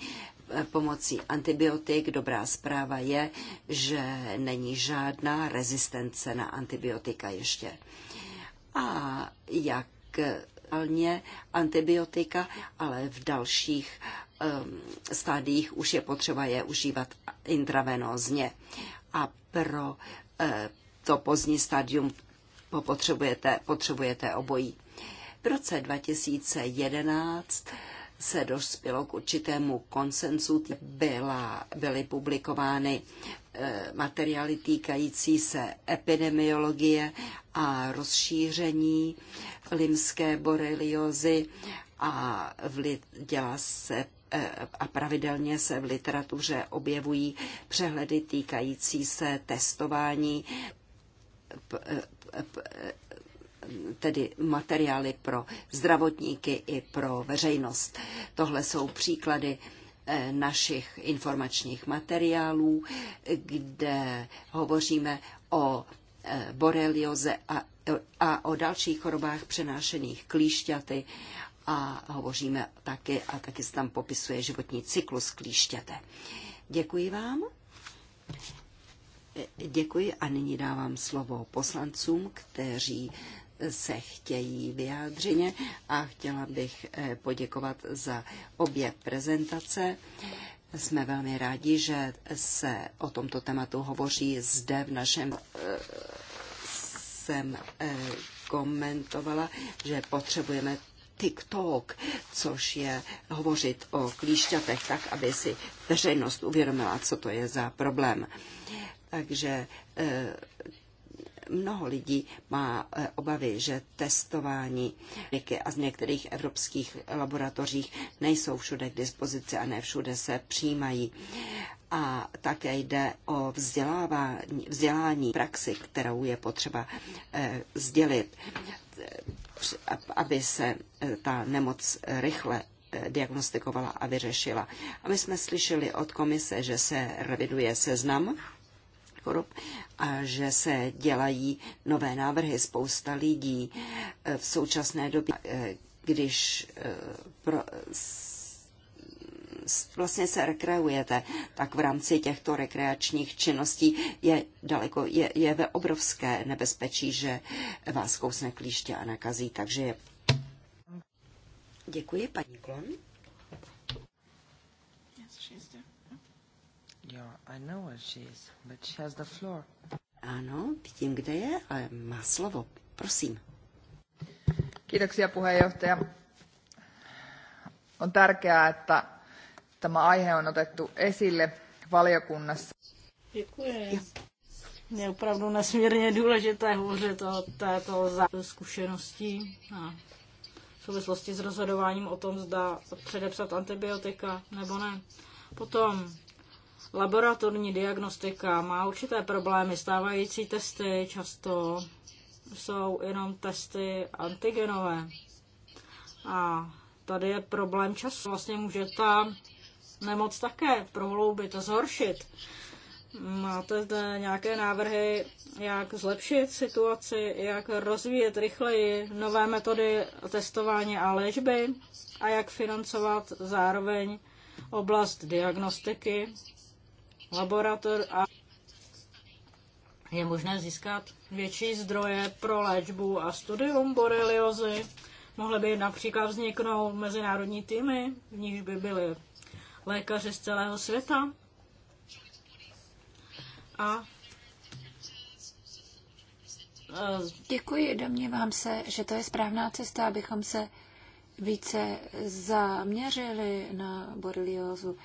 pomocí antibiotik. Dobrá zpráva je, že není žádná rezistence na antibiotika ještě. A jak antibiotika, ale v dalších stádiích už je potřeba je užívat intravenózně. A pro eh, to pozdní stádium potřebujete, potřebujete obojí. V roce 2011 se dospělo k určitému konsensu. Byla, byly publikovány eh, materiály týkající se epidemiologie a rozšíření limské boreliozy a v, dělá se eh, a pravidelně se v literatuře objevují přehledy týkající se testování tedy materiály pro zdravotníky i pro veřejnost. Tohle jsou příklady eh, našich informačních materiálů, kde hovoříme o eh, borelioze a, a o dalších chorobách přenášených klíšťaty a hovoříme taky a taky se tam popisuje životní cyklus klíšťate. Děkuji vám. Eh, děkuji a nyní dávám slovo poslancům, kteří se chtějí vyjádřeně a chtěla bych eh, poděkovat za obě prezentace. Jsme velmi rádi, že se o tomto tématu hovoří zde v našem eh, jsem eh, komentovala, že potřebujeme TikTok, což je hovořit o klíšťatech tak, aby si veřejnost uvědomila, co to je za problém. Takže Mnoho lidí má eh, obavy, že testování a z některých evropských laboratořích nejsou všude k dispozici a ne všude se přijímají. A také jde o vzdělávání, vzdělání praxi, kterou je potřeba eh, sdělit, eh, aby se ta nemoc rychle diagnostikovala a vyřešila. A my jsme slyšeli od komise, že se reviduje seznam chorob a že se dělají nové návrhy. Spousta lidí eh, v současné době, eh, když eh, pro, vlastně se rekreujete, tak v rámci těchto rekreačních činností je daleko, je, je ve obrovské nebezpečí, že vás kousne klíště a nakazí, takže je... Děkuji, paní Klon. I know where she is, but she has the floor. Ano, vidím, kde je, ale má slovo. Prosím. Kiitoksia puheenjohtaja. On tärkeää, että tämä aihe on otettu esille valiokunnassa. Děkuji. Je opravdu nesmírně důležité hovořit o této zkušenosti a v souvislosti s rozhodováním o tom, zda předepsat antibiotika nebo ne. Potom Laboratorní diagnostika má určité problémy. Stávající testy často jsou jenom testy antigenové. A tady je problém času. Vlastně může ta nemoc také prohloubit a zhoršit. Máte zde nějaké návrhy, jak zlepšit situaci, jak rozvíjet rychleji nové metody testování a léčby a jak financovat zároveň oblast diagnostiky laborator a je možné získat větší zdroje pro léčbu a studium boreliozy. Mohly by například vzniknout mezinárodní týmy, v nichž by byly lékaři z celého světa. A e, Děkuji, domnívám se, že to je správná cesta, abychom se více zaměřili na boreliozu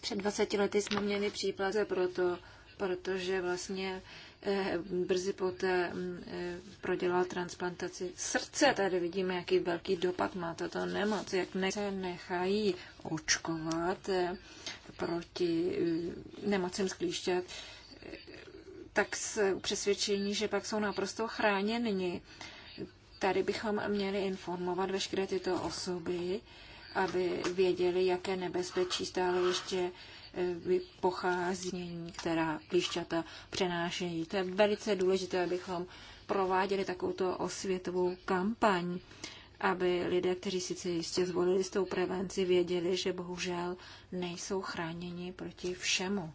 před 20 lety jsme měli příplaze proto, protože vlastně eh, brzy poté mm, eh, prodělal transplantaci srdce. Tady vidíme, jaký velký dopad má tato nemoc, jak ne- se nechají očkovat eh, proti nemocem sklíšťat, tak s přesvědčení, že pak jsou naprosto chráněni. Tady bychom měli informovat veškeré tyto osoby, aby věděli, jaké nebezpečí stále ještě eh, pochází, která píšťata přenášejí. To je velice důležité, abychom prováděli takovouto osvětovou kampaň, aby lidé, kteří sice jistě zvolili s tou prevenci, věděli, že bohužel nejsou chráněni proti všemu.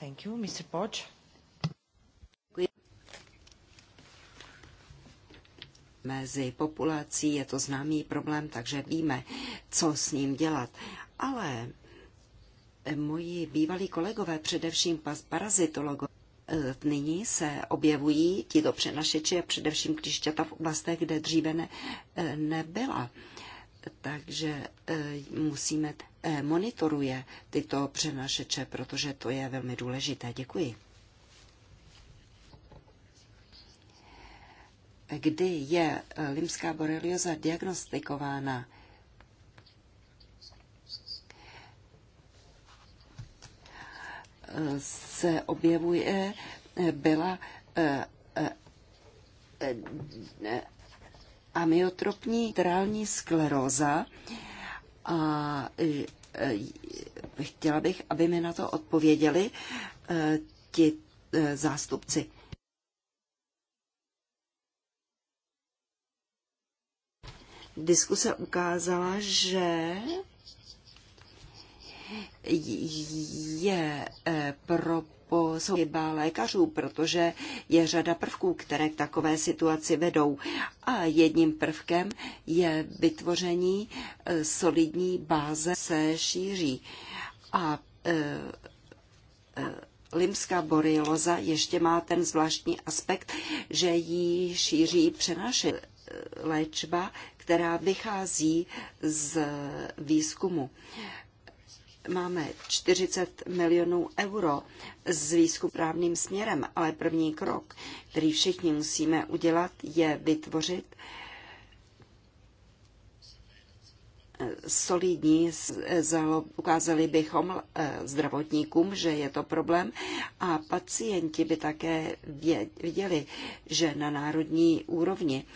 Thank you, Mr. Poč. mezi populací, je to známý problém, takže víme, co s ním dělat. Ale moji bývalí kolegové, především parazitologové, e, nyní se objevují tito přenašeči, především klišťata v oblastech, kde dříve ne, e, nebyla. Takže e, musíme monitoruje tyto přenašeče, protože to je velmi důležité. Děkuji. kdy je eh, limská borelioza diagnostikována, se objevuje, eh, byla eh, amyotropní trální skleróza a chtěla bych, aby mi na to odpověděli ti zástupci Diskuse ukázala, že je eh, pro jsou chyba lékařů, protože je řada prvků, které k takové situaci vedou. A jedním prvkem je vytvoření eh, solidní báze se šíří. A e, e, limská borieloza ještě má ten zvláštní aspekt, že ji šíří přenášet léčba která vychází z výzkumu. Máme 40 milionů euro s výzkuprávným směrem, ale první krok, který všichni musíme udělat, je vytvořit solidní, ukázali bychom eh, zdravotníkům, že je to problém a pacienti by také viděli, že na národní úrovni